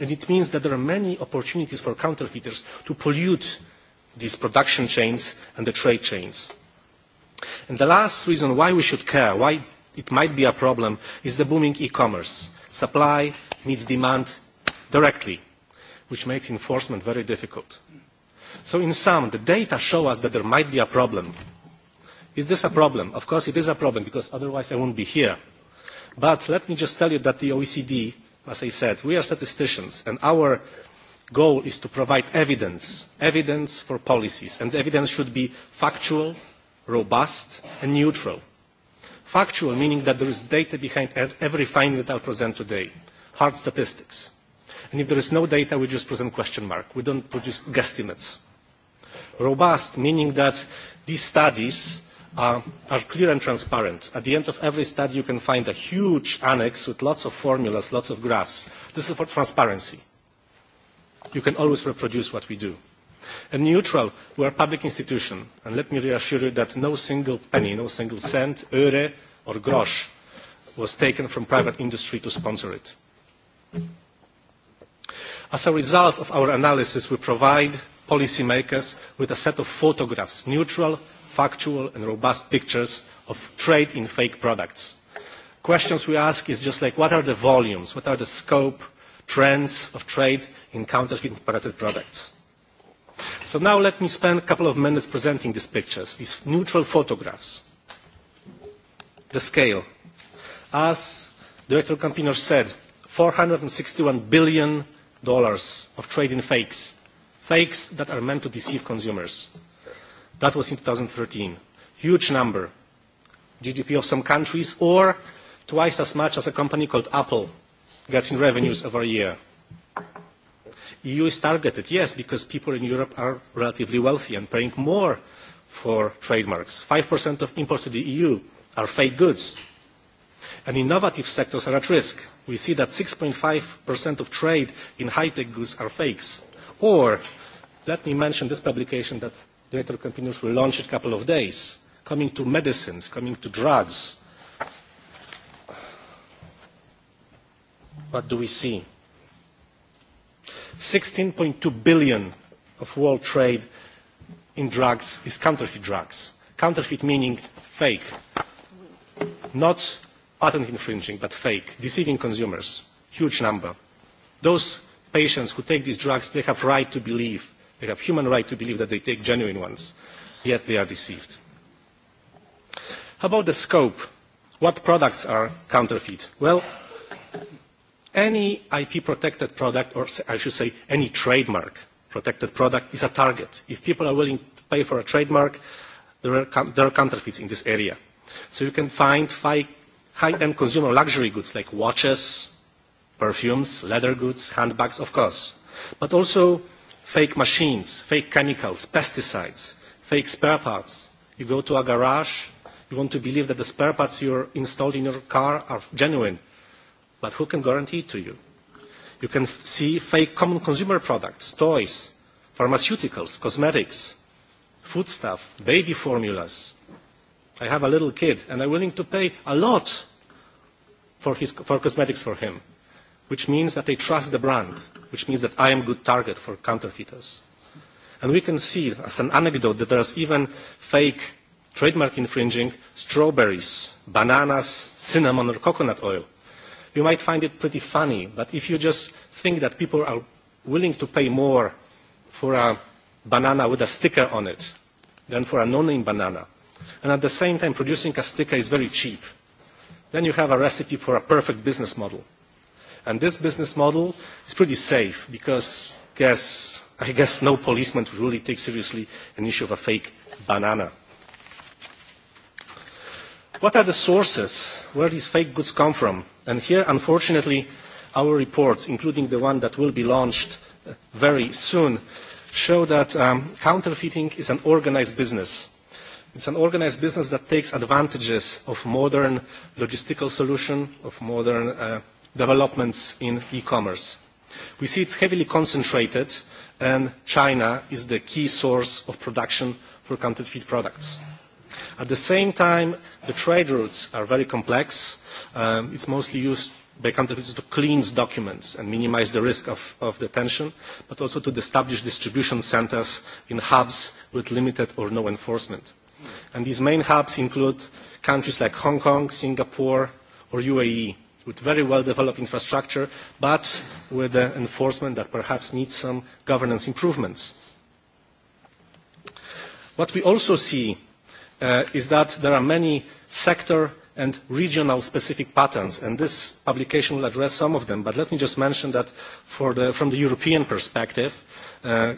and it means that there are many opportunities for counterfeiters to pollute these production chains and the trade chains and the last reason why we should care why it might be a problem is the booming e-commerce supply meets demand directly which makes enforcement very difficult so in sum the data show us that there might be a problem Is this a problem? Of course it is a problem because otherwise I won't be here. But let me just tell you that the OECD, as I said, we are statisticians and our goal is to provide evidence, evidence for policies. And the evidence should be factual, robust and neutral. Factual meaning that there is data behind e-, every finding that I'll present today. Hard statistics. And if there is no data, we just present question mark. We don't produce guesstimates. Robust meaning that these studies are, clear and transparent. At the end of every study, you can find a huge annex with lots of formulas, lots of graphs. This is for transparency. You can always reproduce what we do. And neutral, we are a public institution. And let me reassure you that no single penny, no single cent, öre, or grosh was taken from private industry to sponsor it. As a result of our analysis, we provide policymakers with a set of photographs, neutral factual and robust pictures of trade in fake products. Questions we ask is just like what are the volumes, what are the scope, trends of trade in counterfeit products. So now let me spend a couple of minutes presenting these pictures, these neutral photographs. The scale. As Director Campino said, $461 billion of trade in fakes, fakes that are meant to deceive consumers. That was in 2013. Huge number. GDP of some countries or twice as much as a company called Apple gets in revenues every year. EU is targeted, yes, because people in Europe are relatively wealthy and paying more for trademarks. 5% of imports to the EU are fake goods. And innovative sectors are at risk. We see that 6.5% of trade in high-tech goods are fakes. Or, let me mention this publication that Director Campinos will launch in a couple of days, coming to medicines, coming to drugs. What do we see? 16.2 billion of world trade in drugs is counterfeit drugs. Counterfeit meaning fake. Not patent infringing, but fake. Deceiving consumers. Huge number. Those patients who take these drugs, they have right to believe They have human right to believe that they take genuine ones, yet they are deceived. How about the scope? What products are counterfeit? Well, any IP protected product, or I should say any trademark protected product is a target. If people are willing to pay for a trademark, there are, there are counterfeits in this area. So you can find high-end consumer luxury goods like watches, perfumes, leather goods, handbags, of course, but also fake machines, fake chemicals, pesticides, fake spare parts. You go to a garage, you want to believe that the spare parts you installed in your car are genuine, but who can guarantee it to you? You can see fake common consumer products, toys, pharmaceuticals, cosmetics, foodstuff, baby formulas. I have a little kid and I'm willing to pay a lot for, his, for cosmetics for him, which means that they trust the brand which means that I am a good target for counterfeiters. And we can see as an anecdote that there is even fake trademark infringing strawberries, bananas, cinnamon or coconut oil. You might find it pretty funny, but if you just think that people are willing to pay more for a banana with a sticker on it than for a non-name banana, and at the same time producing a sticker is very cheap, then you have a recipe for a perfect business model. And this business model is pretty safe because guess, I guess no policeman would really take seriously an issue of a fake banana. What are the sources? Where these fake goods come from? And here, unfortunately, our reports, including the one that will be launched uh, very soon, show that um, counterfeiting is an organized business. It's an organized business that takes advantages of modern logistical solution, of modern uh, developments in e-commerce. We see it's heavily concentrated and China is the key source of production for counterfeit products. At the same time, the trade routes are very complex. Um, it's mostly used by counterfeiters to cleanse documents and minimize the risk of, detention, but also to establish distribution centers in hubs with limited or no enforcement. these main hubs include countries like Hong Kong, Singapore, or UAE with very well developed infrastructure but with the enforcement that perhaps needs some governance improvements. What we also see uh, is that there are many sector and regional specific patterns and this publication will address some of them but let me just mention that for the, from the European perspective uh,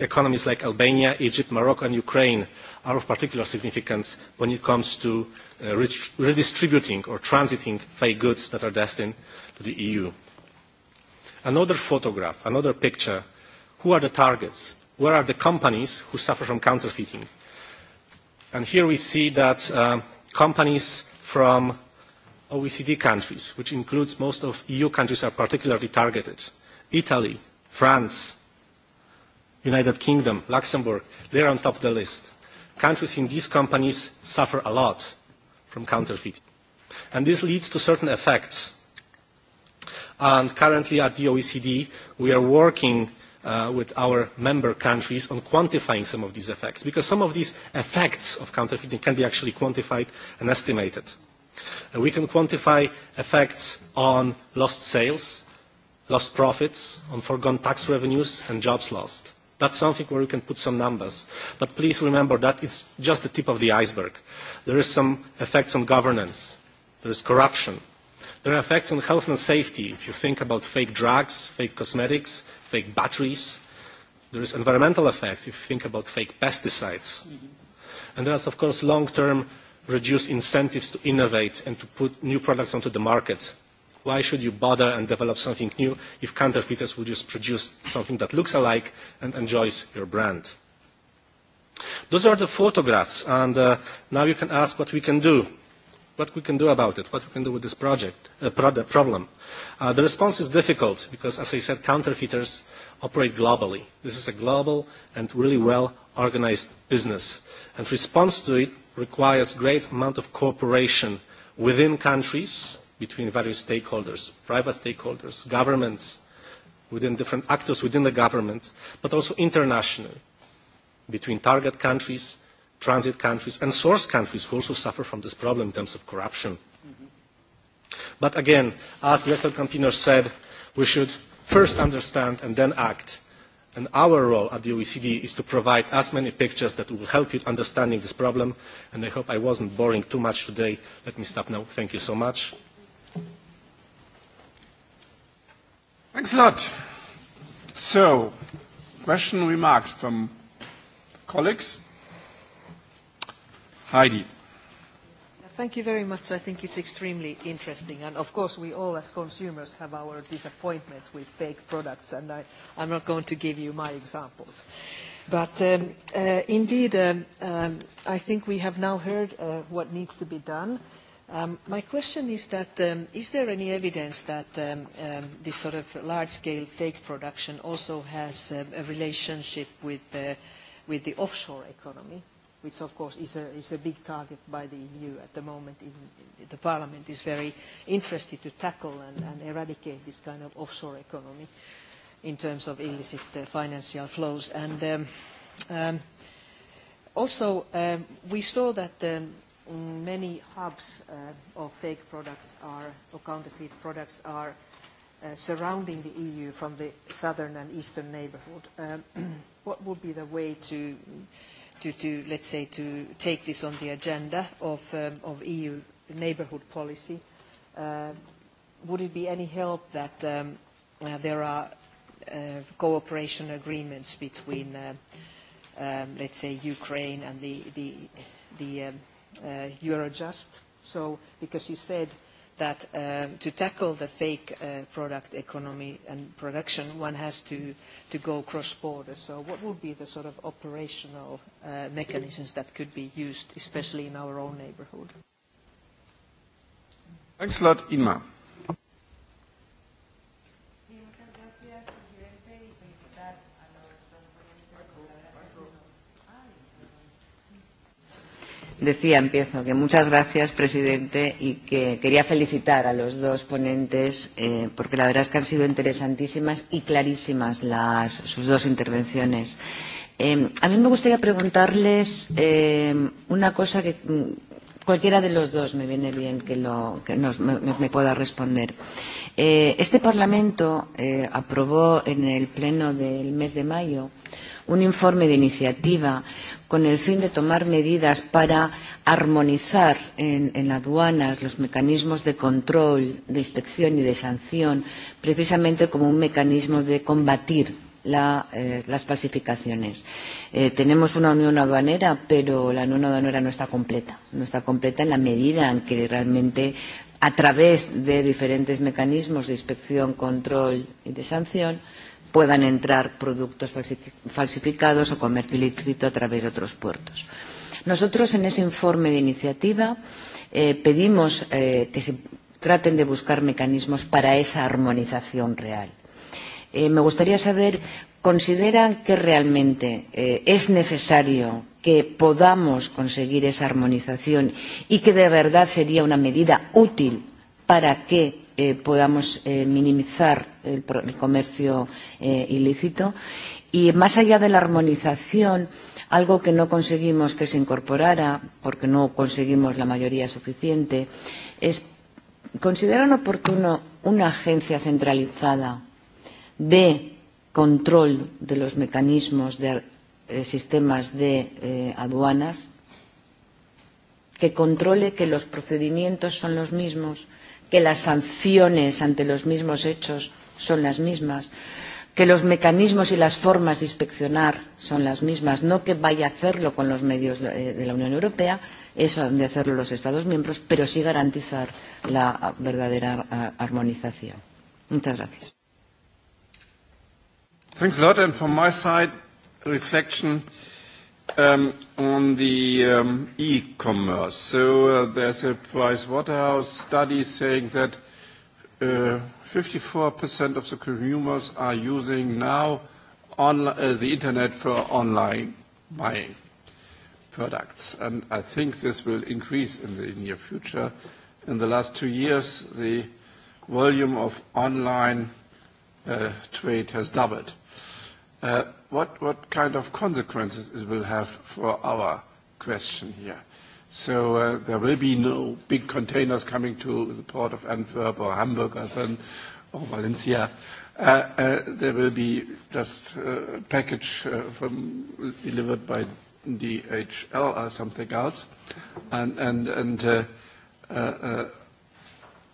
economies like Albania, Egypt, Morocco and Ukraine are of particular significance when it comes to Uh, redistributing or transiting fake goods that are destined to the EU. Another photograph, another picture. Who are the targets? Where are the companies who suffer from counterfeiting? And here we see that uh, companies from OECD countries, which includes most of EU countries, are particularly targeted. Italy, France, United Kingdom, Luxembourg, they're on top of the list. Countries in these companies suffer a lot from counterfeiting. And this leads to certain effects. And currently at the OECD, we are working uh, with our member countries on quantifying some of these effects, because some of these effects of counterfeiting can be actually quantified and estimated. Uh, we can quantify effects on lost sales, lost profits, on foregone tax revenues, and jobs lost. That's something where we can put some numbers. But please remember that is just the tip of the iceberg. There is some effects on governance. There is corruption. There are effects on health and safety. If you think about fake drugs, fake cosmetics, fake batteries, there is environmental effects if you think about fake pesticides. Mm-hmm. And there are of course, long-term reduced incentives to innovate and to put new products onto the market Why should you bother and develop something new if counterfeiters will just produce something that looks alike and enjoys your brand? Those are the photographs, and uh, now you can ask what we can do what we can do about it, what we can do with this project, uh, product problem. Uh, the response is difficult because, as I said, counterfeiters operate globally. This is a global and really well organized business. And response to it requires great amount of cooperation within countries between various stakeholders, private stakeholders, governments, within different actors within the government, but also internationally, between target countries, transit countries, and source countries who also suffer from this problem in terms of corruption. Mm-hmm. But again, as Lechel Campino said, we should first understand and then act. And our role at the OECD is to provide as many pictures that will help you understanding this problem. And I hope I wasn't boring too much today. Let me stop now. Thank you so much. Thanks a lot. So, question remarks from colleagues. Heidi. Thank you very much. I think it's extremely interesting. And of course, we all as consumers have our disappointments with fake products, and I, I'm not going to give you my examples. But um, uh, indeed, um, um, I think we have now heard uh, what needs to be done. Um, my question is that um, is there any evidence that um, this sort of large-scale take production also has a relationship with, uh, with the offshore economy, which of course is a, is a big target by the EU at the moment. the Parliament is very interested to tackle and, and eradicate this kind of offshore economy in terms of illicit uh, financial flows. And also, we saw that many hubs uh, of fake products are, or counterfeit products are uh, surrounding the EU from the southern and eastern neighborhood. Um, what would be the way to, to, to, let's say, to take this on the agenda of, um, of EU neighborhood policy? Uh, would it be any help that um, uh, there are uh, cooperation agreements between, uh, um, let's say, Ukraine and the, the, the um, Uh, Eurojust. So, because you said that uh, to tackle the fake uh, product economy and production, one has to, to go cross-border. So what would be the sort of operational mechanisms that could be used, especially in our own neighborhood? Thanks a lot, Inma. Decía, empiezo, que muchas gracias, presidente, y que quería felicitar a los dos ponentes, eh, porque la verdad es que han sido interesantísimas y clarísimas las, sus dos intervenciones. Eh, a mí me gustaría preguntarles eh, una cosa que Cualquiera de los dos me viene bien que, lo, que nos, me, me, pueda responder. Eh, este Parlamento eh, aprobó en el Pleno del mes de mayo un informe de iniciativa con el fin de tomar medidas para armonizar en, en aduanas los mecanismos de control, de inspección y de sanción, precisamente como un mecanismo de combatir la, eh, las falsificaciones. Eh, tenemos una unión aduanera, pero la unión aduanera no está completa. No está completa en la medida en que realmente a través de diferentes mecanismos de inspección, control y de sanción puedan entrar productos falsificados o comercio ilícito a través de otros puertos. Nosotros en ese informe de iniciativa eh, pedimos eh, que se traten de buscar mecanismos para esa armonización real Eh, me gustaría saber, ¿consideran que realmente eh, es necesario que podamos conseguir esa armonización y que de verdad sería una medida útil para que eh, podamos eh, minimizar el, el comercio eh, ilícito? Y más allá de la armonización, algo que no conseguimos que se incorporara, porque no conseguimos la mayoría suficiente, es ¿consideran oportuno una agencia centralizada de control de los mecanismos de eh, sistemas de eh, aduanas, que controle que los procedimientos son los mismos, que las sanciones ante los mismos hechos son las mismas, que los mecanismos y las formas de inspeccionar son las mismas, no que vaya a hacerlo con los medios eh, de la Unión Europea, eso han de hacerlo los Estados miembros, pero sí garantizar la verdadera armonización. Muchas gracias. Thanks a lot. And from my side, reflection um, on the um, e-commerce. So uh, there's a Price Waterhouse study saying that uh, 54% of the consumers are using now on uh, the internet for online buying products. And I think this will increase in the near future. In the last two years, the volume of online uh, trade has doubled. Uh, what, what kind of consequences it will have for our question here? So uh, there will be no big containers coming to the port of Antwerp or Hamburg or, then, or Valencia. Uh, uh, there will be just uh, a package uh, from, delivered by DHL or something else. And, and, and uh, uh, uh,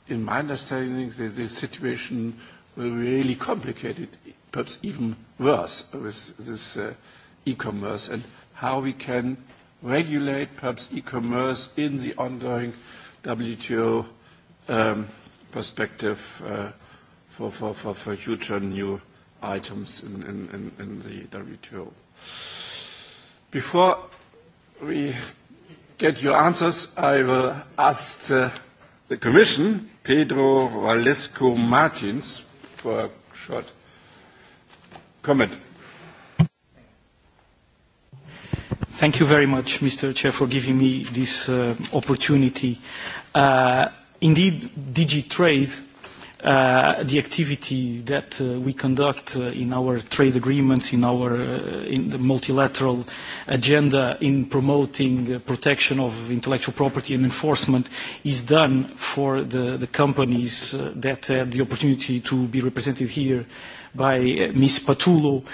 in my understanding, the, the situation will be really complicated perhaps even worse with this uh, e-commerce and how we can regulate perhaps e-commerce in the ongoing WTO um, perspective uh, for, for, for, for future new items in, in, in, the WTO. Before we get your answers, I will ask uh, the Commission, Pedro Valesco Martins, for a short comment. Thank you very much, Mr. Chair, for giving me this uh, opportunity. Uh, indeed, DigiTrade Uh, the activity that uh, we conduct uh, in our trade agreements, in our in the multilateral agenda in promoting protection of intellectual property and enforcement is done for the, the companies that had the opportunity to be represented here by Ms. Patulo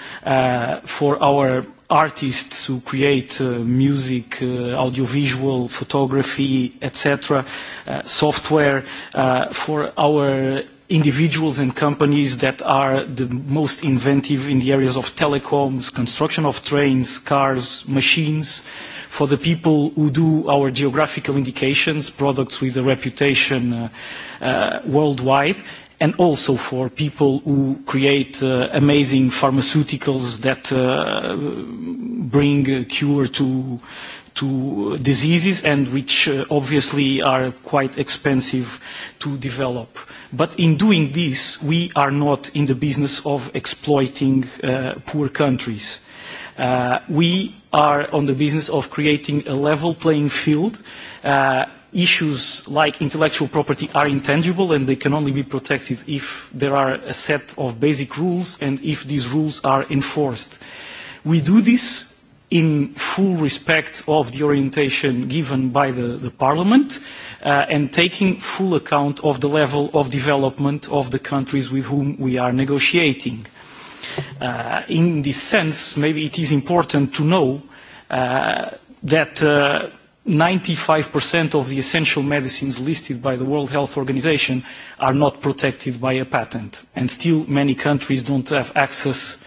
for our artists who create music, audiovisual, photography, etc., software for our individuals and companies that are the most inventive in the areas of telecoms, construction of trains, cars, machines, for the people who do our geographical indications, products with a reputation uh, uh, worldwide, and also for people who create uh, amazing pharmaceuticals that bring a cure to to uh, diseases and which uh, obviously are quite expensive to develop. But in doing this, we are not in the business of exploiting uh, poor countries. Uh, we are on the business of creating a level playing field. Uh, issues like intellectual property are intangible and they can only be protected if there are a set of basic rules and if these rules are enforced. We do this in full respect of the orientation given by the, the Parliament uh, and taking full account of the level of development of the countries with whom we are negotiating. Uh, in this sense, maybe it is important to know uh, that 95% uh, of the essential medicines listed by the World Health Organization are not protected by a patent, and still many countries don't have access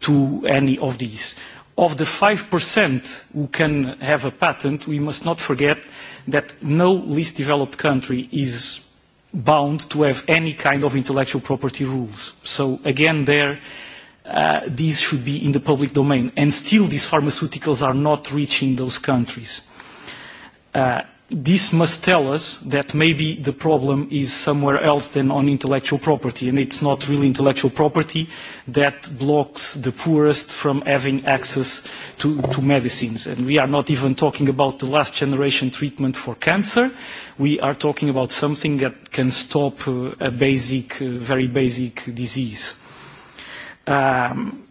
to any of these of the 5% who can have a patent, we must not forget that no least developed country is bound to have any kind of intellectual property rules. So again, there, uh, these should be in the public domain. And still, these pharmaceuticals are not reaching those countries. Uh, this must tell us that maybe the problem is somewhere else than on intellectual property and it's not really intellectual property that blocks the poorest from having access to, to medicines and we are not even talking about the last generation treatment for cancer we are talking about something that can stop uh, a basic uh, very basic disease um,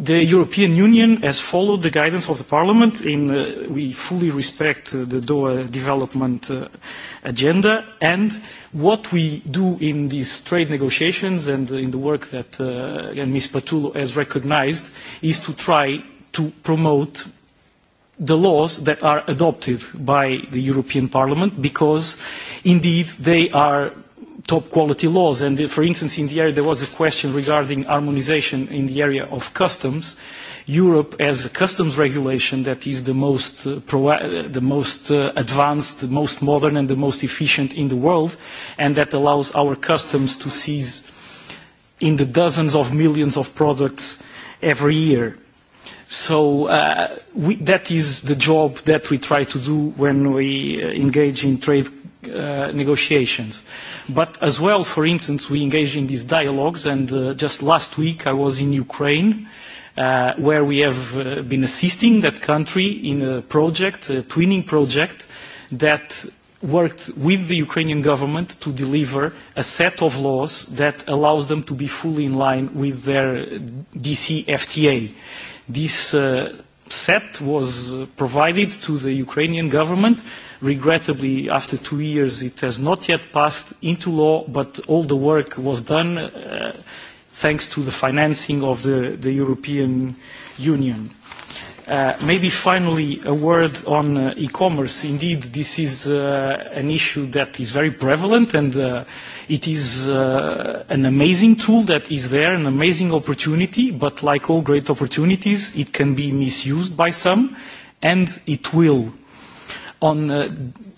The European Union has followed the guidance of the Parliament in uh, we fully respect uh, the Doha development uh, agenda and what we do in these trade negotiations and in the work that Ms. Patullo has recognized is to try to promote the laws that are adopted by the European Parliament because indeed they are top quality laws and uh, for instance in the area there was a question regarding harmonization in the area of customs europe has a customs regulation that is the most uh, uh, the most advanced the most modern and the most efficient in the world and that allows our customs to seize in the dozens of millions of products every year so that is the job that we try to do when we engage in trade Uh, negotiations. But as well, for instance, we engage in these dialogues, and uh, just last week I was in Ukraine, uh, where we have uh, been assisting that country in a project, a twinning project, that worked with the Ukrainian government to deliver a set of laws that allows them to be fully in line with their DCFTA. This uh, set was provided to the Ukrainian government Regrettably, after two years, it has not yet passed into law, but all the work was done uh, thanks to the financing of the, European Union. Uh, maybe finally a word on uh, e-commerce. Indeed, this is an issue that is very prevalent and it is an amazing tool that is there, an amazing opportunity, but like all great opportunities, it can be misused by some and it will on uh,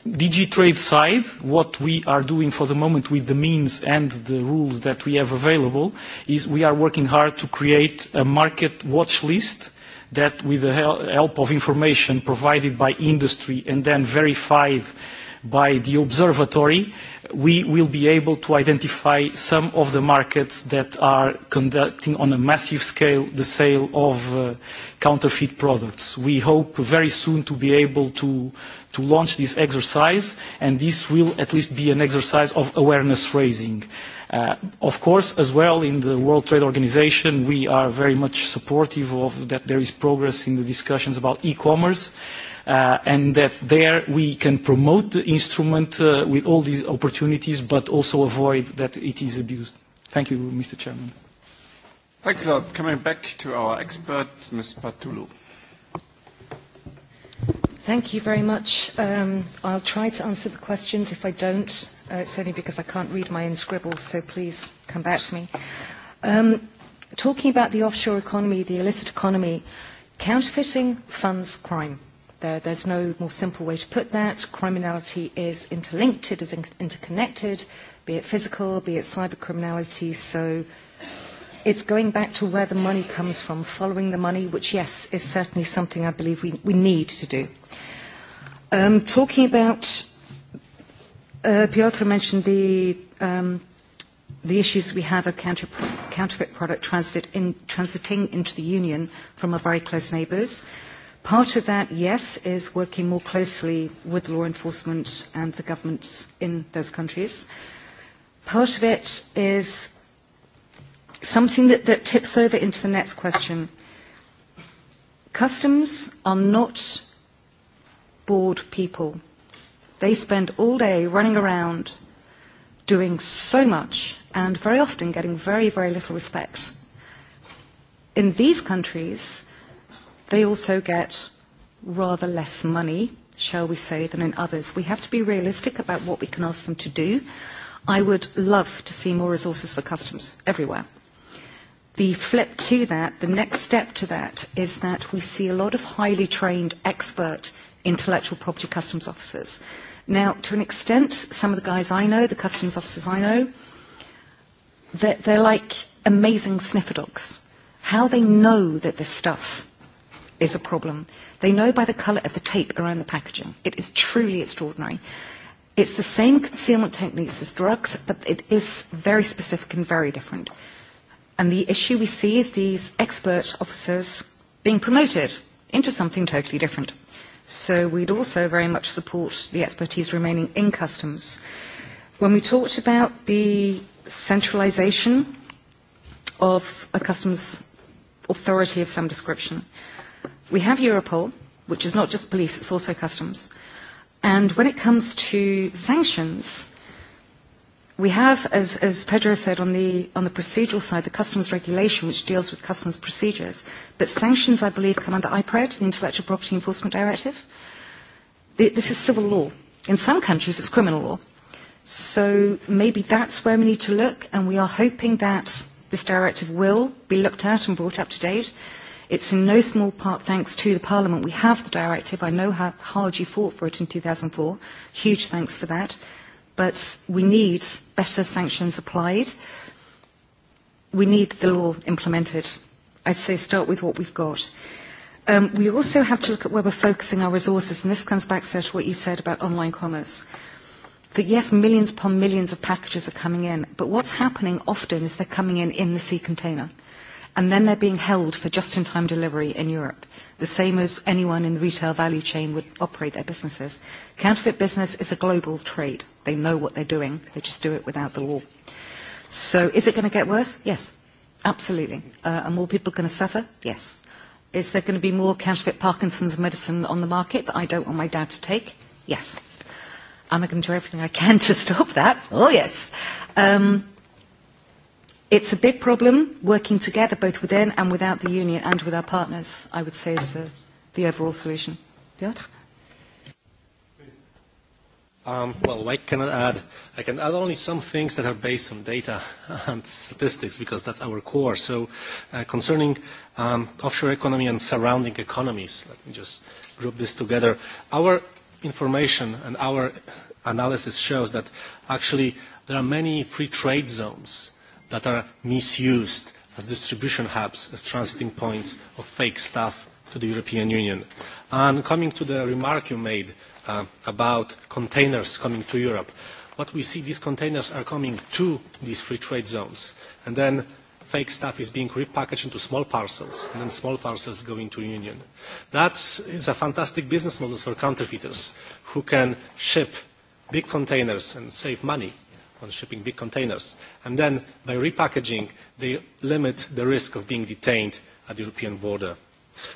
DG trade side, what we are doing for the moment with the means and the rules that we have available is we are working hard to create a market watch list that with the help of information provided by industry and then verified by the observatory, we will be able to identify some of the markets that are conducting on a massive scale the sale of uh, counterfeit products. We hope very soon to be able to, to launch this exercise, and this will at least be an exercise of awareness raising. Uh, of course, as well, in the World Trade Organization, we are very much supportive of that there is progress in the discussions about e-commerce. Uh, Uh, and that there we can promote the instrument uh, with all these opportunities but also avoid that it is abused. Thank you, Mr. Chairman. Thanks a lot. Coming back to our expert, Ms. Patulu. Thank you very much. Um, I'll try to answer the questions. If I don't, uh, it's only because I can't read my own scribbles, so please come back to me. Um, talking about the offshore economy, the illicit economy, counterfeiting funds crime. There, there's no more simple way to put that. Criminality is interlinked, it is interconnected, be it physical, be it cyber criminality. So it's going back to where the money comes from, following the money, which, yes, is certainly something I believe we, we need to do. Um, talking about, uh, Piotr mentioned the, um, the issues we have of counterfeit product transit in, transiting into the Union from our very close neighbours. Part of that, yes, is working more closely with law enforcement and the governments in those countries. Part of it is something that, tips over into the next question. Customs are not bored people. They spend all day running around doing so much and very often getting very, very little respect. In these countries, They also get rather less money, shall we say, than in others. We have to be realistic about what we can ask them to do. I would love to see more resources for customs everywhere. The flip to that, the next step to that, is that we see a lot of highly trained expert intellectual property customs officers. Now, to an extent, some of the guys I know, the customs officers I know, they're, they're like amazing sniffer dogs. How they know that this stuff is a problem. They know by the colour of the tape around the packaging. It is truly extraordinary. It's the same concealment techniques as drugs, but it is very specific and very different. And the issue we see is these expert officers being promoted into something totally different. So we'd also very much support the expertise remaining in customs. When we talked about the centralisation of a customs authority of some description, We have Europol, which is not just police, it's also customs. And when it comes to sanctions, we have, as, as Pedro said, on the, on the procedural side, the customs regulation, which deals with customs procedures. But sanctions, I believe, come under IPRED, the Intellectual Property Enforcement Directive. This is civil law. In some countries, it's criminal law. So maybe that's where we need to look, and we are hoping that this directive will be looked at and brought up to date It's in no small part thanks to the Parliament. We have the directive. I know how hard you fought for it in 2004. Huge thanks for that. But we need better sanctions applied. We need the law implemented. I say start with what we've got. Um, we also have to look at where we're focusing our resources, and this comes back to what you said about online commerce. That yes, millions upon millions of packages are coming in, but what's happening often is they're coming in in the sea container and then they're being held for just-in-time delivery in Europe, the same as anyone in the retail value chain would operate their businesses. Counterfeit business is a global trade. They know what they're doing. They just do it without the law. So is it going to get worse? Yes, absolutely. Uh, are more people going to suffer? Yes. Is there going to be more counterfeit Parkinson's medicine on the market that I don't want my dad to take? Yes. Am I going to do everything I can to stop that? Oh, yes. Um, It's a big problem working together both within and without the union and with our partners, I would say is the, overall solution. Um, well, I can add, I can add only some things that are based on data and statistics because that's our core. So uh, concerning um, offshore economy and surrounding economies, let me just group this together. Our information and our analysis shows that actually there are many free trade zones that are misused as distribution hubs, as transiting points of fake stuff to the European Union. And coming to the remark you made uh, about containers coming to Europe, what we see, these containers are coming to these free trade zones. And then fake stuff is being repackaged into small parcels, and then small parcels go into Union. That is a fantastic business model for counterfeiters who can ship big containers and save money on shipping big containers. And then by repackaging, they limit the risk of being detained at the European border.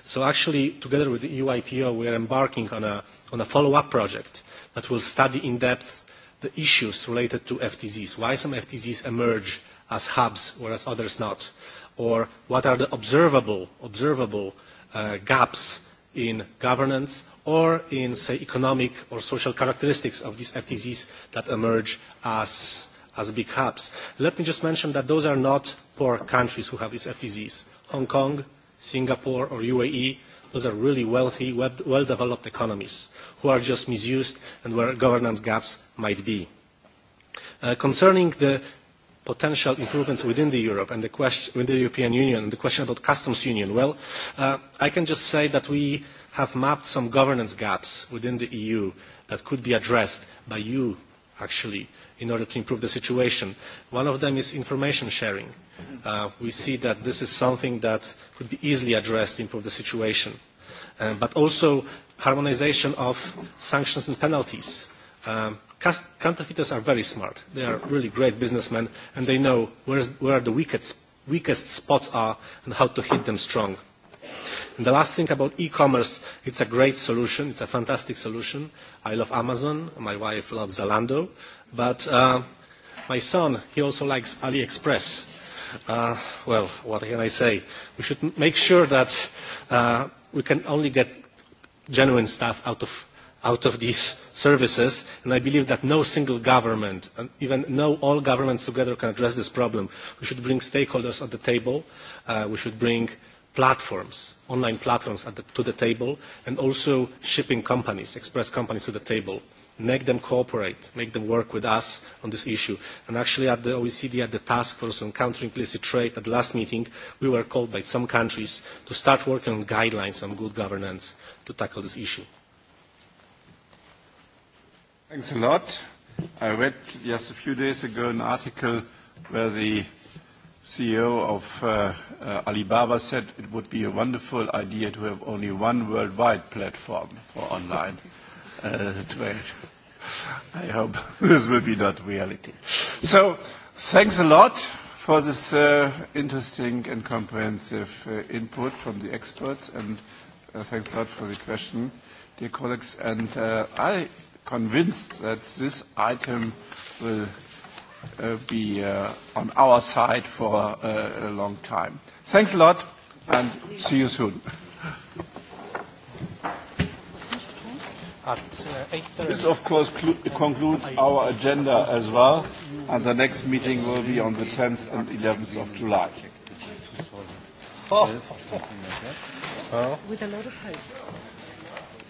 So actually, together with the e UIPO, we are embarking on a, follow-up project that will study in depth the issues related to FTZs, why some FTZs emerge as hubs, whereas others not, or what are the observable, uh, gaps in governance or in, say, economic or social characteristics of these FTZs that emerge as, as big hubs. Let me just mention that those are not poor countries who have these FTZs. Hong Kong, Singapore or UAE, those are really wealthy, well-developed economies who are just misused and where governance gaps might be. Uh, concerning the potential improvements within the Europe and the question within the European Union and the question about customs union, well, uh, I can just say that we have mapped some governance gaps within the EU that could be addressed by you, actually, in order to improve the situation. One of them is information sharing. Uh, we see that this is something that could be easily addressed to improve the situation. Uh, but also harmonization of sanctions and penalties Um, counterfeiters are very smart. They are really great businessmen, and they know where the weakest, weakest spots are and how to hit them strong. And the last thing about e-commerce, it's a great solution. It's a fantastic solution. I love Amazon. My wife loves Zalando. But uh, my son, he also likes AliExpress. Uh, well, what can I say? We should make sure that uh, we can only get genuine stuff out of out of these services and i believe that no single government and even no all governments together can address this problem we should bring stakeholders at the table uh, we should bring platforms online platforms at the, to the table and also shipping companies express companies to the table make them cooperate make them work with us on this issue and actually at the oecd at the task force on countering illicit trade at the last meeting we were called by some countries to start working on guidelines on good governance to tackle this issue Thanks a lot. I read just a few days ago an article where the CEO of uh, uh, Alibaba said it would be a wonderful idea to have only one worldwide platform for online uh, trade. I hope this will be not reality. So thanks a lot for this uh, interesting and comprehensive uh, input from the experts and uh, thanks a lot for the question, dear colleagues. And uh, I convinced that this item will uh, be uh, on our side for uh, a long time. Thanks a lot and see you soon. This, of course, concludes our agenda as well, and the next meeting will be on the 10th and 11th of July. Oh. With a lot of hope.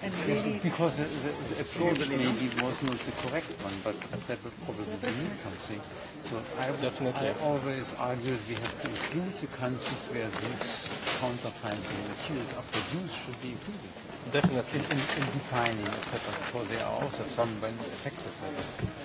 And really because the, the, the approach maybe was not the correct one, but that would probably mean something. So I, Definitely. I always argue we have to include the countries where these counterfeiting materials are produced should be included. Definitely. In, in, in defining, etc., because they are also some affected by that.